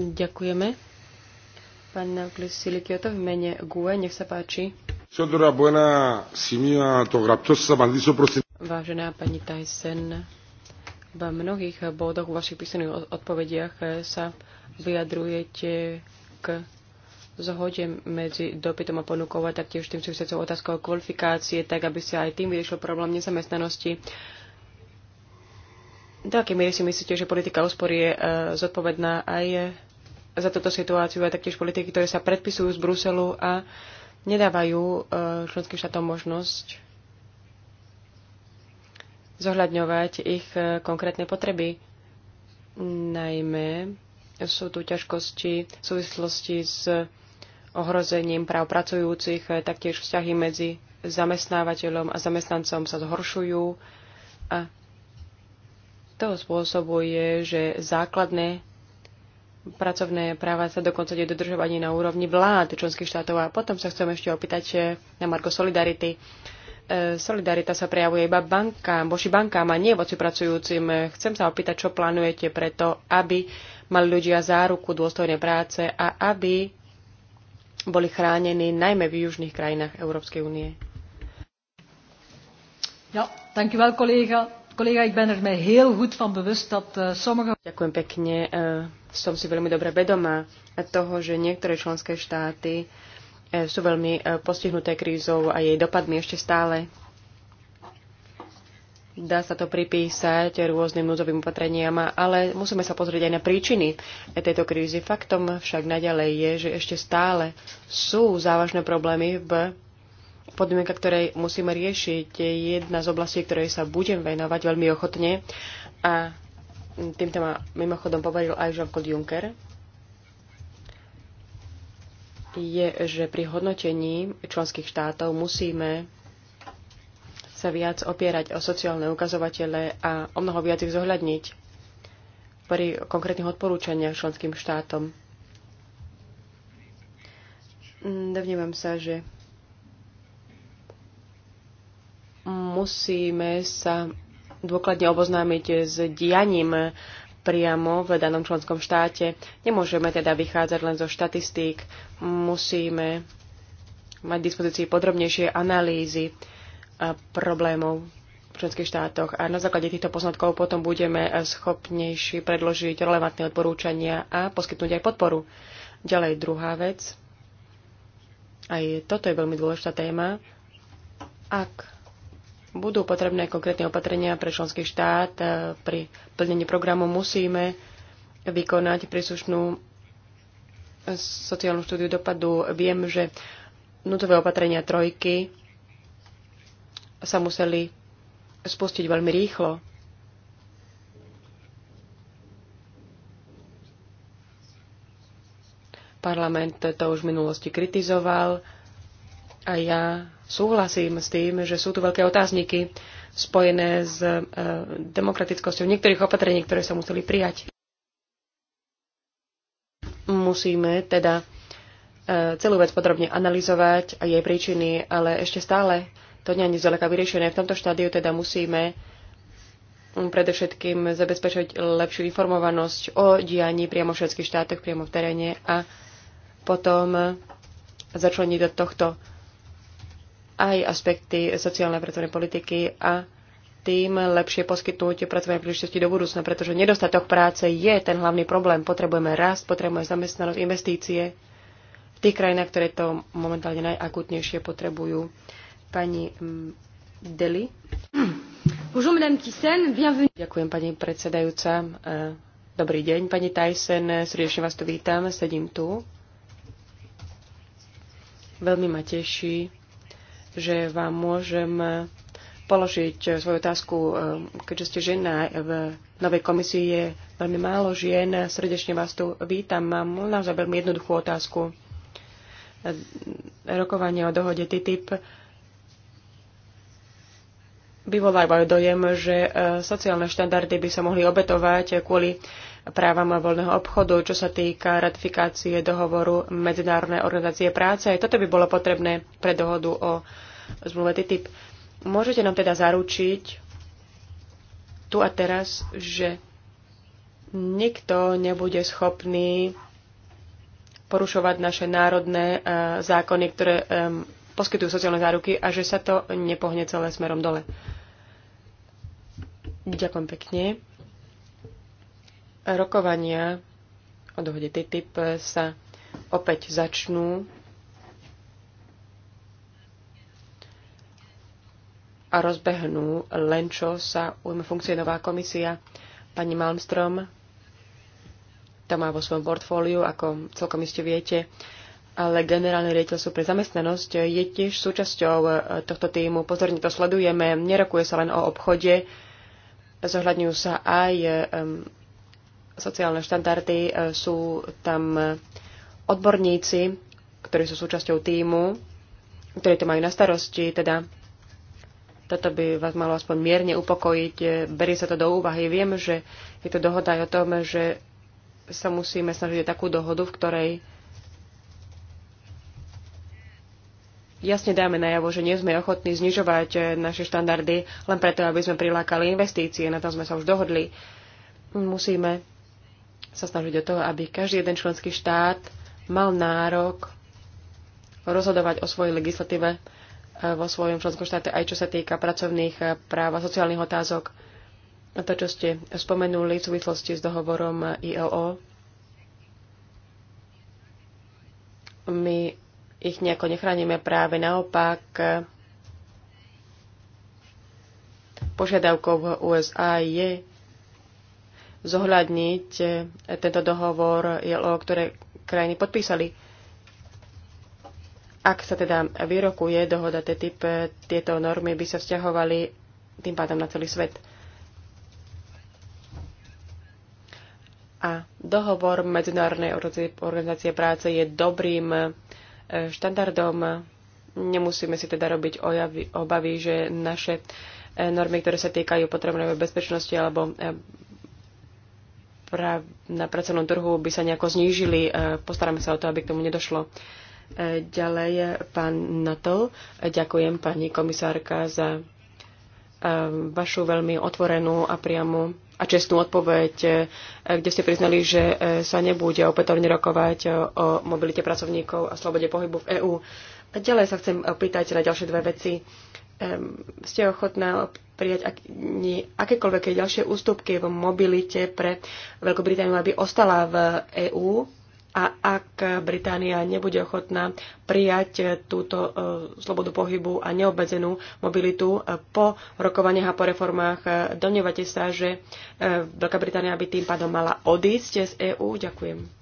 Ďakujeme. Pán Nauklis Silikioto v mene GUE, nech sa páči. Vážená pani Tyson, v mnohých bodoch v vašich písaných odpovediach sa vyjadrujete k zhode medzi dopytom a ponukou a taktiež tým súvisiacou otázkou kvalifikácie, tak aby sa aj tým vyriešil problém nezamestnanosti. Do akej miery si myslíte, že politika úspory je e, zodpovedná aj za túto situáciu a taktiež politiky, ktoré sa predpisujú z Bruselu a nedávajú e, členským štátom možnosť zohľadňovať ich e, konkrétne potreby. Najmä sú tu ťažkosti v súvislosti s ohrozením práv pracujúcich, e, taktiež vzťahy medzi zamestnávateľom a zamestnancom sa zhoršujú a to spôsobuje, že základné pracovné práva sa dokonca nedodržujú ani na úrovni vlád členských štátov. A potom sa chcem ešte opýtať eh, na Marko Solidarity. Eh, solidarita sa prejavuje iba bankám, boši bankám a nie voci pracujúcim. Chcem sa opýtať, čo plánujete preto, aby mali ľudia záruku dôstojnej práce a aby boli chránení najmä v južných krajinách Európskej únie. Ja, dankjewel collega. Collega, ik ben er mij heel goed van bewust dat eh, sommige... Ďakujem pekne. Eh, som si veľmi dobre vedomá toho, že niektoré členské štáty eh, sú veľmi postihnuté krízou a jej dopadmi ešte stále. Dá sa to pripísať rôznym núdzovým opatreniam, ale musíme sa pozrieť aj na príčiny tejto krízy. Faktom však naďalej je, že ešte stále sú závažné problémy v podmienka, ktoré musíme riešiť, je jedna z oblastí, ktorej sa budem venovať veľmi ochotne. A týmto ma mimochodom poveril aj Jean-Claude Juncker, je, že pri hodnotení členských štátov musíme sa viac opierať o sociálne ukazovatele a o mnoho viac ich zohľadniť pri konkrétnych odporúčaniach členským štátom. Dovnímam sa, že musíme sa dôkladne oboznámiť s dianím priamo v danom členskom štáte. Nemôžeme teda vychádzať len zo štatistík, musíme mať v dispozícii podrobnejšie analýzy problémov v členských štátoch a na základe týchto poznatkov potom budeme schopnejší predložiť relevantné odporúčania a poskytnúť aj podporu. Ďalej druhá vec, aj toto je veľmi dôležitá téma, ak budú potrebné konkrétne opatrenia pre členský štát. E, pri plnení programu musíme vykonať príslušnú sociálnu štúdiu dopadu. Viem, že nutové opatrenia trojky sa museli spustiť veľmi rýchlo. Parlament to už v minulosti kritizoval. A ja súhlasím s tým, že sú tu veľké otázniky spojené s e, demokratickosťou niektorých opatrení, ktoré sa museli prijať. Musíme teda e, celú vec podrobne analyzovať a jej príčiny, ale ešte stále to nie je zďaleka vyriešené. V tomto štádiu teda musíme predovšetkým zabezpečiť lepšiu informovanosť o dianí priamo v všetkých štátoch, priamo v teréne a potom e, začleniť do tohto aj aspekty sociálnej pracovnej politiky a tým lepšie poskytnúť pracovné príležitosti do budúcna, pretože nedostatok práce je ten hlavný problém. Potrebujeme rast, potrebujeme zamestnanosť, investície v tých krajinách, ktoré to momentálne najakutnejšie potrebujú. Pani mm, Deli. Bonjour, Madame Thyssen, bienvenue. Ďakujem, pani predsedajúca. E, dobrý deň, pani Tyson, srdečne vás tu vítam, sedím tu. Veľmi ma teší, že vám môžem eh, položiť eh, svoju otázku, eh, keďže ste žena v novej komisii je veľmi málo žien. Srdečne vás tu vítam. Mám naozaj veľmi jednoduchú otázku. Rokovanie o dohode TTIP vyvolávajú dojem, že sociálne štandardy by sa mohli obetovať kvôli právam voľného obchodu, čo sa týka ratifikácie dohovoru Medzinárodnej organizácie práce. Aj toto by bolo potrebné pre dohodu o zmluve TTIP. Môžete nám teda zaručiť tu a teraz, že nikto nebude schopný porušovať naše národné e, zákony, ktoré e, poskytujú sociálne záruky a že sa to nepohne celé smerom dole. Ďakujem pekne. Rokovania o dohode TTIP sa opäť začnú a rozbehnú len čo sa ujme funkcie komisia. Pani Malmstrom to má vo svojom portfóliu, ako celkom iste viete, ale generálne riaditeľstvo pre zamestnanosť je tiež súčasťou e, tohto týmu. Pozorne to sledujeme, nerokuje sa len o obchode, zohľadňujú sa aj sociálne štandardy. E, sú tam odborníci, ktorí sú súčasťou týmu, ktorí to majú na starosti, teda toto by vás malo aspoň mierne upokojiť. E, berie sa to do úvahy. Viem, že je to dohoda aj o tom, že sa musíme snažiť o takú dohodu, v ktorej jasne dáme najavo, že nie sme ochotní znižovať e, naše štandardy len preto, aby sme prilákali investície. Na tom sme sa už dohodli. Musíme sa snažiť o to, aby každý jeden členský štát mal nárok rozhodovať o svojej legislatíve e, vo svojom členskom štáte, aj čo sa týka pracovných e, práv a sociálnych otázok. A to, čo ste spomenuli v súvislosti s dohovorom ILO, my ich nejako nechránime práve naopak e, požiadavkou v USA je zohľadniť e, tento dohovor, o ktoré krajiny podpísali. Ak sa teda vyrokuje dohoda TTIP, tieto normy by sa vzťahovali tým pádom na celý svet. A dohovor Medzinárodnej organizácie práce je dobrým e, štandardom. Nemusíme si teda robiť obavy, že naše e, normy, ktoré sa týkajú potrebnej bezpečnosti alebo pra- na pracovnom trhu by sa nejako znížili. E, postaráme sa o to, aby k tomu nedošlo. E, ďalej pán Natol. E, ďakujem pani komisárka za vašu veľmi otvorenú a priamu a čestnú odpoveď, kde ste priznali, že sa nebude opätovne rokovať o mobilite pracovníkov a slobode pohybu v EÚ. Ďalej sa chcem opýtať na ďalšie dve veci ste ochotná prijať ak, nie, akékoľvek ďalšie ústupky v mobilite pre Veľkú Britániu, aby ostala v EÚ a ak Británia nebude ochotná prijať túto e, slobodu pohybu a neobmedzenú mobilitu e, po rokovaniach a po reformách, e, domnievate sa, že Veľká Británia by tým pádom mala odísť z EÚ? Ďakujem.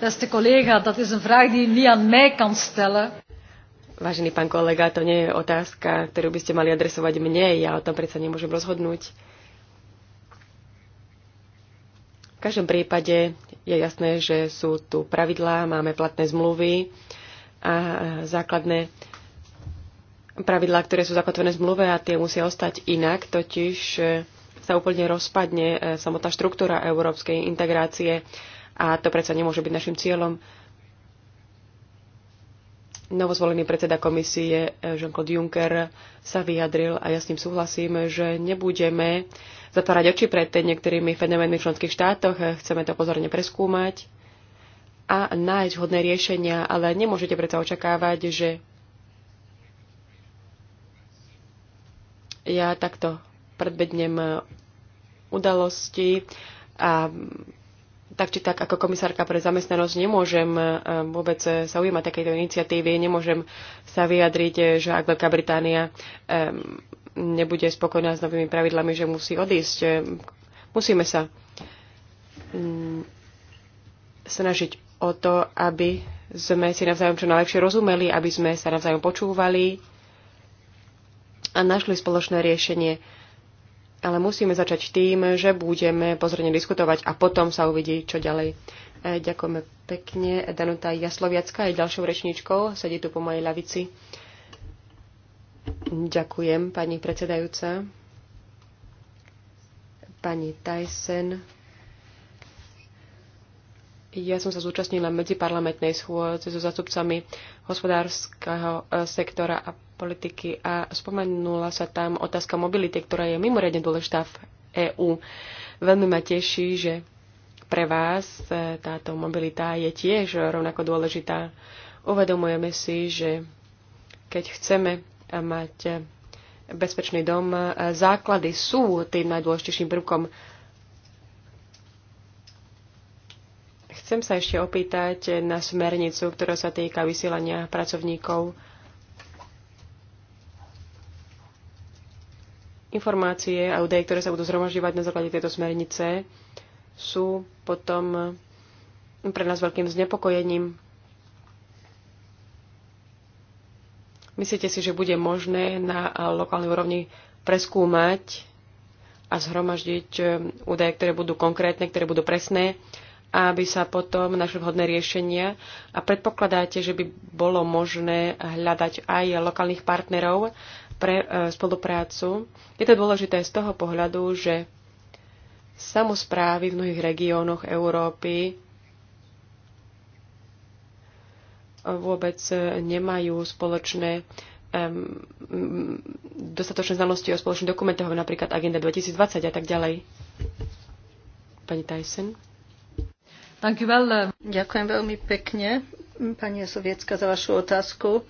Beste collega, dat is een vraag die u niet aan mij kan stellen. Vážený pán kolega, to nie je otázka, ktorú by ste mali adresovať mne. Ja o tom predsa nemôžem rozhodnúť. V každom prípade je jasné, že sú tu pravidlá, máme platné zmluvy a základné pravidlá, ktoré sú zakotvené v zmluve a tie musia ostať inak, totiž sa úplne rozpadne samotná štruktúra európskej integrácie. A to predsa nemôže byť našim cieľom. Novozvolený predseda komisie eh, Jean-Claude Juncker sa vyjadril a ja s ním súhlasím, že nebudeme zatvárať oči pred niektorými fenoménmi v členských štátoch. Eh, chceme to pozorne preskúmať a nájsť hodné riešenia, ale nemôžete predsa očakávať, že ja takto predbednem eh, udalosti a tak či tak ako komisárka pre zamestnanosť nemôžem eh, vôbec eh, sa ujímať takéto iniciatívy, nemôžem sa vyjadriť, eh, že ak Veľká Británia ehm, nebude spokojná s novými pravidlami, že musí odísť. Musíme sa mm, snažiť o to, aby sme si navzájom čo najlepšie rozumeli, aby sme sa navzájom počúvali a našli spoločné riešenie ale musíme začať tým, že budeme pozorne diskutovať a potom sa uvidí, čo ďalej. E, ďakujeme pekne. Danuta Jasloviacka je ďalšou rečníčkou, sedí tu po mojej lavici. Ďakujem, pani predsedajúca. Pani Tyson ja som sa zúčastnila medziparlamentnej schôdze so zastupcami hospodárskeho e, sektora a politiky a spomenula sa tam otázka mobility, ktorá je mimoriadne dôležitá v EÚ. Veľmi ma teší, že pre vás e, táto mobilita je tiež rovnako dôležitá. Uvedomujeme si, že keď chceme mať bezpečný dom, e, základy sú tým najdôležitejším prvkom Chcem sa ešte opýtať na smernicu, ktorá sa týka vysielania pracovníkov. Informácie a údaje, ktoré sa budú zhromažďovať na základe tejto smernice, sú potom pre nás veľkým znepokojením. Myslíte si, že bude možné na lokálnej úrovni preskúmať a zhromaždiť eh, údaje, ktoré budú konkrétne, ktoré budú presné, aby sa potom našli vhodné riešenia a predpokladáte, že by bolo možné hľadať aj lokálnych partnerov pre e, spoluprácu. Je to dôležité z toho pohľadu, že samozprávy v mnohých regiónoch Európy vôbec nemajú spoločné um, dostatočné znalosti o spoločných dokumentoch, napríklad Agenda 2020 a tak ďalej. Pani Tyson. Eh. Ďakujem veľmi pekne, pani Soviecka, za vašu otázku.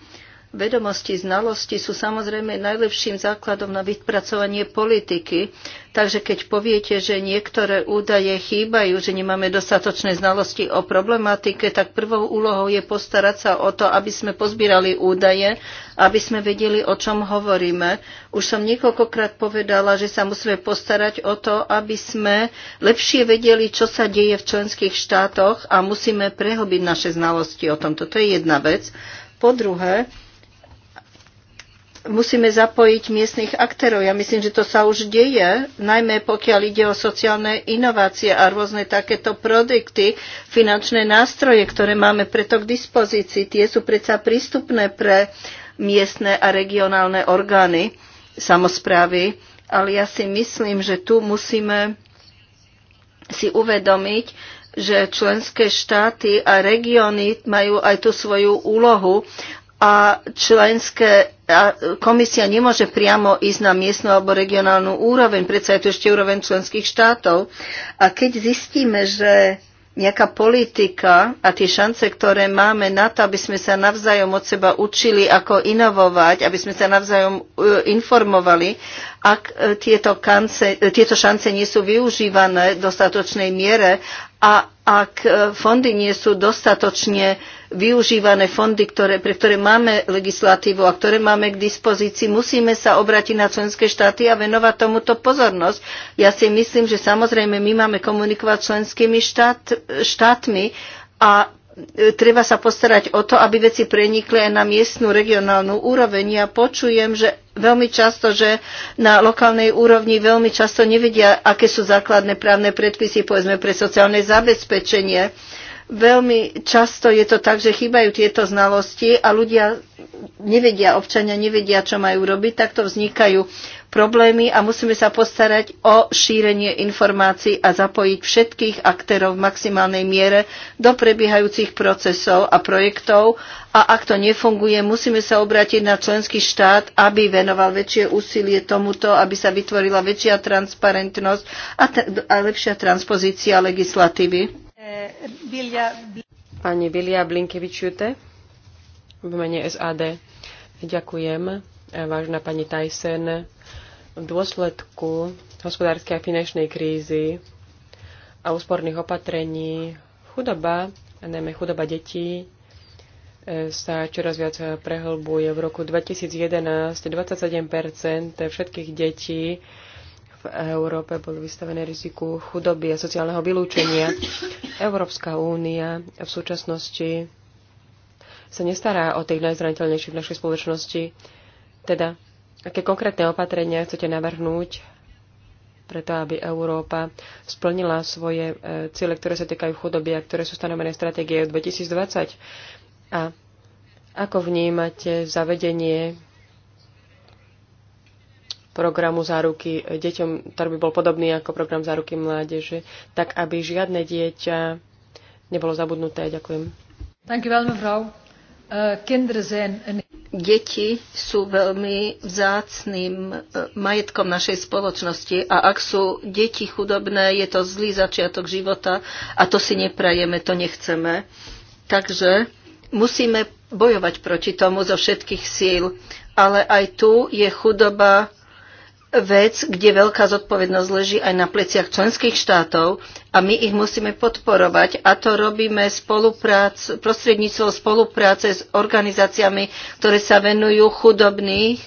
Vedomosti, znalosti sú samozrejme najlepším základom na vypracovanie politiky, takže keď poviete, že niektoré údaje chýbajú, že nemáme dostatočné znalosti o problematike, tak prvou úlohou je postarať sa o to, aby sme pozbírali údaje, aby sme vedeli, o čom hovoríme. Už som niekoľkokrát povedala, že sa musíme postarať o to, aby sme lepšie vedeli, čo sa deje v členských štátoch a musíme prehobiť naše znalosti o tomto. To je jedna vec. Po druhé, musíme zapojiť miestnych aktérov. Ja myslím, že to sa už deje, najmä pokiaľ ide o sociálne inovácie a rôzne takéto produkty, finančné nástroje, ktoré máme preto k dispozícii. Tie sú predsa prístupné pre miestne a regionálne orgány, samozprávy, ale ja si myslím, že tu musíme si uvedomiť, že členské štáty a regióny majú aj tú svoju úlohu a členské a komisia nemôže priamo ísť na miestnu alebo regionálnu úroveň, predsa je to ešte úroveň členských štátov. A keď zistíme, že nejaká politika a tie šance, ktoré máme na to, aby sme sa navzájom od seba učili, ako inovovať, aby sme sa navzájom e, informovali, ak e, tieto, kance, e, tieto šance nie sú využívané v dostatočnej miere a ak fondy nie sú dostatočne využívané fondy, ktoré, pre ktoré máme legislatívu a ktoré máme k dispozícii, musíme sa obrátiť na členské štáty a venovať tomuto pozornosť. Ja si myslím, že samozrejme my máme komunikovať s členskými štát, štátmi a e, treba sa postarať o to, aby veci prenikli aj na miestnu regionálnu úroveň. Ja počujem, že veľmi často, že na lokálnej úrovni veľmi často nevedia, aké sú základné právne predpisy, povedzme, pre sociálne zabezpečenie Veľmi často je to tak, že chýbajú tieto znalosti a ľudia nevedia, občania nevedia, čo majú robiť, takto vznikajú problémy a musíme sa postarať o šírenie informácií a zapojiť všetkých aktérov v maximálnej miere do prebiehajúcich procesov a projektov a ak to nefunguje, musíme sa obrátiť na členský štát, aby venoval väčšie úsilie tomuto, aby sa vytvorila väčšia transparentnosť a, a lepšia transpozícia legislatívy. Pani Bilia Blinkevičiute v mene SAD. Ďakujem, vážna pani Tyson. V dôsledku hospodárskej a finančnej krízy a úsporných opatrení chudoba, najmä chudoba detí, sa čoraz viac prehlbuje. V roku 2011 27 všetkých detí v Európe boli vystavené riziku chudoby a sociálneho vylúčenia. Európska únia v súčasnosti sa nestará o tých najzraniteľnejších v našej spoločnosti. Teda, aké konkrétne opatrenia chcete navrhnúť preto, aby Európa splnila svoje e, ciele, ktoré sa týkajú chudoby a ktoré sú stanovené stratégie 2020? A ako vnímate zavedenie programu záruky deťom, ktorý by bol podobný ako program záruky mládeže, tak aby žiadne dieťa nebolo zabudnuté. Ďakujem. Uh, deti sú veľmi vzácným uh, majetkom našej spoločnosti a ak sú deti chudobné, je to zlý začiatok života a to si neprajeme, to nechceme. Takže musíme bojovať proti tomu zo všetkých síl. Ale aj tu je chudoba vec, kde veľká zodpovednosť leží aj na pleciach členských štátov a my ich musíme podporovať a to robíme spoluprác, prostredníctvom spolupráce s organizáciami, ktoré sa venujú chudobným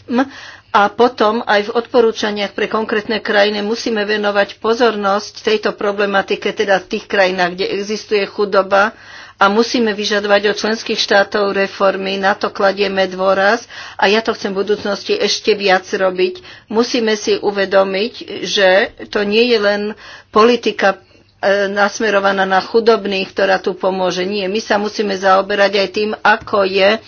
a potom aj v odporúčaniach pre konkrétne krajiny musíme venovať pozornosť tejto problematike, teda v tých krajinách, kde existuje chudoba, a musíme vyžadovať od členských štátov reformy, na to kladieme dôraz a ja to chcem v budúcnosti ešte viac robiť. Musíme si uvedomiť, že to nie je len politika e, nasmerovaná na chudobných, ktorá tu pomôže. Nie, my sa musíme zaoberať aj tým, ako je e,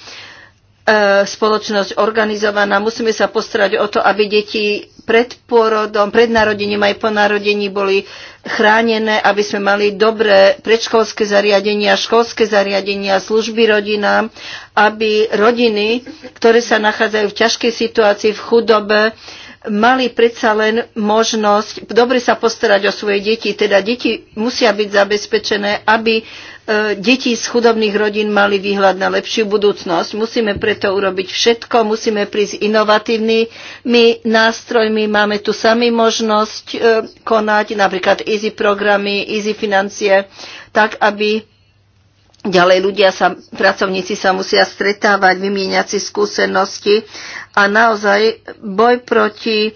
spoločnosť organizovaná. Musíme sa postarať o to, aby deti pred porodom, pred narodením aj po narodení boli chránené, aby sme mali dobré predškolské zariadenia, školské zariadenia, služby rodinám, aby rodiny, ktoré sa nachádzajú v ťažkej situácii, v chudobe, mali predsa len možnosť dobre sa postarať o svoje deti. Teda deti musia byť zabezpečené, aby E, deti z chudobných rodín mali výhľad na lepšiu budúcnosť. Musíme preto urobiť všetko, musíme prísť inovatívnymi nástrojmi. Máme tu sami možnosť e, konať napríklad easy programy, easy financie, tak aby ďalej ľudia sa, pracovníci sa musia stretávať, vymieňať si skúsenosti a naozaj boj proti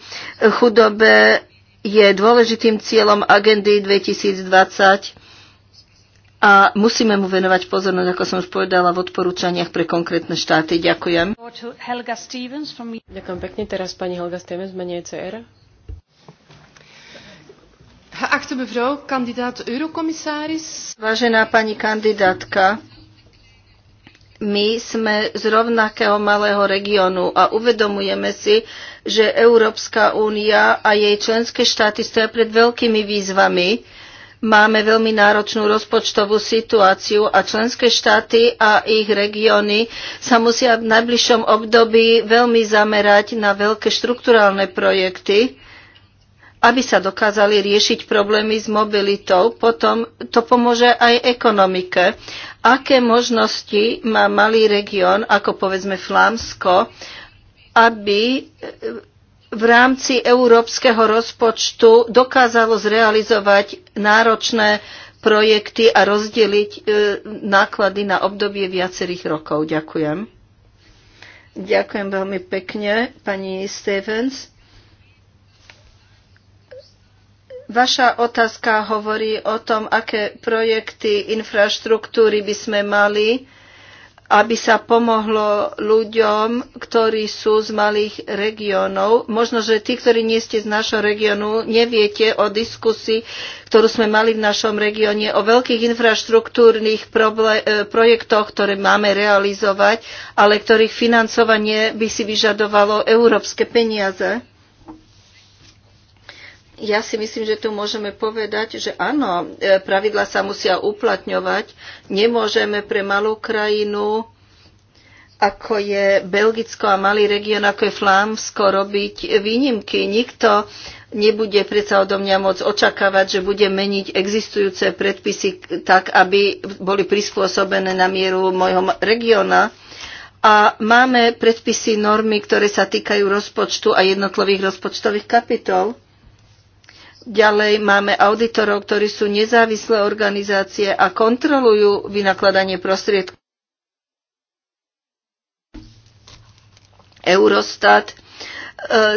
chudobe je dôležitým cieľom agendy 2020 a musíme mu venovať pozornosť, ako som už povedala, v odporúčaniach pre konkrétne štáty. Ďakujem. Ďakujem pekne. Teraz pani Helga Stevens, menej e CR. Geachte mevrouw, kandidaat eurocommissaris. Vážená pani kandidátka, my sme z rovnakého malého regiónu a uvedomujeme si, že Európska únia a jej členské štáty stoja pred veľkými výzvami Máme veľmi náročnú rozpočtovú situáciu a členské štáty a ich regióny sa musia v najbližšom období veľmi zamerať na veľké štrukturálne projekty, aby sa dokázali riešiť problémy s mobilitou. Potom to pomôže aj ekonomike. Aké možnosti má malý región, ako povedzme Flámsko, aby v rámci európskeho rozpočtu dokázalo zrealizovať náročné projekty a rozdeliť e, náklady na obdobie viacerých rokov. Ďakujem. Ďakujem veľmi pekne, pani Stevens. Vaša otázka hovorí o tom, aké projekty infraštruktúry by sme mali aby sa pomohlo ľuďom, ktorí sú z malých regiónov. Možno, že tí, ktorí nie ste z našho regiónu, neviete o diskusii, ktorú sme mali v našom regióne, o veľkých infraštruktúrnych e, projektoch, ktoré máme realizovať, ale ktorých financovanie by si vyžadovalo európske peniaze ja si myslím, že tu môžeme povedať, že áno, e, pravidla sa musia uplatňovať. Nemôžeme pre malú krajinu, ako je Belgicko a malý región, ako je Flámsko, robiť výnimky. Nikto nebude predsa odo mňa môcť očakávať, že bude meniť existujúce predpisy tak, aby boli prispôsobené na mieru môjho regióna. A máme predpisy normy, ktoré sa týkajú rozpočtu a jednotlivých rozpočtových kapitol Ďalej máme auditorov, ktorí sú nezávislé organizácie a kontrolujú vynakladanie prostriedkov. Eurostat e,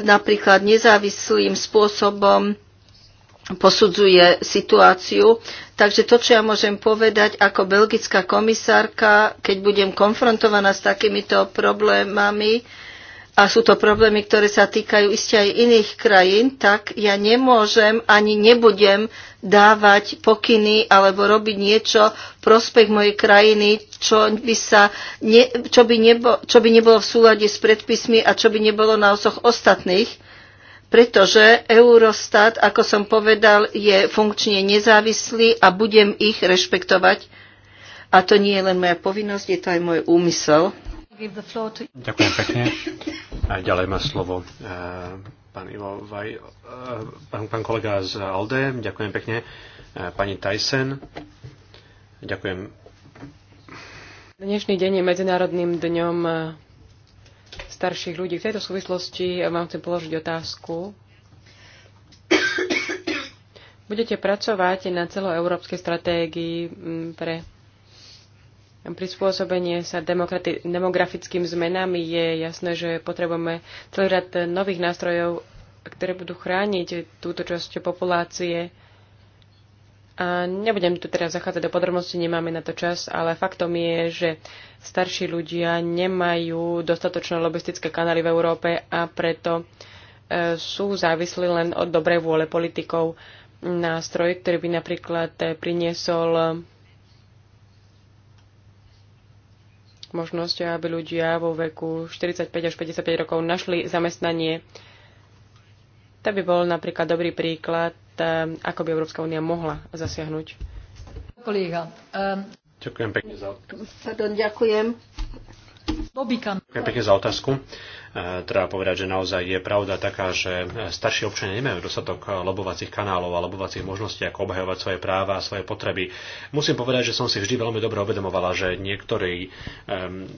napríklad nezávislým spôsobom posudzuje situáciu. Takže to, čo ja môžem povedať ako belgická komisárka, keď budem konfrontovaná s takýmito problémami, a sú to problémy, ktoré sa týkajú iste aj iných krajín, tak ja nemôžem ani nebudem dávať pokyny alebo robiť niečo v prospech mojej krajiny, čo by, sa ne, čo by, nebo, čo by nebolo v súlade s predpismi a čo by nebolo na osoch ostatných pretože Eurostat, ako som povedal, je funkčne nezávislý a budem ich rešpektovať. A to nie je len moja povinnosť, je to aj môj úmysel. Ďakujem pekne. A ďalej má slovo eh, pán Ivo Vaj, eh, pán, pán kolega z ALDE. Ďakujem pekne. Eh, pani Tyson. Ďakujem. Dnešný deň je Medzinárodným dňom starších ľudí. V tejto súvislosti vám chcem položiť otázku. Budete pracovať na celoeurópskej stratégii mm, pre prispôsobenie sa demografickým zmenám je jasné, že potrebujeme celý rad nových nástrojov, ktoré budú chrániť túto časť populácie. A nebudem tu teraz zachádzať do podrobností, nemáme na to čas, ale faktom je, že starší ľudia nemajú dostatočné lobistické kanály v Európe a preto e, sú závislí len od dobrej vôle politikov. Nástroj, ktorý by napríklad e, priniesol možnosť, aby ľudia vo veku 45 až 55 rokov našli zamestnanie. To by bol napríklad dobrý príklad, e, ako by Európska únia mohla zasiahnuť. Kolíga, Um, e, ďakujem pekne za otázku. Pardon, ďakujem. Ďakujem pekne za otázku. E, treba povedať, že naozaj je pravda taká, že e, starší občania nemajú dostatok e, lobovacích kanálov a lobovacích možností, ako obhajovať svoje práva a svoje potreby. Musím povedať, že som si vždy veľmi dobre uvedomovala, že niektorí,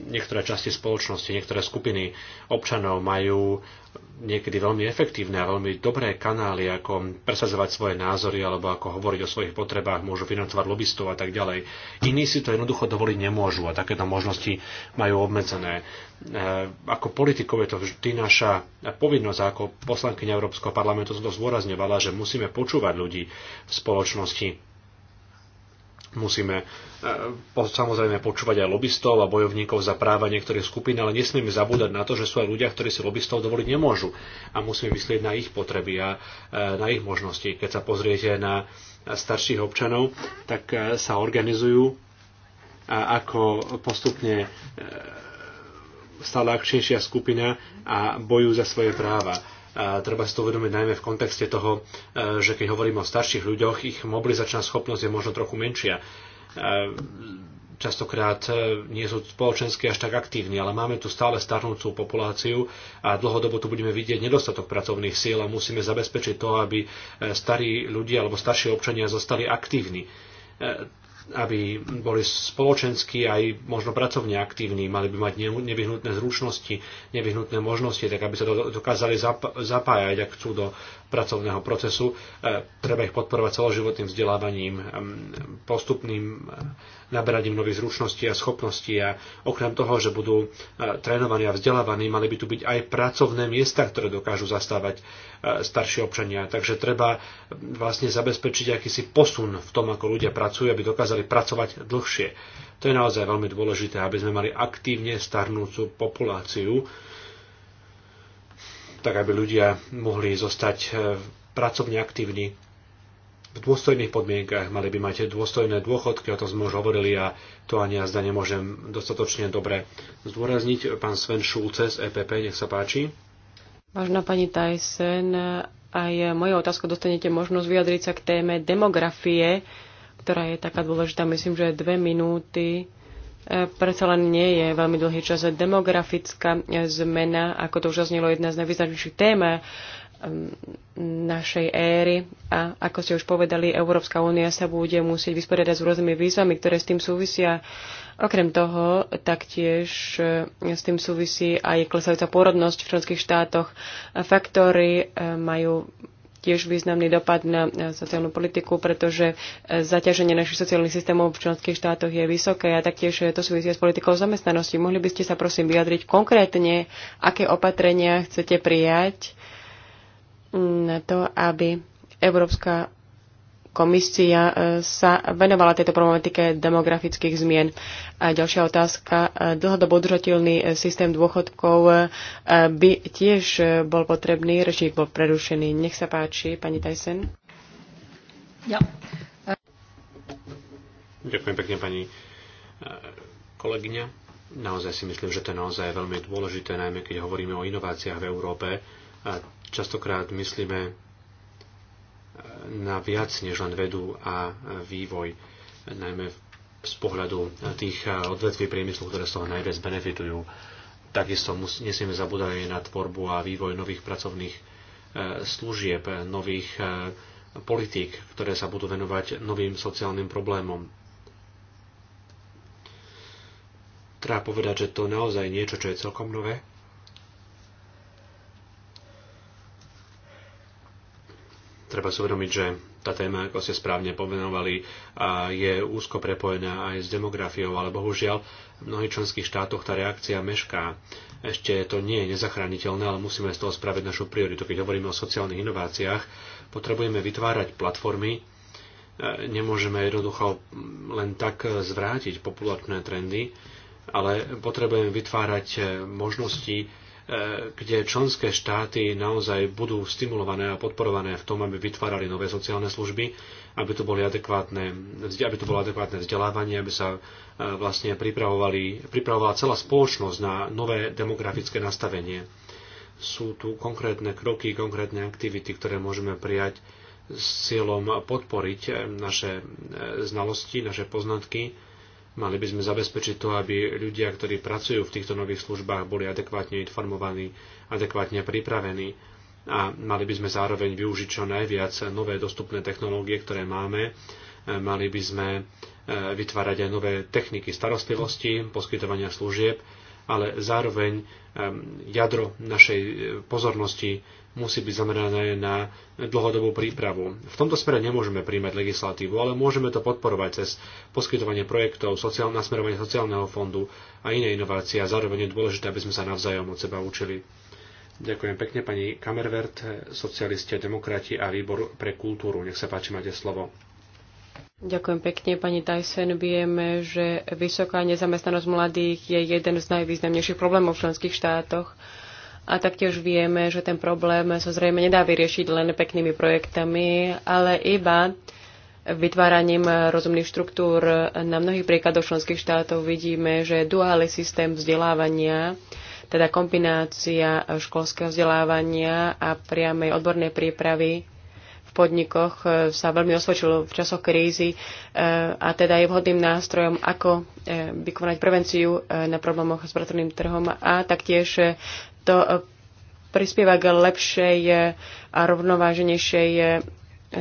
niektoré časti spoločnosti, niektoré skupiny občanov majú niekedy veľmi efektívne a veľmi dobré kanály, ako presadzovať svoje názory alebo ako hovoriť o svojich potrebách, môžu financovať lobbystov a tak ďalej. Iní si to jednoducho dovoliť nemôžu a takéto možnosti majú obmedzené. Eh, ako politikov je to vždy naša povinnosť, ako poslankyňa Európskeho parlamentu som to zdôrazňovala, že musíme počúvať ľudí v spoločnosti. Musíme eh, samozrejme počúvať aj lobbystov a bojovníkov za práva niektorých skupín, ale nesmieme zabúdať na to, že sú aj ľudia, ktorí si lobbystov dovoliť nemôžu a musíme myslieť na ich potreby a eh, na ich možnosti. Keď sa pozriete na starších občanov, tak sa organizujú a ako postupne stále akčnejšia skupina a bojujú za svoje práva. A treba si to uvedomiť najmä v kontexte toho, e, že keď hovoríme o starších ľuďoch, ich mobilizačná schopnosť je možno trochu menšia. E, častokrát e, nie sú spoločensky až tak aktívni, ale máme tu stále starnúcu populáciu a dlhodobo tu budeme vidieť nedostatok pracovných síl a musíme zabezpečiť to, aby starí ľudia alebo starší občania zostali aktívni aby boli spoločensky aj možno pracovne aktívni, mali by mať nevyhnutné zručnosti, nevyhnutné možnosti, tak aby sa dokázali zapájať, ak chcú do pracovného procesu. E, treba ich podporovať celoživotným vzdelávaním, e, postupným e, naberaním nových zručností a schopností a okrem toho, že budú trénovaní a vzdelávaní, mali by tu byť aj pracovné miesta, ktoré dokážu zastávať starší občania. Takže treba vlastne zabezpečiť akýsi posun v tom, ako ľudia pracujú, aby dokázali pracovať dlhšie. To je naozaj veľmi dôležité, aby sme mali aktívne starnúcu populáciu, tak aby ľudia mohli zostať e, pracovne aktívni v dôstojných podmienkach, mali by mať dôstojné dôchodky, o tom sme už hovorili a to ani ja zda nemôžem dostatočne dobre zdôrazniť. Pán Sven Šulce z EPP, nech sa páči. Vážna pani Tyson, aj moje otázku dostanete možnosť vyjadriť sa k téme demografie, ktorá je taká dôležitá. Myslím, že dve minúty E, predsa len nie je veľmi dlhý čas. Demografická e, zmena, ako to už oznelo, jedna z najvýznamnejších tém e, našej éry a ako ste už povedali, Európska únia sa bude musieť vysporiadať s rôznymi výzvami, ktoré s tým súvisia. Okrem toho, taktiež s tým súvisí aj klesajúca pôrodnosť v členských štátoch. Faktory majú tiež významný dopad na e, sociálnu politiku, pretože e, zaťaženie našich sociálnych systémov v členských štátoch je vysoké a taktiež e, to súvisí s politikou zamestnanosti. Mohli by ste sa prosím vyjadriť konkrétne, aké opatrenia chcete prijať mm, na to, aby Európska komisia e, sa venovala tejto problematike demografických zmien. A ďalšia otázka. E, dlhodobo udržateľný e, systém dôchodkov by tiež bol potrebný. Rečník bol prerušený. Nech sa páči, pani Tyson. Ja. Ďakujem pekne, pani kolegyňa. Naozaj si myslím, že to je naozaj veľmi dôležité, najmä keď hovoríme o inováciách v Európe. A častokrát myslíme na viac než len vedu a vývoj, najmä z pohľadu tých odvetví priemyslu, ktoré z toho najviac benefitujú. Takisto nesmieme zabúdať aj na tvorbu a vývoj nových pracovných e, služieb, nových e, politík, ktoré sa budú venovať novým sociálnym problémom. Treba povedať, že to naozaj niečo, čo je celkom nové treba si uvedomiť, že tá téma, ako ste správne pomenovali, je úzko prepojená aj s demografiou, ale bohužiaľ v mnohých členských štátoch tá reakcia mešká. Ešte to nie je nezachrániteľné, ale musíme z toho spraviť našu prioritu. Keď hovoríme o sociálnych inováciách, potrebujeme vytvárať platformy, e, nemôžeme jednoducho len tak zvrátiť populačné trendy, ale potrebujeme vytvárať e, možnosti, E, kde členské štáty naozaj budú stimulované a podporované v tom, aby vytvárali nové sociálne služby, aby to, boli adekvátne, aby to bolo adekvátne vzdelávanie, aby sa e, vlastne pripravovali, pripravovala celá spoločnosť na nové demografické nastavenie. Sú tu konkrétne kroky, konkrétne aktivity, ktoré môžeme prijať s cieľom podporiť e, naše znalosti, naše poznatky, Mali by sme zabezpečiť to, aby ľudia, ktorí pracujú v týchto nových službách, boli adekvátne informovaní, adekvátne pripravení a mali by sme zároveň využiť čo najviac nové dostupné technológie, ktoré máme. E, mali by sme e, vytvárať aj nové techniky starostlivosti, poskytovania služieb, ale zároveň e, jadro našej pozornosti musí byť zamerané na dlhodobú prípravu. V tomto smere nemôžeme príjmať legislatívu, ale môžeme to podporovať cez poskytovanie projektov, sociál- nasmerovanie sociálneho fondu a iné inovácie a zároveň je dôležité, aby sme sa navzájom od seba učili. Ďakujem pekne pani Kamervert, socialisti a demokrati a výbor pre kultúru. Nech sa páči, máte slovo. Ďakujem pekne, pani Tyson. Vieme, že vysoká nezamestnanosť mladých je jeden z najvýznamnejších problémov v členských štátoch a taktiež vieme, že ten problém sa zrejme nedá vyriešiť len peknými projektami, ale iba vytváraním rozumných štruktúr. Na mnohých príkladoch členských štátov vidíme, že duálny systém vzdelávania, teda kombinácia školského vzdelávania a priamej odbornej prípravy v podnikoch eh, sa veľmi osvedčilo v časoch krízy eh, a teda je vhodným nástrojom, ako eh, vykonať prevenciu na problémoch s pracovným trhom a taktiež to e, prispieva k lepšej e, a rovnováženejšej e,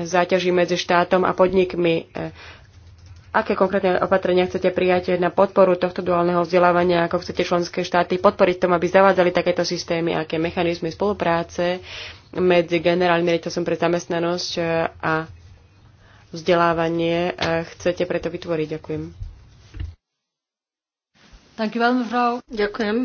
záťaži medzi štátom a podnikmi. Aké konkrétne opatrenia chcete prijať na podporu tohto duálneho vzdelávania, ako chcete členské štáty podporiť tom, aby zavádzali takéto systémy, aké mechanizmy spolupráce medzi generálnym riaditeľom pre zamestnanosť a vzdelávanie chcete preto vytvoriť? Ďakujem. Ďakujem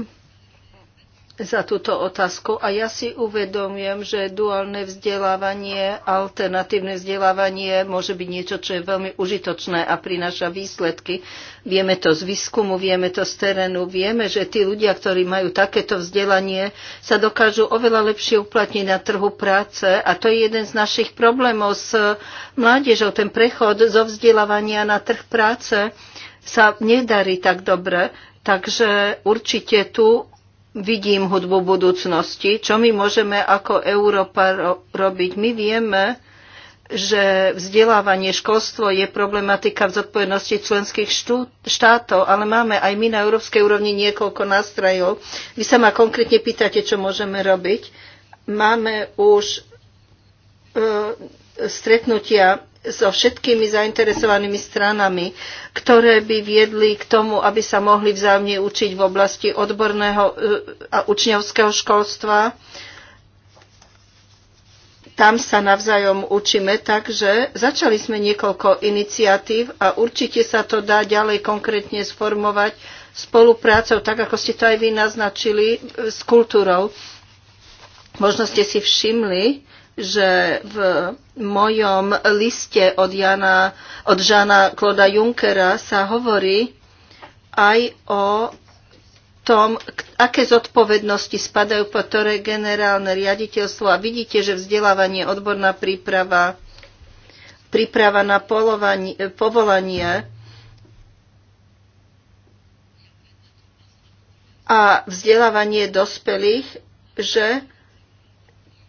za túto otázku a ja si uvedomujem, že duálne vzdelávanie, alternatívne vzdelávanie môže byť niečo, čo je veľmi užitočné a prináša výsledky. Vieme to z výskumu, vieme to z terénu, vieme, že tí ľudia, ktorí majú takéto vzdelanie, sa dokážu oveľa lepšie uplatniť na trhu práce a to je jeden z našich problémov s mládežou, ten prechod zo vzdelávania na trh práce sa nedarí tak dobre, takže určite tu vidím hudbu budúcnosti, čo my môžeme ako Európa ro- robiť. My vieme, že vzdelávanie, školstvo je problematika v zodpovednosti členských štátov, ale máme aj my na európskej úrovni niekoľko nástrojov. Vy sa ma konkrétne pýtate, čo môžeme robiť. Máme už e, stretnutia so všetkými zainteresovanými stranami, ktoré by viedli k tomu, aby sa mohli vzájomne učiť v oblasti odborného e, a učňovského školstva. Tam sa navzájom učíme, takže začali sme niekoľko iniciatív a určite sa to dá ďalej konkrétne sformovať spoluprácou, tak ako ste to aj vy naznačili, e, s kultúrou. Možno ste si všimli, že v mojom liste od, Jana, od Žana Kloda Junkera sa hovorí aj o tom, aké zodpovednosti spadajú po ktoré generálne riaditeľstvo a vidíte, že vzdelávanie, odborná príprava, príprava na povolanie a vzdelávanie dospelých, že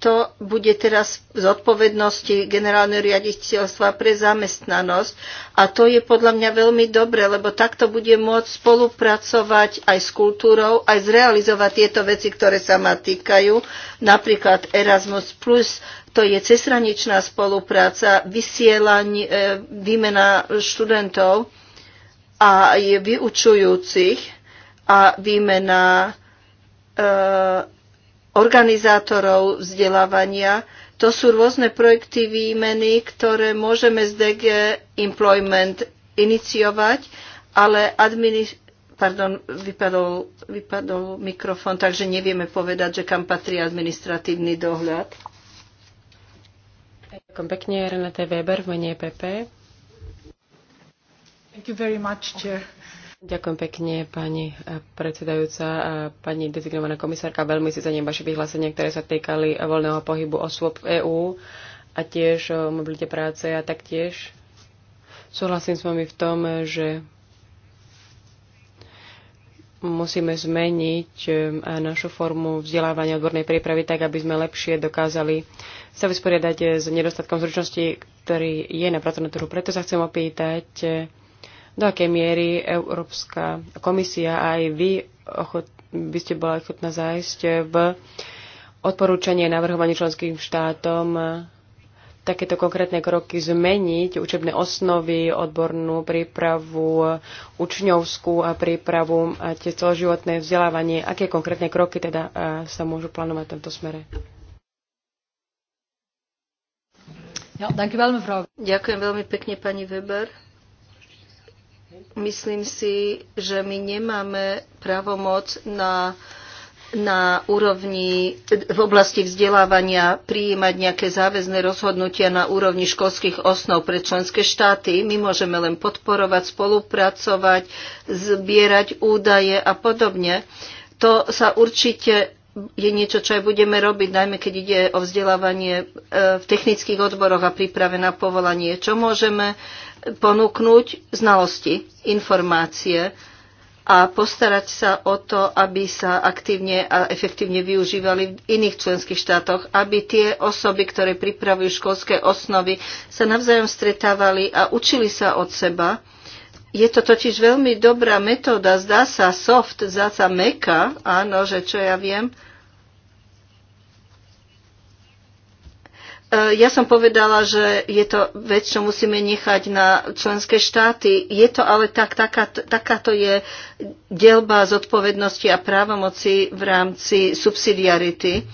to bude teraz z odpovednosti generálneho riaditeľstva pre zamestnanosť. A to je podľa mňa veľmi dobre, lebo takto bude môcť spolupracovať aj s kultúrou, aj zrealizovať tieto veci, ktoré sa ma týkajú. Napríklad Erasmus+, plus, to je cesraničná spolupráca, vysielanie, výmena študentov a vyučujúcich a výmena e, organizátorov vzdelávania. To sú rôzne projekty výmeny, ktoré môžeme z DG Employment iniciovať, ale administ- Pardon, vypadol, vypadol mikrofón, takže nevieme povedať, že kam patrí administratívny dohľad. Ďakujem pekne, Renate Weber v mene EPP. Thank you very much, Chair. Ďakujem pekne, pani eh, predsedajúca. Eh, pani dezignovaná komisárka, veľmi si za vaše vyhlásenia, ktoré sa týkali voľného pohybu osôb v EÚ a tiež o eh, mobilite práce a taktiež súhlasím s vami v tom, že musíme zmeniť našu formu vzdelávania odbornej prípravy tak, aby sme lepšie dokázali sa vysporiadať s nedostatkom zručnosti, ktorý je na pracovnom trhu. Preto sa chcem opýtať, do akej miery Európska komisia a aj vy, ochot, by ste bola ochotná zájsť v odporúčanie navrhovanie členským štátom takéto konkrétne kroky zmeniť, učebné osnovy, odbornú prípravu, učňovskú a prípravu a tie celoživotné vzdelávanie. Aké konkrétne kroky teda sa môžu plánovať v tomto smere? Ja, Ďakujem veľmi pekne, pani Weber. Myslím si, že my nemáme právomoc na na úrovni v oblasti vzdelávania prijímať nejaké záväzné rozhodnutia na úrovni školských osnov pre členské štáty. My môžeme len podporovať, spolupracovať, zbierať údaje a podobne. To sa určite je niečo, čo aj budeme robiť, najmä keď ide o vzdelávanie e, v technických odboroch a príprave na povolanie. Čo môžeme ponúknuť? Znalosti, informácie a postarať sa o to, aby sa aktívne a efektívne využívali v iných členských štátoch, aby tie osoby, ktoré pripravujú školské osnovy, sa navzájom stretávali a učili sa od seba je to totiž veľmi dobrá metóda, zdá sa soft, zdá sa meka, áno, že čo ja viem. E, ja som povedala, že je to vec, čo musíme nechať na členské štáty. Je to ale tak, taká, takáto je delba zodpovednosti a právomoci v rámci subsidiarity.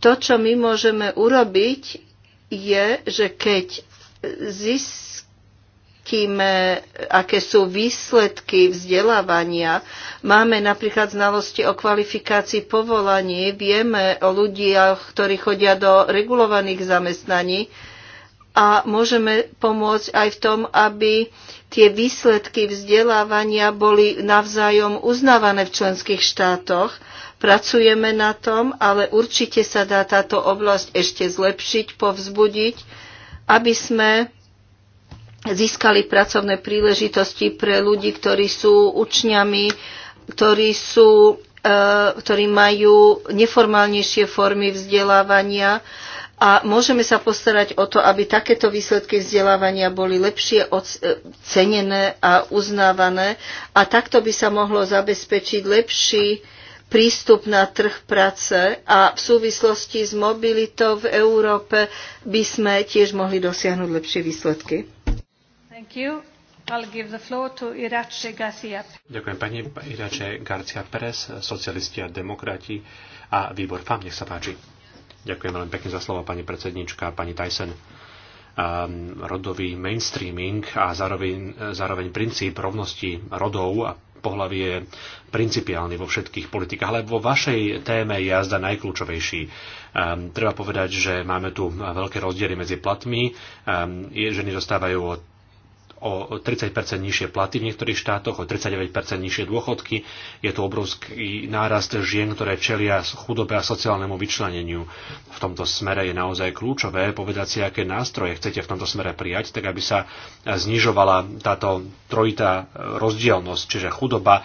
To, čo my môžeme urobiť, je, že keď zistíme, kým, e, aké sú výsledky vzdelávania. Máme napríklad znalosti o kvalifikácii povolaní, vieme o ľudiach, ktorí chodia do regulovaných zamestnaní a môžeme pomôcť aj v tom, aby tie výsledky vzdelávania boli navzájom uznávané v členských štátoch. Pracujeme na tom, ale určite sa dá táto oblasť ešte zlepšiť, povzbudiť, aby sme získali pracovné príležitosti pre ľudí, ktorí sú učňami, ktorí, sú, e, ktorí majú neformálnejšie formy vzdelávania a môžeme sa postarať o to, aby takéto výsledky vzdelávania boli lepšie e, cenené a uznávané a takto by sa mohlo zabezpečiť lepší prístup na trh práce a v súvislosti s mobilitou v Európe by sme tiež mohli dosiahnuť lepšie výsledky. Thank you. I'll give the floor to Irače Garcia. Ďakujem pani Irače Garcia Perez, socialisti a demokrati a výbor FAM, nech sa páči. Ďakujem veľmi pekne za slovo, pani predsednička, pani Tyson ehm, rodový mainstreaming a zároveň, zároveň princíp rovnosti rodov a pohľavy je principiálny vo všetkých politikách, ale vo vašej téme je jazda najkľúčovejší. Um, treba povedať, že máme tu veľké rozdiely medzi platmi. Um, ženy dostávajú od o 30 nižšie platy v niektorých štátoch, o 39 nižšie dôchodky. Je tu obrovský nárast žien, ktoré čelia chudobe a sociálnemu vyčleneniu. V tomto smere je naozaj kľúčové povedať si, aké nástroje chcete v tomto smere prijať, tak aby sa znižovala táto trojitá rozdielnosť, čiže chudoba, e,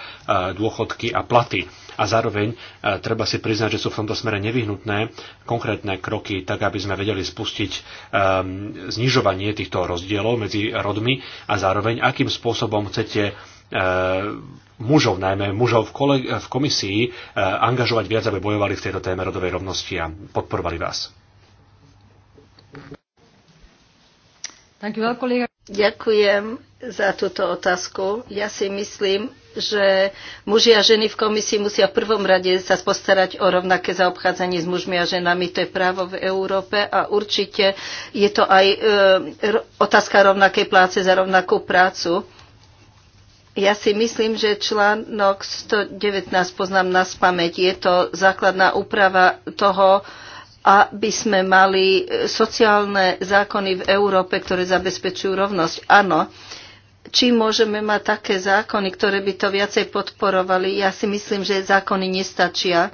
dôchodky a platy a zároveň e, treba si priznať, že sú v tomto smere nevyhnutné konkrétne kroky, tak aby sme vedeli spustiť e, znižovanie týchto rozdielov medzi rodmi a zároveň akým spôsobom chcete e, mužov, najmä mužov v, kole, v komisii, angažovať viac, aby bojovali v tejto téme rodovej rovnosti a podporovali vás. Thank you, Ďakujem za túto otázku. Ja si myslím, že muži a ženy v komisii musia v prvom rade sa postarať o rovnaké zaobchádzanie s mužmi a ženami. To je právo v Európe a určite je to aj e, otázka rovnakej pláce za rovnakú prácu. Ja si myslím, že článok 119 poznám na spameť. Je to základná úprava toho, e, aby sme mali e, sociálne zákony v Európe, ktoré zabezpečujú rovnosť. Áno, či môžeme mať také zákony, ktoré by to viacej podporovali. Ja si myslím, že zákony nestačia,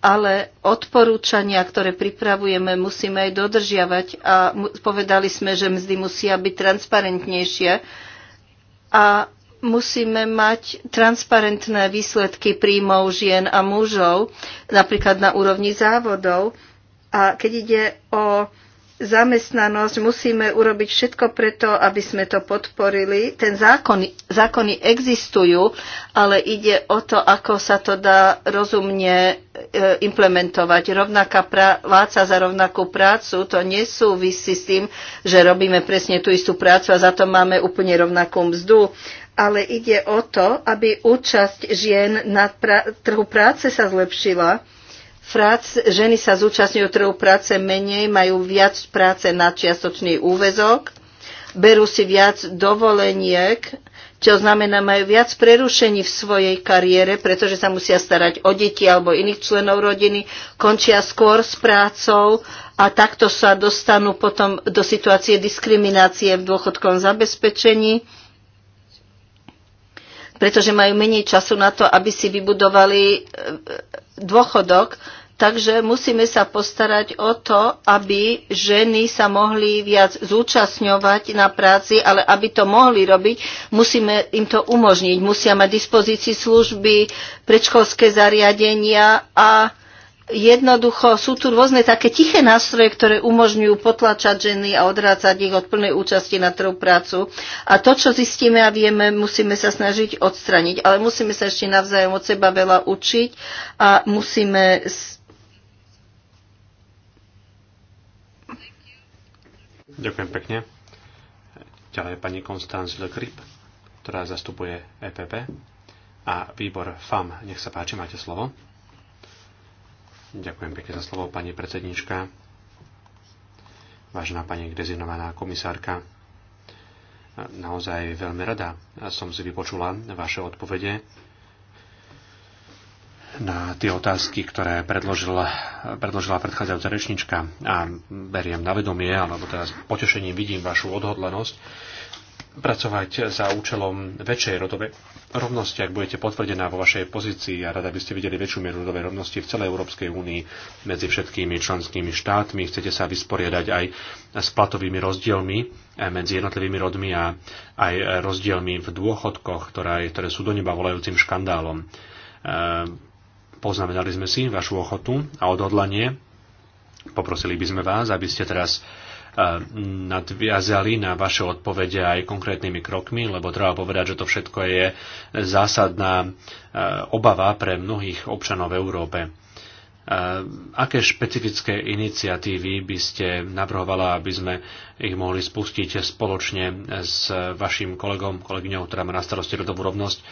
ale odporúčania, ktoré pripravujeme, musíme aj dodržiavať a povedali sme, že mzdy musia byť transparentnejšie a musíme mať transparentné výsledky príjmov žien a mužov, napríklad na úrovni závodov. A keď ide o zamestnanosť, musíme urobiť všetko preto, aby sme to podporili. Ten zákon, zákony existujú, ale ide o to, ako sa to dá rozumne e, implementovať. Rovnaká práca za rovnakú prácu, to nesúvisí s tým, že robíme presne tú istú prácu a za to máme úplne rovnakú mzdu ale ide o to, aby účasť žien na pra- trhu práce sa zlepšila. Frác, ženy sa zúčastňujú trhu práce menej, majú viac práce na čiastočný úvezok, berú si viac dovoleniek, čo znamená, majú viac prerušení v svojej kariére, pretože sa musia starať o deti alebo iných členov rodiny, končia skôr s prácou a takto sa dostanú potom do situácie diskriminácie v dôchodkom zabezpečení pretože majú menej času na to, aby si vybudovali e, dôchodok. Takže musíme sa postarať o to, aby ženy sa mohli viac zúčastňovať na práci, ale aby to mohli robiť, musíme im to umožniť. Musia mať dispozícii služby, predškolské zariadenia a jednoducho sú tu rôzne také tiché nástroje, ktoré umožňujú potlačať ženy a odrácať ich od plnej účasti na trhu prácu. A to, čo zistíme a vieme, musíme sa snažiť odstraniť. Ale musíme sa ešte navzájom od seba veľa učiť a musíme Ďakujem pekne. Ďalej pani Konstanz Le Grip, ktorá zastupuje EPP a výbor FAM. Nech sa páči, máte slovo. Ďakujem pekne za slovo, pani predsednička. Vážená pani dezignovaná komisárka, naozaj veľmi rada som si vypočula vaše odpovede na tie otázky, ktoré predložila, predložila predchádzajúca rečnička a beriem na vedomie, alebo teraz potešením vidím vašu odhodlenosť pracovať za účelom väčšej rodovej rovnosti, ak budete potvrdená vo vašej pozícii a rada by ste videli väčšiu mieru rodovej rovnosti v celej Európskej únii medzi všetkými členskými štátmi. Chcete sa vysporiadať aj s platovými rozdielmi eh, medzi jednotlivými rodmi a aj rozdielmi v dôchodkoch, ktoré, ktoré sú do neba volajúcim škandálom. Eh, poznamenali sme si vašu ochotu a odhodlanie. Poprosili by sme vás, aby ste teraz nadviazali na vaše odpovede aj konkrétnymi krokmi, lebo treba povedať, že to všetko je zásadná e, obava pre mnohých občanov v Európe. E, aké špecifické iniciatívy by ste navrhovala, aby sme ich mohli spustiť spoločne s vašim kolegom, kolegyňou, ktorá má na starosti rodovú rovnosť, e,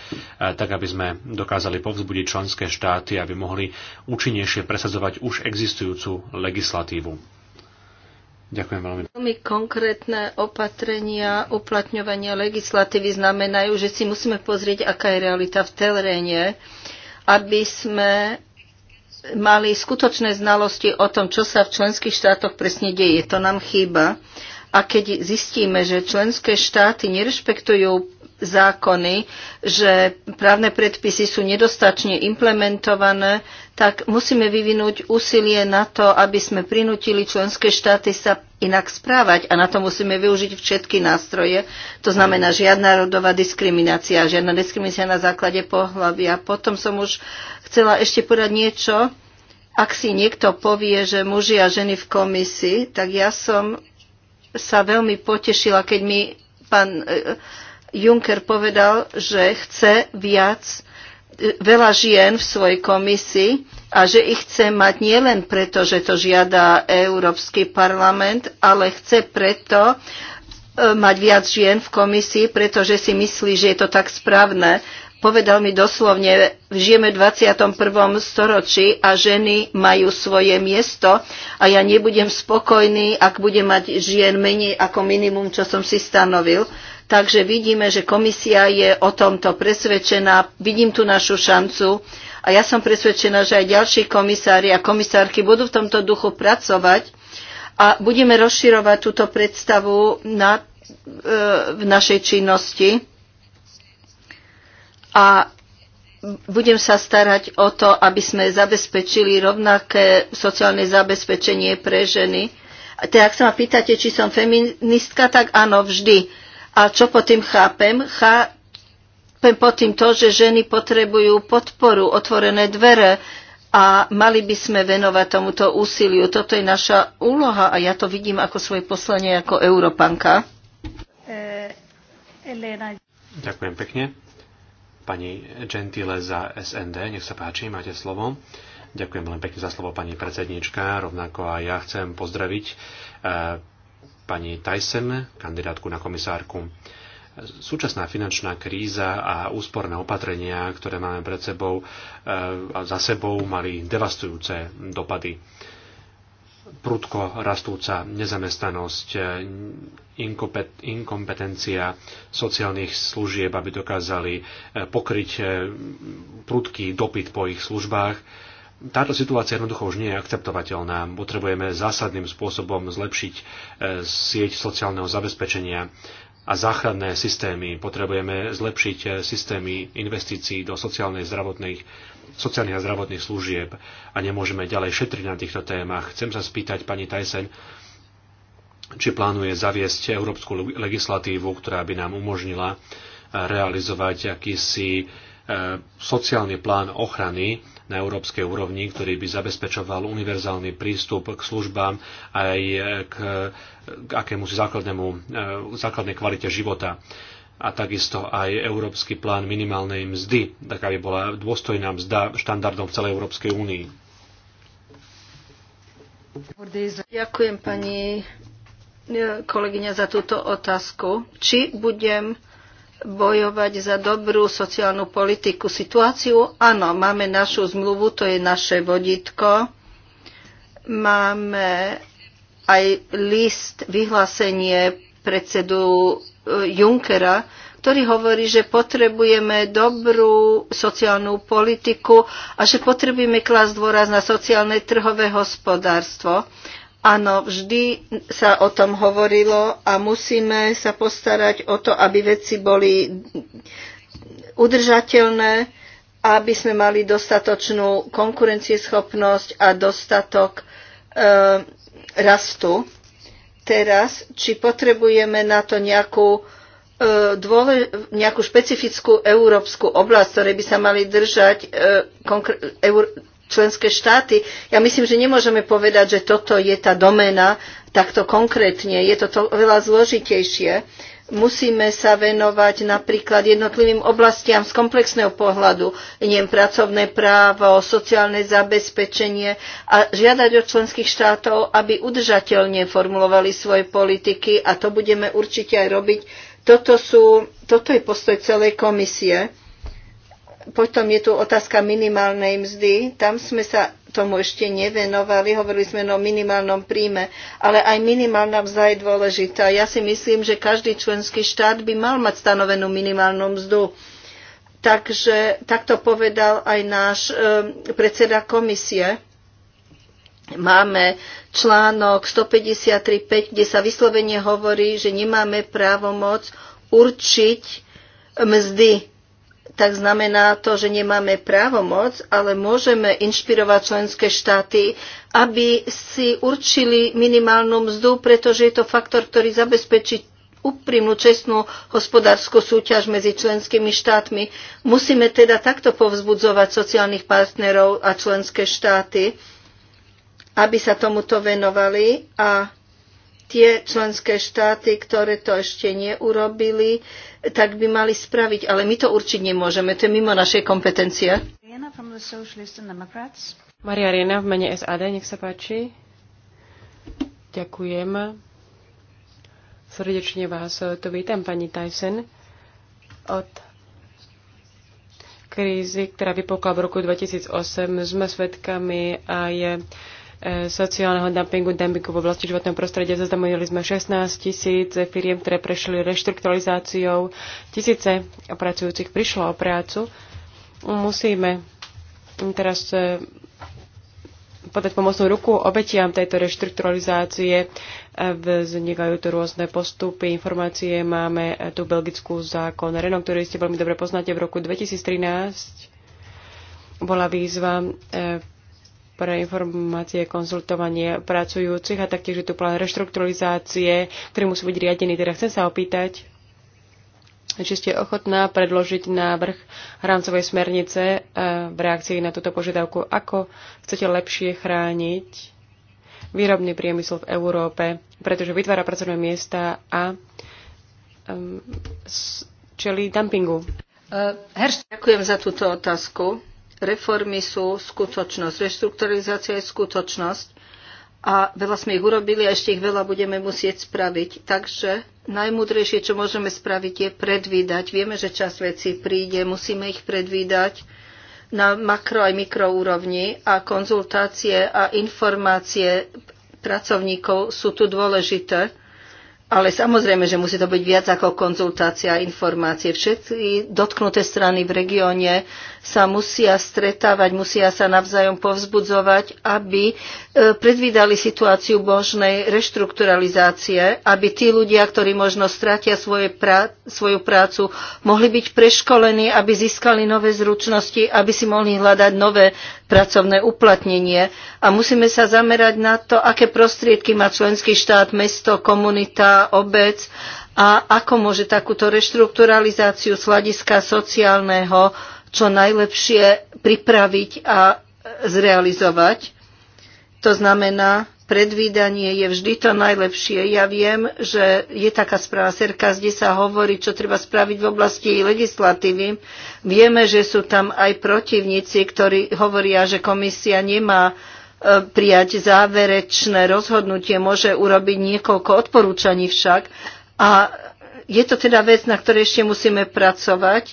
tak aby sme dokázali povzbudiť členské štáty, aby mohli účinnejšie presadzovať už existujúcu legislatívu? Ďakujem veľmi. Veľmi konkrétne opatrenia uplatňovania legislatívy znamenajú, že si musíme pozrieť, aká je realita v teréne, aby sme mali skutočné znalosti o tom, čo sa v členských štátoch presne deje. To nám chýba. A keď zistíme, že členské štáty nerešpektujú zákony, že právne predpisy sú nedostačne implementované, tak musíme vyvinúť úsilie na to, aby sme prinútili členské štáty sa inak správať a na to musíme využiť všetky nástroje. To znamená žiadna rodová diskriminácia, žiadna diskriminácia na základe pohľavia. Potom som už chcela ešte podať niečo. Ak si niekto povie, že muži a ženy v komisii, tak ja som sa veľmi potešila, keď mi pán e, Juncker povedal, že chce viac e, veľa žien v svojej komisii a že ich chce mať nielen preto, že to žiada Európsky parlament, ale chce preto e, mať viac žien v komisii, pretože si myslí, že je to tak správne. Povedal mi doslovne, žijeme v 21. storočí a ženy majú svoje miesto a ja nebudem spokojný, ak budem mať žien menej ako minimum, čo som si stanovil. Takže vidíme, že komisia je o tomto presvedčená. Vidím tu našu šancu a ja som presvedčená, že aj ďalší komisári a komisárky budú v tomto duchu pracovať a budeme rozširovať túto predstavu na, e, v našej činnosti. A budem sa starať o to, aby sme zabezpečili rovnaké sociálne zabezpečenie pre ženy. A teda, ak sa ma pýtate, či som feministka, tak áno, vždy a čo pod tým chápem? Chápem pod tým to, že ženy potrebujú podporu, otvorené dvere a mali by sme venovať tomuto úsiliu. Toto je naša úloha a ja to vidím ako svoje poslanie ako Európanka. Eh, Ďakujem pekne. Pani Gentile za SND, nech sa páči, máte slovo. Ďakujem len pekne za slovo, pani predsednička. Rovnako aj ja chcem pozdraviť eh, pani Tyson, kandidátku na komisárku. Súčasná finančná kríza a úsporné opatrenia, ktoré máme pred sebou e, a za sebou, mali devastujúce dopady prudko rastúca nezamestnanosť, e, inkompetencia sociálnych služieb, aby dokázali e, pokryť prudký dopyt po ich službách táto situácia jednoducho už nie je akceptovateľná. Potrebujeme zásadným spôsobom zlepšiť e, sieť sociálneho zabezpečenia a záchranné systémy. Potrebujeme zlepšiť e, systémy investícií do sociálnej zdravotných sociálnych a zdravotných služieb a nemôžeme ďalej šetriť na týchto témach. Chcem sa spýtať pani Tyson, či plánuje zaviesť európsku legislatívu, ktorá by nám umožnila e, realizovať akýsi sociálny plán ochrany na európskej úrovni, ktorý by zabezpečoval univerzálny prístup k službám aj k, k akému základnému, e, základnej kvalite života a takisto aj európsky plán minimálnej mzdy, tak aby bola dôstojná mzda štandardom v celej Európskej únii. Ďakujem pani e, kolegyňa za túto otázku. Či budem bojovať za dobrú sociálnu politiku. Situáciu, áno, máme našu zmluvu, to je naše vodítko. Máme aj list, vyhlásenie predsedu eh, Junckera, ktorý hovorí, že potrebujeme dobrú sociálnu politiku a že potrebujeme klásť dôraz na sociálne trhové hospodárstvo. Áno, vždy sa o tom hovorilo a musíme sa postarať o to, aby veci boli udržateľné, aby sme mali dostatočnú konkurencieschopnosť a dostatok e, rastu. Teraz, či potrebujeme na to nejakú, e, dôle, nejakú špecifickú európsku oblasť, ktorej by sa mali držať e, konkr- eur- členské štáty. Ja myslím, že nemôžeme povedať, že toto je tá doména takto konkrétne. Je to, to veľa zložitejšie. Musíme sa venovať napríklad jednotlivým oblastiam z komplexného pohľadu, neviem, pracovné právo, sociálne zabezpečenie a žiadať od členských štátov, aby udržateľne formulovali svoje politiky a to budeme určite aj robiť. Toto, sú, toto je postoj celej komisie potom je tu otázka minimálnej mzdy. Tam sme sa tomu ešte nevenovali, hovorili sme no o minimálnom príjme, ale aj minimálna mzda je dôležitá. Ja si myslím, že každý členský štát by mal mať stanovenú minimálnu mzdu. Takže takto povedal aj náš e, predseda komisie. Máme článok 153.5, kde sa vyslovene hovorí, že nemáme právomoc určiť mzdy tak znamená to, že nemáme právomoc, ale môžeme inšpirovať členské štáty, aby si určili minimálnu mzdu, pretože je to faktor, ktorý zabezpečí úprimnú, čestnú hospodárskú súťaž medzi členskými štátmi. Musíme teda takto povzbudzovať sociálnych partnerov a členské štáty, aby sa tomuto venovali a tie členské štáty, ktoré to ešte neurobili, tak by mali spraviť, ale my to určiť nemôžeme, to je mimo našej kompetencie. Maria Riena v mene SAD, nech sa páči. Ďakujem. Srdečne vás to vítam, pani Tyson. Od krízy, ktorá vypukla v roku 2008, sme svedkami aj sociálneho dumpingu, dumpingu v oblasti životného prostredia. Zaznamenali sme 16 tisíc firiem, ktoré prešli reštrukturalizáciou. Tisíce pracujúcich prišlo o prácu. Musíme teraz e, podať pomocnú ruku obetiam tejto reštrukturalizácie. E, Vznikajú tu rôzne postupy, informácie. Máme tu belgickú zákon Reno, ktorý ste veľmi dobre poznáte. V roku 2013 bola výzva e, pre informácie, konzultovanie pracujúcich a taktiež je tu plán reštrukturalizácie, ktorý musí byť riadený. Teda chcem sa opýtať, či ste ochotná predložiť návrh rámcovej smernice eh, v reakcii na túto požiadavku, ako chcete lepšie chrániť výrobný priemysel v Európe, pretože vytvára pracovné miesta a čeli dumpingu. Eh, Herš, ďakujem za túto otázku. Reformy sú skutočnosť, reštrukturalizácia je skutočnosť a veľa sme ich urobili a ešte ich veľa budeme musieť spraviť. Takže najmudrejšie, čo môžeme spraviť, je predvídať. Vieme, že čas veci príde, musíme ich predvídať na makro aj mikroúrovni a konzultácie a informácie pracovníkov sú tu dôležité. Ale samozrejme, že musí to byť viac ako konzultácia a informácie. Všetky dotknuté strany v regióne sa musia stretávať, musia sa navzájom povzbudzovať, aby e, predvídali situáciu možnej reštrukturalizácie, aby tí ľudia, ktorí možno stratia svoje svoju prácu, mohli byť preškolení, aby získali nové zručnosti, aby si mohli hľadať nové pracovné uplatnenie. A musíme sa zamerať na to, aké prostriedky má členský štát, mesto, komunita, obec a ako môže takúto reštrukturalizáciu z hľadiska sociálneho čo najlepšie pripraviť a zrealizovať. To znamená, predvídanie je vždy to najlepšie. Ja viem, že je taká správa Serka, kde sa hovorí, čo treba spraviť v oblasti legislatívy. Vieme, že sú tam aj protivníci, ktorí hovoria, že komisia nemá e, prijať záverečné rozhodnutie, môže urobiť niekoľko odporúčaní však. A je to teda vec, na ktorej ešte musíme pracovať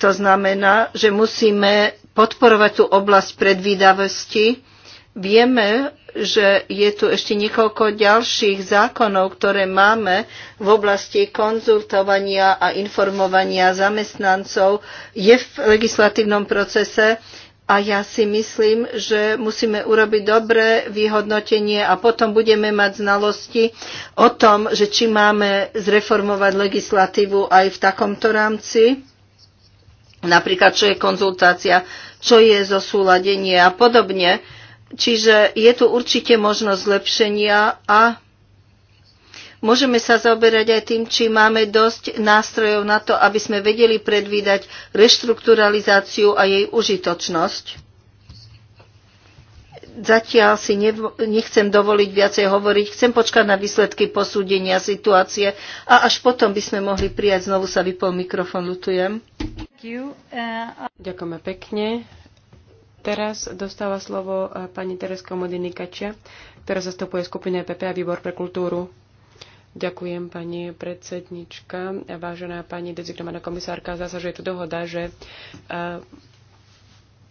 to znamená, že musíme podporovať tú oblasť predvídavosti. Vieme, že je tu ešte niekoľko ďalších zákonov, ktoré máme v oblasti konzultovania a informovania zamestnancov. Je v legislatívnom procese a ja si myslím, že musíme urobiť dobré vyhodnotenie a potom budeme mať znalosti o tom, že či máme zreformovať legislatívu aj v takomto rámci napríklad čo je konzultácia, čo je zosúladenie a podobne. Čiže je tu určite možnosť zlepšenia a môžeme sa zaoberať aj tým, či máme dosť nástrojov na to, aby sme vedeli predvídať reštrukturalizáciu a jej užitočnosť zatiaľ si nechcem dovoliť viacej hovoriť. Chcem počkať na výsledky posúdenia situácie a až potom by sme mohli prijať. Znovu sa vypol mikrofon, lutujem. Uh, Ďakujeme pekne. Teraz dostáva slovo uh, pani Tereska Kačia, ktorá zastupuje skupinu EPP a Výbor pre kultúru. Ďakujem, pani predsednička. Vážená pani dezignovaná komisárka, zase, že je tu dohoda, že uh,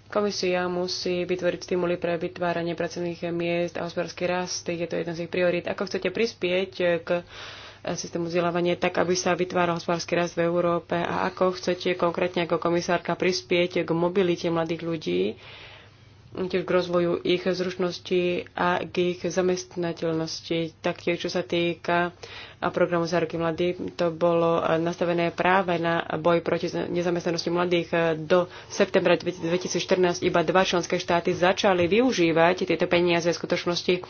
Komisia musí vytvoriť stimuly pre vytváranie pracovných miest a hospodársky rast. Je to jedna z ich priorít. Ako chcete prispieť k systému vzdelávania tak, aby sa vytváral hospodársky rast v Európe a ako chcete konkrétne ako komisárka prispieť k mobilite mladých ľudí, tiež k rozvoju ich zrušnosti a k ich zamestnateľnosti. Taktiež, čo sa týka programu roky mladí, to bolo nastavené práve na boj proti nezamestnanosti mladých. Do septembra 2014 iba dva členské štáty začali využívať tieto peniaze. V skutočnosti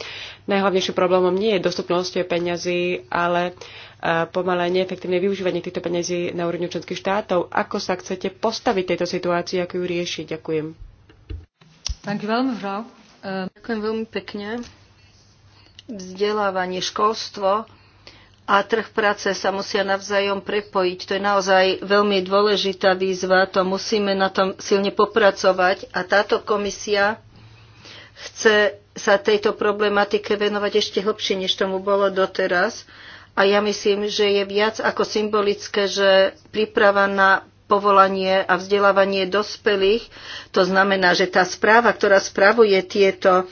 najhlavnejším problémom nie je dostupnosť peňazí, ale pomalé neefektívne využívanie týchto peniazí na úrovni členských štátov. Ako sa chcete postaviť tejto situácii, ako ju riešiť? Ďakujem. Ehm, Ďakujem veľmi pekne. Vzdelávanie, školstvo a trh práce sa musia navzájom prepojiť. To je naozaj veľmi dôležitá výzva, to musíme na tom silne popracovať a táto komisia chce sa tejto problematike venovať ešte hlbšie, než tomu bolo doteraz. A ja myslím, že je viac ako symbolické, že príprava na povolanie a vzdelávanie dospelých. To znamená, že tá správa, ktorá spravuje tieto e,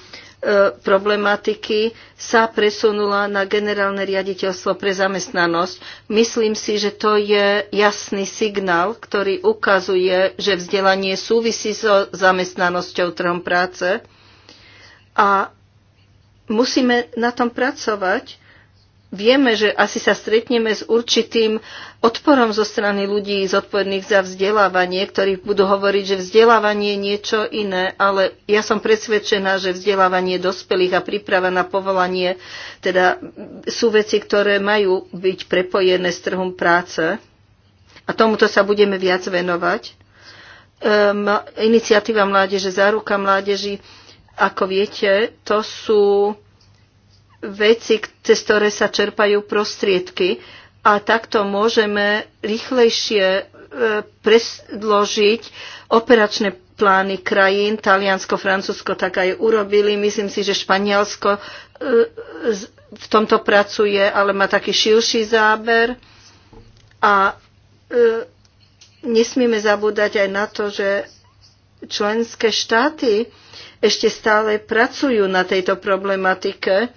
problematiky sa presunula na generálne riaditeľstvo pre zamestnanosť. Myslím si, že to je jasný signál, ktorý ukazuje, že vzdelanie súvisí so zamestnanosťou trhom práce a musíme na tom pracovať vieme, že asi sa stretneme s určitým odporom zo strany ľudí zodpovedných za vzdelávanie, ktorí budú hovoriť, že vzdelávanie je niečo iné, ale ja som presvedčená, že vzdelávanie dospelých a príprava na povolanie teda sú veci, ktoré majú byť prepojené s trhom práce. A tomuto sa budeme viac venovať. Um, iniciatíva mládeže, záruka mládeži, ako viete, to sú veci, cez ktoré sa čerpajú prostriedky a takto môžeme rýchlejšie e, predložiť operačné plány krajín. Taliansko, Francúzsko tak aj urobili. Myslím si, že Španielsko e, v tomto pracuje, ale má taký širší záber. A e, nesmieme zabúdať aj na to, že členské štáty ešte stále pracujú na tejto problematike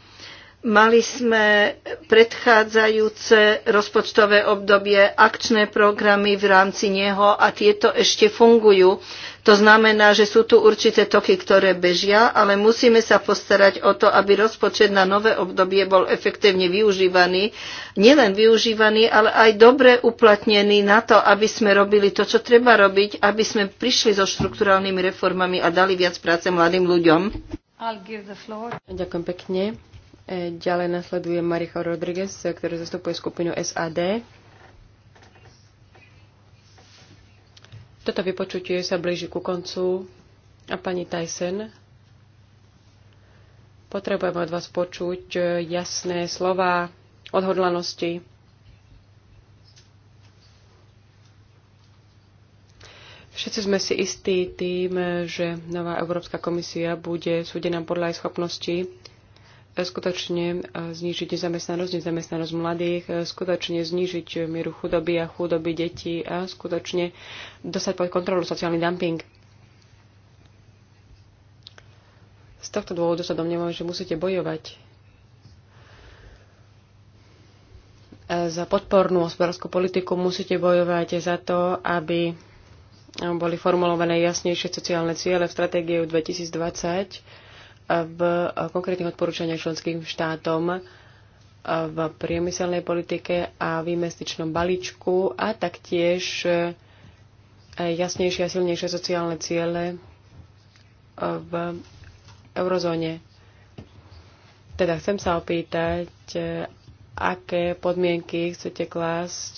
Mali sme predchádzajúce rozpočtové obdobie, akčné programy v rámci neho a tieto ešte fungujú. To znamená, že sú tu určité toky, ktoré bežia, ale musíme sa postarať o to, aby rozpočet na nové obdobie bol efektívne využívaný. Nielen využívaný, ale aj dobre uplatnený na to, aby sme robili to, čo treba robiť, aby sme prišli so štrukturálnymi reformami a dali viac práce mladým ľuďom. Ďakujem pekne. E, ďalej nasleduje Maricha Rodriguez, ktorý zastupuje skupinu SAD. Toto vypočutie sa blíži ku koncu a pani Tyson potrebujeme od vás počuť e, jasné slova odhodlanosti. Všetci sme si istí tým, že nová Európska komisia bude súdená podľa aj schopnosti skutočne e, znižiť nezamestnanosť, nezamestnanosť mladých, e, skutočne znížiť mieru chudoby a chudoby detí a skutočne dostať pod kontrolu sociálny dumping. Z tohto dôvodu sa domnievam, že musíte bojovať e, za podpornú hospodárskú politiku, musíte bojovať za to, aby boli formulované jasnejšie sociálne ciele v stratégii 2020 v konkrétnych odporúčaniach členským štátom e, v priemyselnej politike a v investičnom balíčku a taktiež e, jasnejšie a silnejšie sociálne ciele e, v eurozóne. Teda chcem sa opýtať, aké podmienky chcete klásť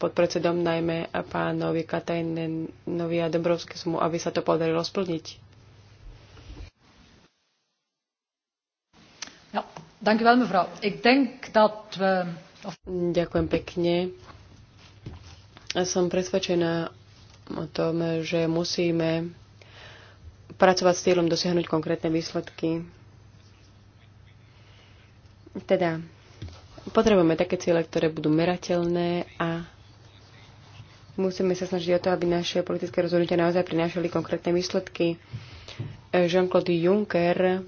pod predsedom najmä pánovi Katajnenovi a Dobrovskému, aby sa to podarilo splniť. Ďakujem som presvedčená o tom, že musíme pracovať s cieľom dosiahnuť konkrétne výsledky. Teda, potrebujeme také ciele, ktoré budú merateľné a musíme sa snažiť o to, aby naše politické rozhodnutia naozaj prinášali konkrétne výsledky. Jean-Claude Juncker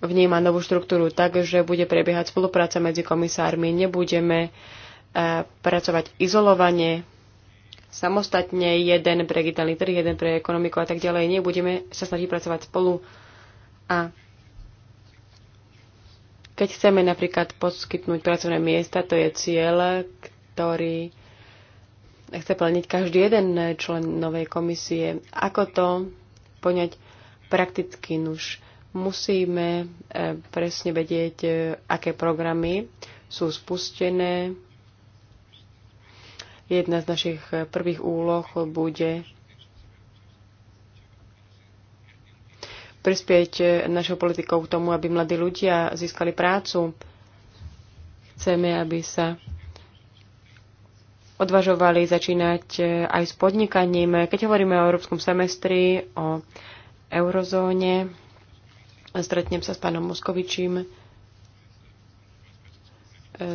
vníma novú štruktúru tak, že bude prebiehať spolupráca medzi komisármi. Nebudeme e, pracovať izolovane, samostatne, jeden pre digitálny trh, jeden pre ekonomiku a tak ďalej. Nebudeme sa snažiť pracovať spolu a keď chceme napríklad poskytnúť pracovné miesta, to je cieľ, ktorý chce plniť každý jeden člen novej komisie. Ako to poňať prakticky nuž? musíme e, presne vedieť, e, aké programy sú spustené. Jedna z našich prvých úloh bude prispieť e, našou politikou k tomu, aby mladí ľudia získali prácu. Chceme, aby sa odvažovali začínať aj s podnikaním. Keď hovoríme o európskom semestri, o eurozóne, Stretnem sa s pánom Moskovičím, e,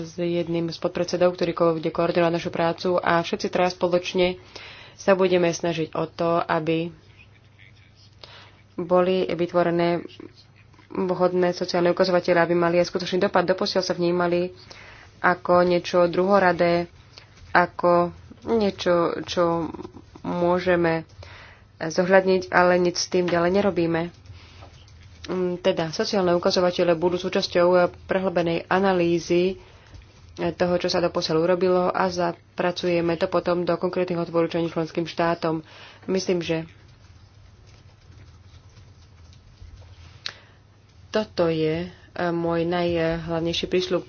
s jedným z podpredsedov, ktorý bude koordinovať našu prácu a všetci teraz spoločne sa budeme snažiť o to, aby boli vytvorené vhodné sociálne ukazovatele, aby mali aj skutočný dopad. Doposiaľ sa vnímali ako niečo druhoradé, ako niečo, čo môžeme zohľadniť, ale nič s tým ďalej nerobíme. Mm, teda sociálne ukazovatele budú súčasťou eh, prehlbenej analýzy eh, toho, čo sa doposiaľ urobilo a zapracujeme to potom do konkrétnych odporúčaní členským štátom. Myslím, že toto je eh, môj najhlavnejší prísľub,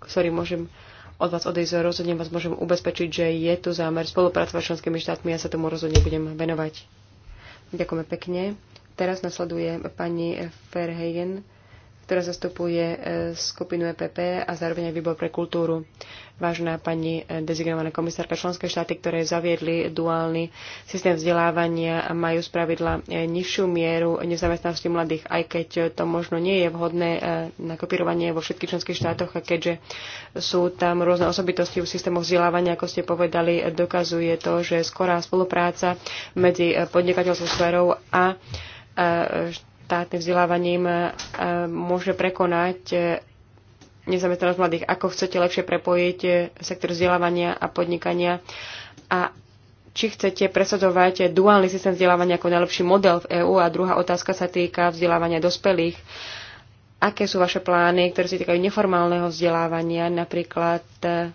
ktorý môžem od vás odísť. Rozhodne vás môžem ubezpečiť, že je tu zámer spolupracovať s členskými štátmi. Ja sa tomu rozhodne budem venovať. Ďakujeme pekne. Teraz nasleduje pani Ferhagen, ktorá zastupuje e, skupinu EPP a zároveň aj výbor pre kultúru. Vážená pani e, dezignovaná komisárka, členské štáty, ktoré zaviedli duálny systém vzdelávania, majú spravidla e, nižšiu mieru nezamestnanosti mladých, aj keď to možno nie je vhodné na kopírovanie vo všetkých členských štátoch, a keďže sú tam rôzne osobitosti v systémoch vzdelávania, ako ste povedali, dokazuje to, že skorá spolupráca medzi podnikateľskou sférou a štátnym vzdelávaním môže prekonať e, nezamestnanosť mladých. Ako chcete lepšie prepojiť e, sektor vzdelávania a podnikania a či chcete presadzovať duálny systém vzdelávania ako najlepší model v EÚ? A druhá otázka sa týka vzdelávania dospelých. Aké sú vaše plány, ktoré sa týkajú neformálneho vzdelávania, napríklad e,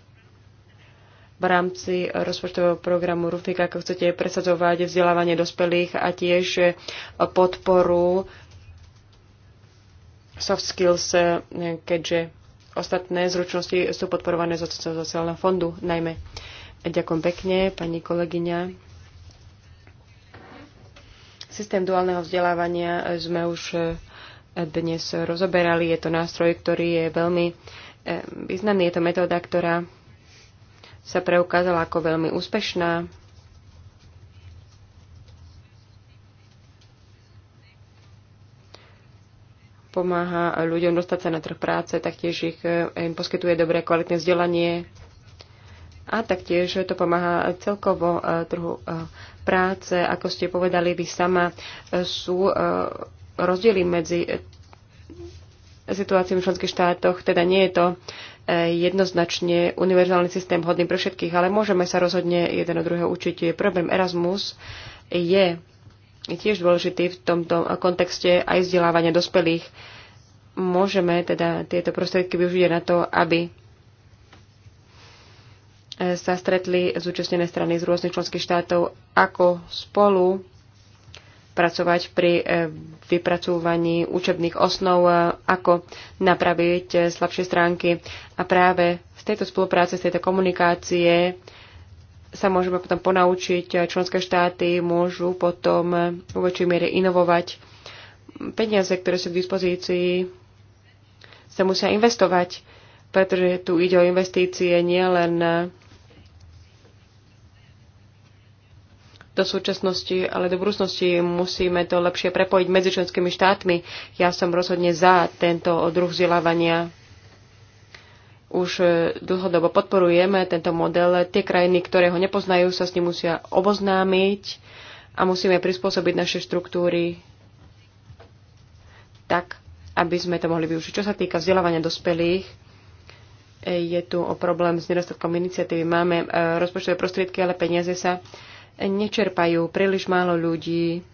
v rámci rozpočtového programu RUFIK, ako chcete presadzovať vzdelávanie dospelých a tiež podporu soft skills, keďže ostatné zručnosti sú podporované zo sociálneho fondu najmä. Ďakujem pekne, pani kolegyňa. Systém duálneho vzdelávania sme už eh, dnes rozoberali. Je to nástroj, ktorý je veľmi eh, významný. Je to metóda, ktorá sa preukázala ako veľmi úspešná. Pomáha ľuďom dostať sa na trh práce, taktiež ich, eh, im poskytuje dobré kvalitné vzdelanie a taktiež to pomáha celkovo eh, trhu eh, práce. Ako ste povedali vy sama, sú rozdiely medzi situáciu v členských štátoch. Teda nie je to e, jednoznačne univerzálny systém hodný pre všetkých, ale môžeme sa rozhodne jeden od druhého učiť. Problém Erasmus je tiež dôležitý v tomto kontexte aj vzdelávania dospelých. Môžeme teda tieto prostriedky využiť na to, aby e, sa stretli zúčastnené strany z rôznych členských štátov, ako spolu pracovať pri e, vypracúvaní učebných osnov, e, ako napraviť e, slabšie stránky. A práve z tejto spolupráce, z tejto komunikácie sa môžeme potom ponaučiť. Členské štáty môžu potom vo väčšej miere inovovať. Peniaze, ktoré sú k dispozícii, sa musia investovať, pretože tu ide o investície nielen do súčasnosti, ale do budúcnosti musíme to lepšie prepojiť medzi členskými štátmi. Ja som rozhodne za tento druh vzdelávania. Už e, dlhodobo podporujeme tento model. Tie krajiny, ktoré ho nepoznajú, sa s ním musia oboznámiť a musíme prispôsobiť naše štruktúry tak, aby sme to mohli využiť. Čo sa týka vzdelávania dospelých, e, je tu o problém s nedostatkom iniciatívy. Máme e, rozpočtové prostriedky, ale peniaze sa nečerpajú. Príliš málo ľudí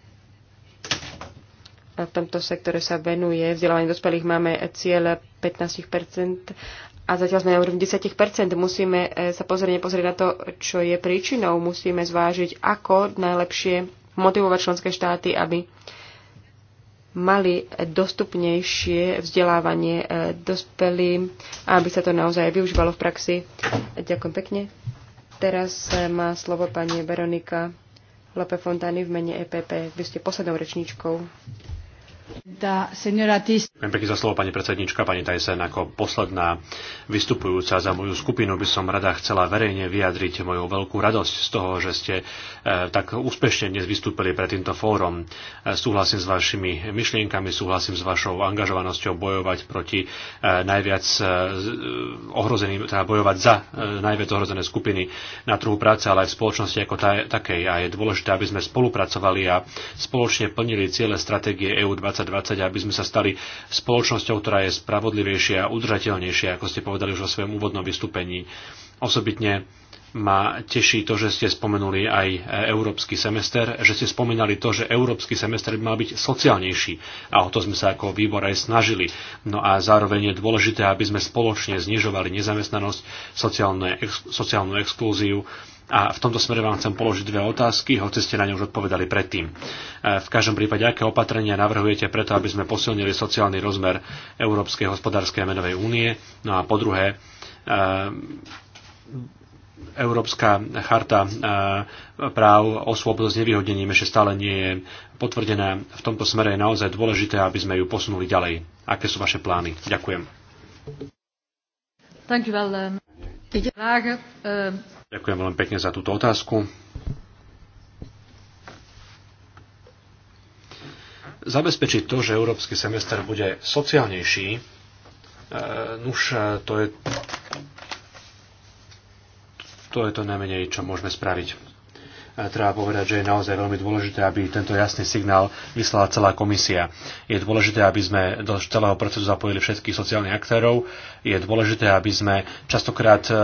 v tomto sektore sa venuje. Vzdelávanie dospelých máme cieľ 15% a zatiaľ sme na úrovni 10%. Musíme e, sa pozrieť, pozrieť na to, čo je príčinou. Musíme zvážiť, ako najlepšie motivovať členské štáty, aby mali dostupnejšie vzdelávanie e, dospelým, aby sa to naozaj využívalo v praxi. Ďakujem pekne. Teraz eh, má slovo pani Veronika Lope Fontány v mene EPP. Vy ste poslednou rečníčkou. Ďakujem pekne za slovo, pani predsednička, pani Tajsen. Ako posledná vystupujúca za moju skupinu by som rada chcela verejne vyjadriť moju veľkú radosť z toho, že ste e, tak úspešne dnes vystúpili pred týmto fórom. E, súhlasím s vašimi myšlienkami, súhlasím s vašou angažovanosťou bojovať proti e, najviac e, e, ohrozeným, teda bojovať za e, najviac ohrozené skupiny na trhu práce, ale aj v spoločnosti ako taj, takej. A je dôležité, aby sme spolupracovali a spoločne plnili ciele stratégie EU 20 2020, aby sme sa stali spoločnosťou, ktorá je spravodlivejšia a udržateľnejšia, ako ste povedali už vo svojom úvodnom vystúpení. Osobitne ma teší to, že ste spomenuli aj európsky semester, že ste spomínali to, že európsky semester by mal byť sociálnejší a o to sme sa ako výbor aj snažili. No a zároveň je dôležité, aby sme spoločne znižovali nezamestnanosť, sociálne, sociálnu exklúziu a v tomto smere vám chcem položiť dve otázky, hoci ste na ne už odpovedali predtým. E, v každom prípade, aké opatrenia navrhujete preto, aby sme posilnili sociálny rozmer Európskej hospodárskej a menovej únie? No a po druhé, e, Európska charta e, práv osôb s nevyhodením ešte stále nie je potvrdená. V tomto smere je naozaj dôležité, aby sme ju posunuli ďalej. Aké sú vaše plány? Ďakujem. Dank u wel. vragen. Eh, um, eh, Ďakujem veľmi pekne za túto otázku. Zabezpečiť to, že európsky semester bude sociálnejší, e, nuž e, to je, to je to najmenej, čo môžeme spraviť treba povedať, že je naozaj veľmi dôležité, aby tento jasný signál vyslala celá komisia. Je dôležité, aby sme do celého procesu zapojili všetkých sociálnych aktérov. Je dôležité, aby sme častokrát e, e,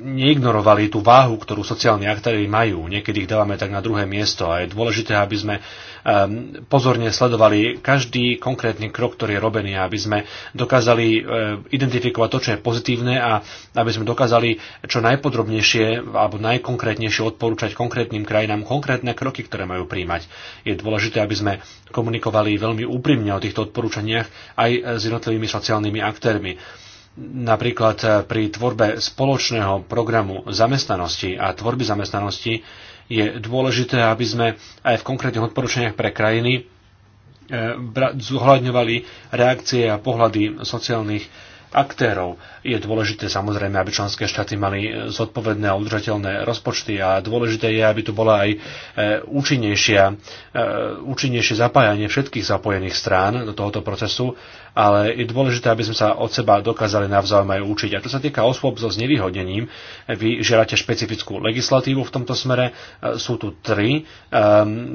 neignorovali tú váhu, ktorú sociálni aktéry majú. Niekedy ich dávame tak na druhé miesto a je dôležité, aby sme e, pozorne sledovali každý konkrétny krok, ktorý je robený, aby sme dokázali identifikovať to, čo je pozitívne a aby sme dokázali čo najpodrobnejšie alebo najkonkrétnejšie odpovedať odporúčať konkrétnym krajinám konkrétne kroky, ktoré majú príjmať. Je dôležité, aby sme komunikovali veľmi úprimne o týchto odporúčaniach aj s jednotlivými sociálnymi aktérmi napríklad eh, pri tvorbe spoločného programu zamestnanosti a tvorby zamestnanosti je dôležité, aby sme aj v konkrétnych odporúčaniach pre krajiny eh, zohľadňovali reakcie a pohľady sociálnych aktérov. Je dôležité samozrejme, aby členské štáty mali zodpovedné a udržateľné rozpočty a dôležité je, aby tu bola aj e, účinnejšia, e, účinnejšie zapájanie všetkých zapojených strán do tohoto procesu, ale je dôležité, aby sme sa od seba dokázali navzájom aj učiť. A čo sa týka osôb so znevýhodnením, vy žiadate špecifickú legislatívu v tomto smere. E, sú tu tri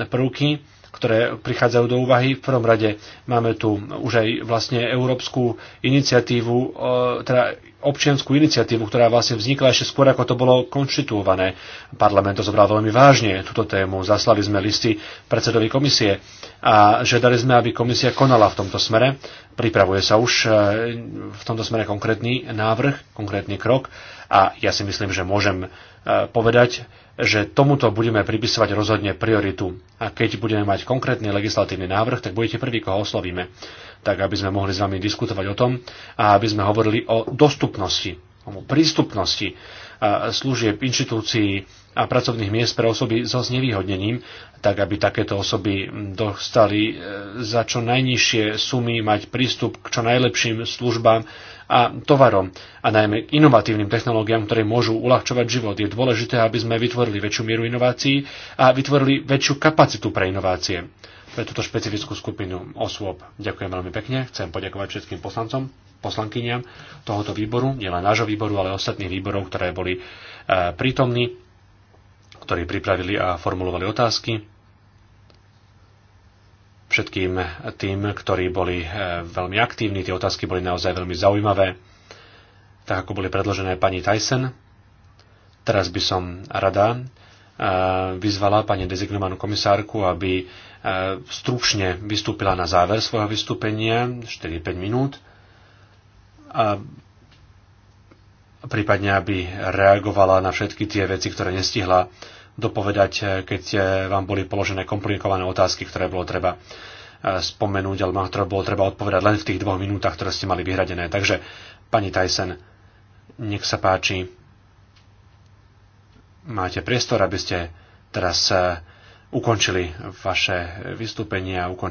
prvky ktoré prichádzajú do úvahy. V prvom rade máme tu už aj vlastne európsku iniciatívu, e, teda občianskú iniciatívu, ktorá vlastne vznikla ešte skôr, ako to bolo konštituované. Parlament to zobral veľmi vážne, túto tému. Zaslali sme listy predsedovi komisie a žiadali sme, aby komisia konala v tomto smere. Pripravuje sa už e, v tomto smere konkrétny návrh, konkrétny krok a ja si myslím, že môžem e, povedať, že tomuto budeme pripisovať rozhodne prioritu. A keď budeme mať konkrétny legislatívny návrh, tak budete prvý, koho oslovíme, tak aby sme mohli s vami diskutovať o tom a aby sme hovorili o dostupnosti, o prístupnosti služieb inštitúcií a pracovných miest pre osoby so znevýhodnením, tak aby takéto osoby dostali e, za čo najnižšie sumy mať prístup k čo najlepším službám a tovarom a najmä k inovatívnym technológiám, ktoré môžu uľahčovať život. Je dôležité, aby sme vytvorili väčšiu mieru inovácií a vytvorili väčšiu kapacitu pre inovácie pre túto špecifickú skupinu osôb. Ďakujem veľmi pekne, chcem poďakovať všetkým poslancom, poslankyniam tohoto výboru, nielen nášho výboru, ale ostatných výborov, ktoré boli eh, prítomní, ktorí pripravili a formulovali otázky všetkým tým, ktorí boli e, veľmi aktívni. Tie otázky boli naozaj veľmi zaujímavé, tak ako boli predložené pani Tyson. Teraz by som rada e, vyzvala pani dezignovanú komisárku, aby e, stručne vystúpila na záver svojho vystúpenia, 4-5 minút, a prípadne aby reagovala na všetky tie veci, ktoré nestihla dopovedať, eh, keď vám boli položené komplikované otázky, ktoré bolo treba eh, spomenúť, alebo na ktoré bolo treba odpovedať len v tých dvoch minútach, ktoré ste mali vyhradené. Takže, pani Tyson, nech sa páči, máte priestor, aby ste teraz eh, ukončili vaše vystúpenie a ukončili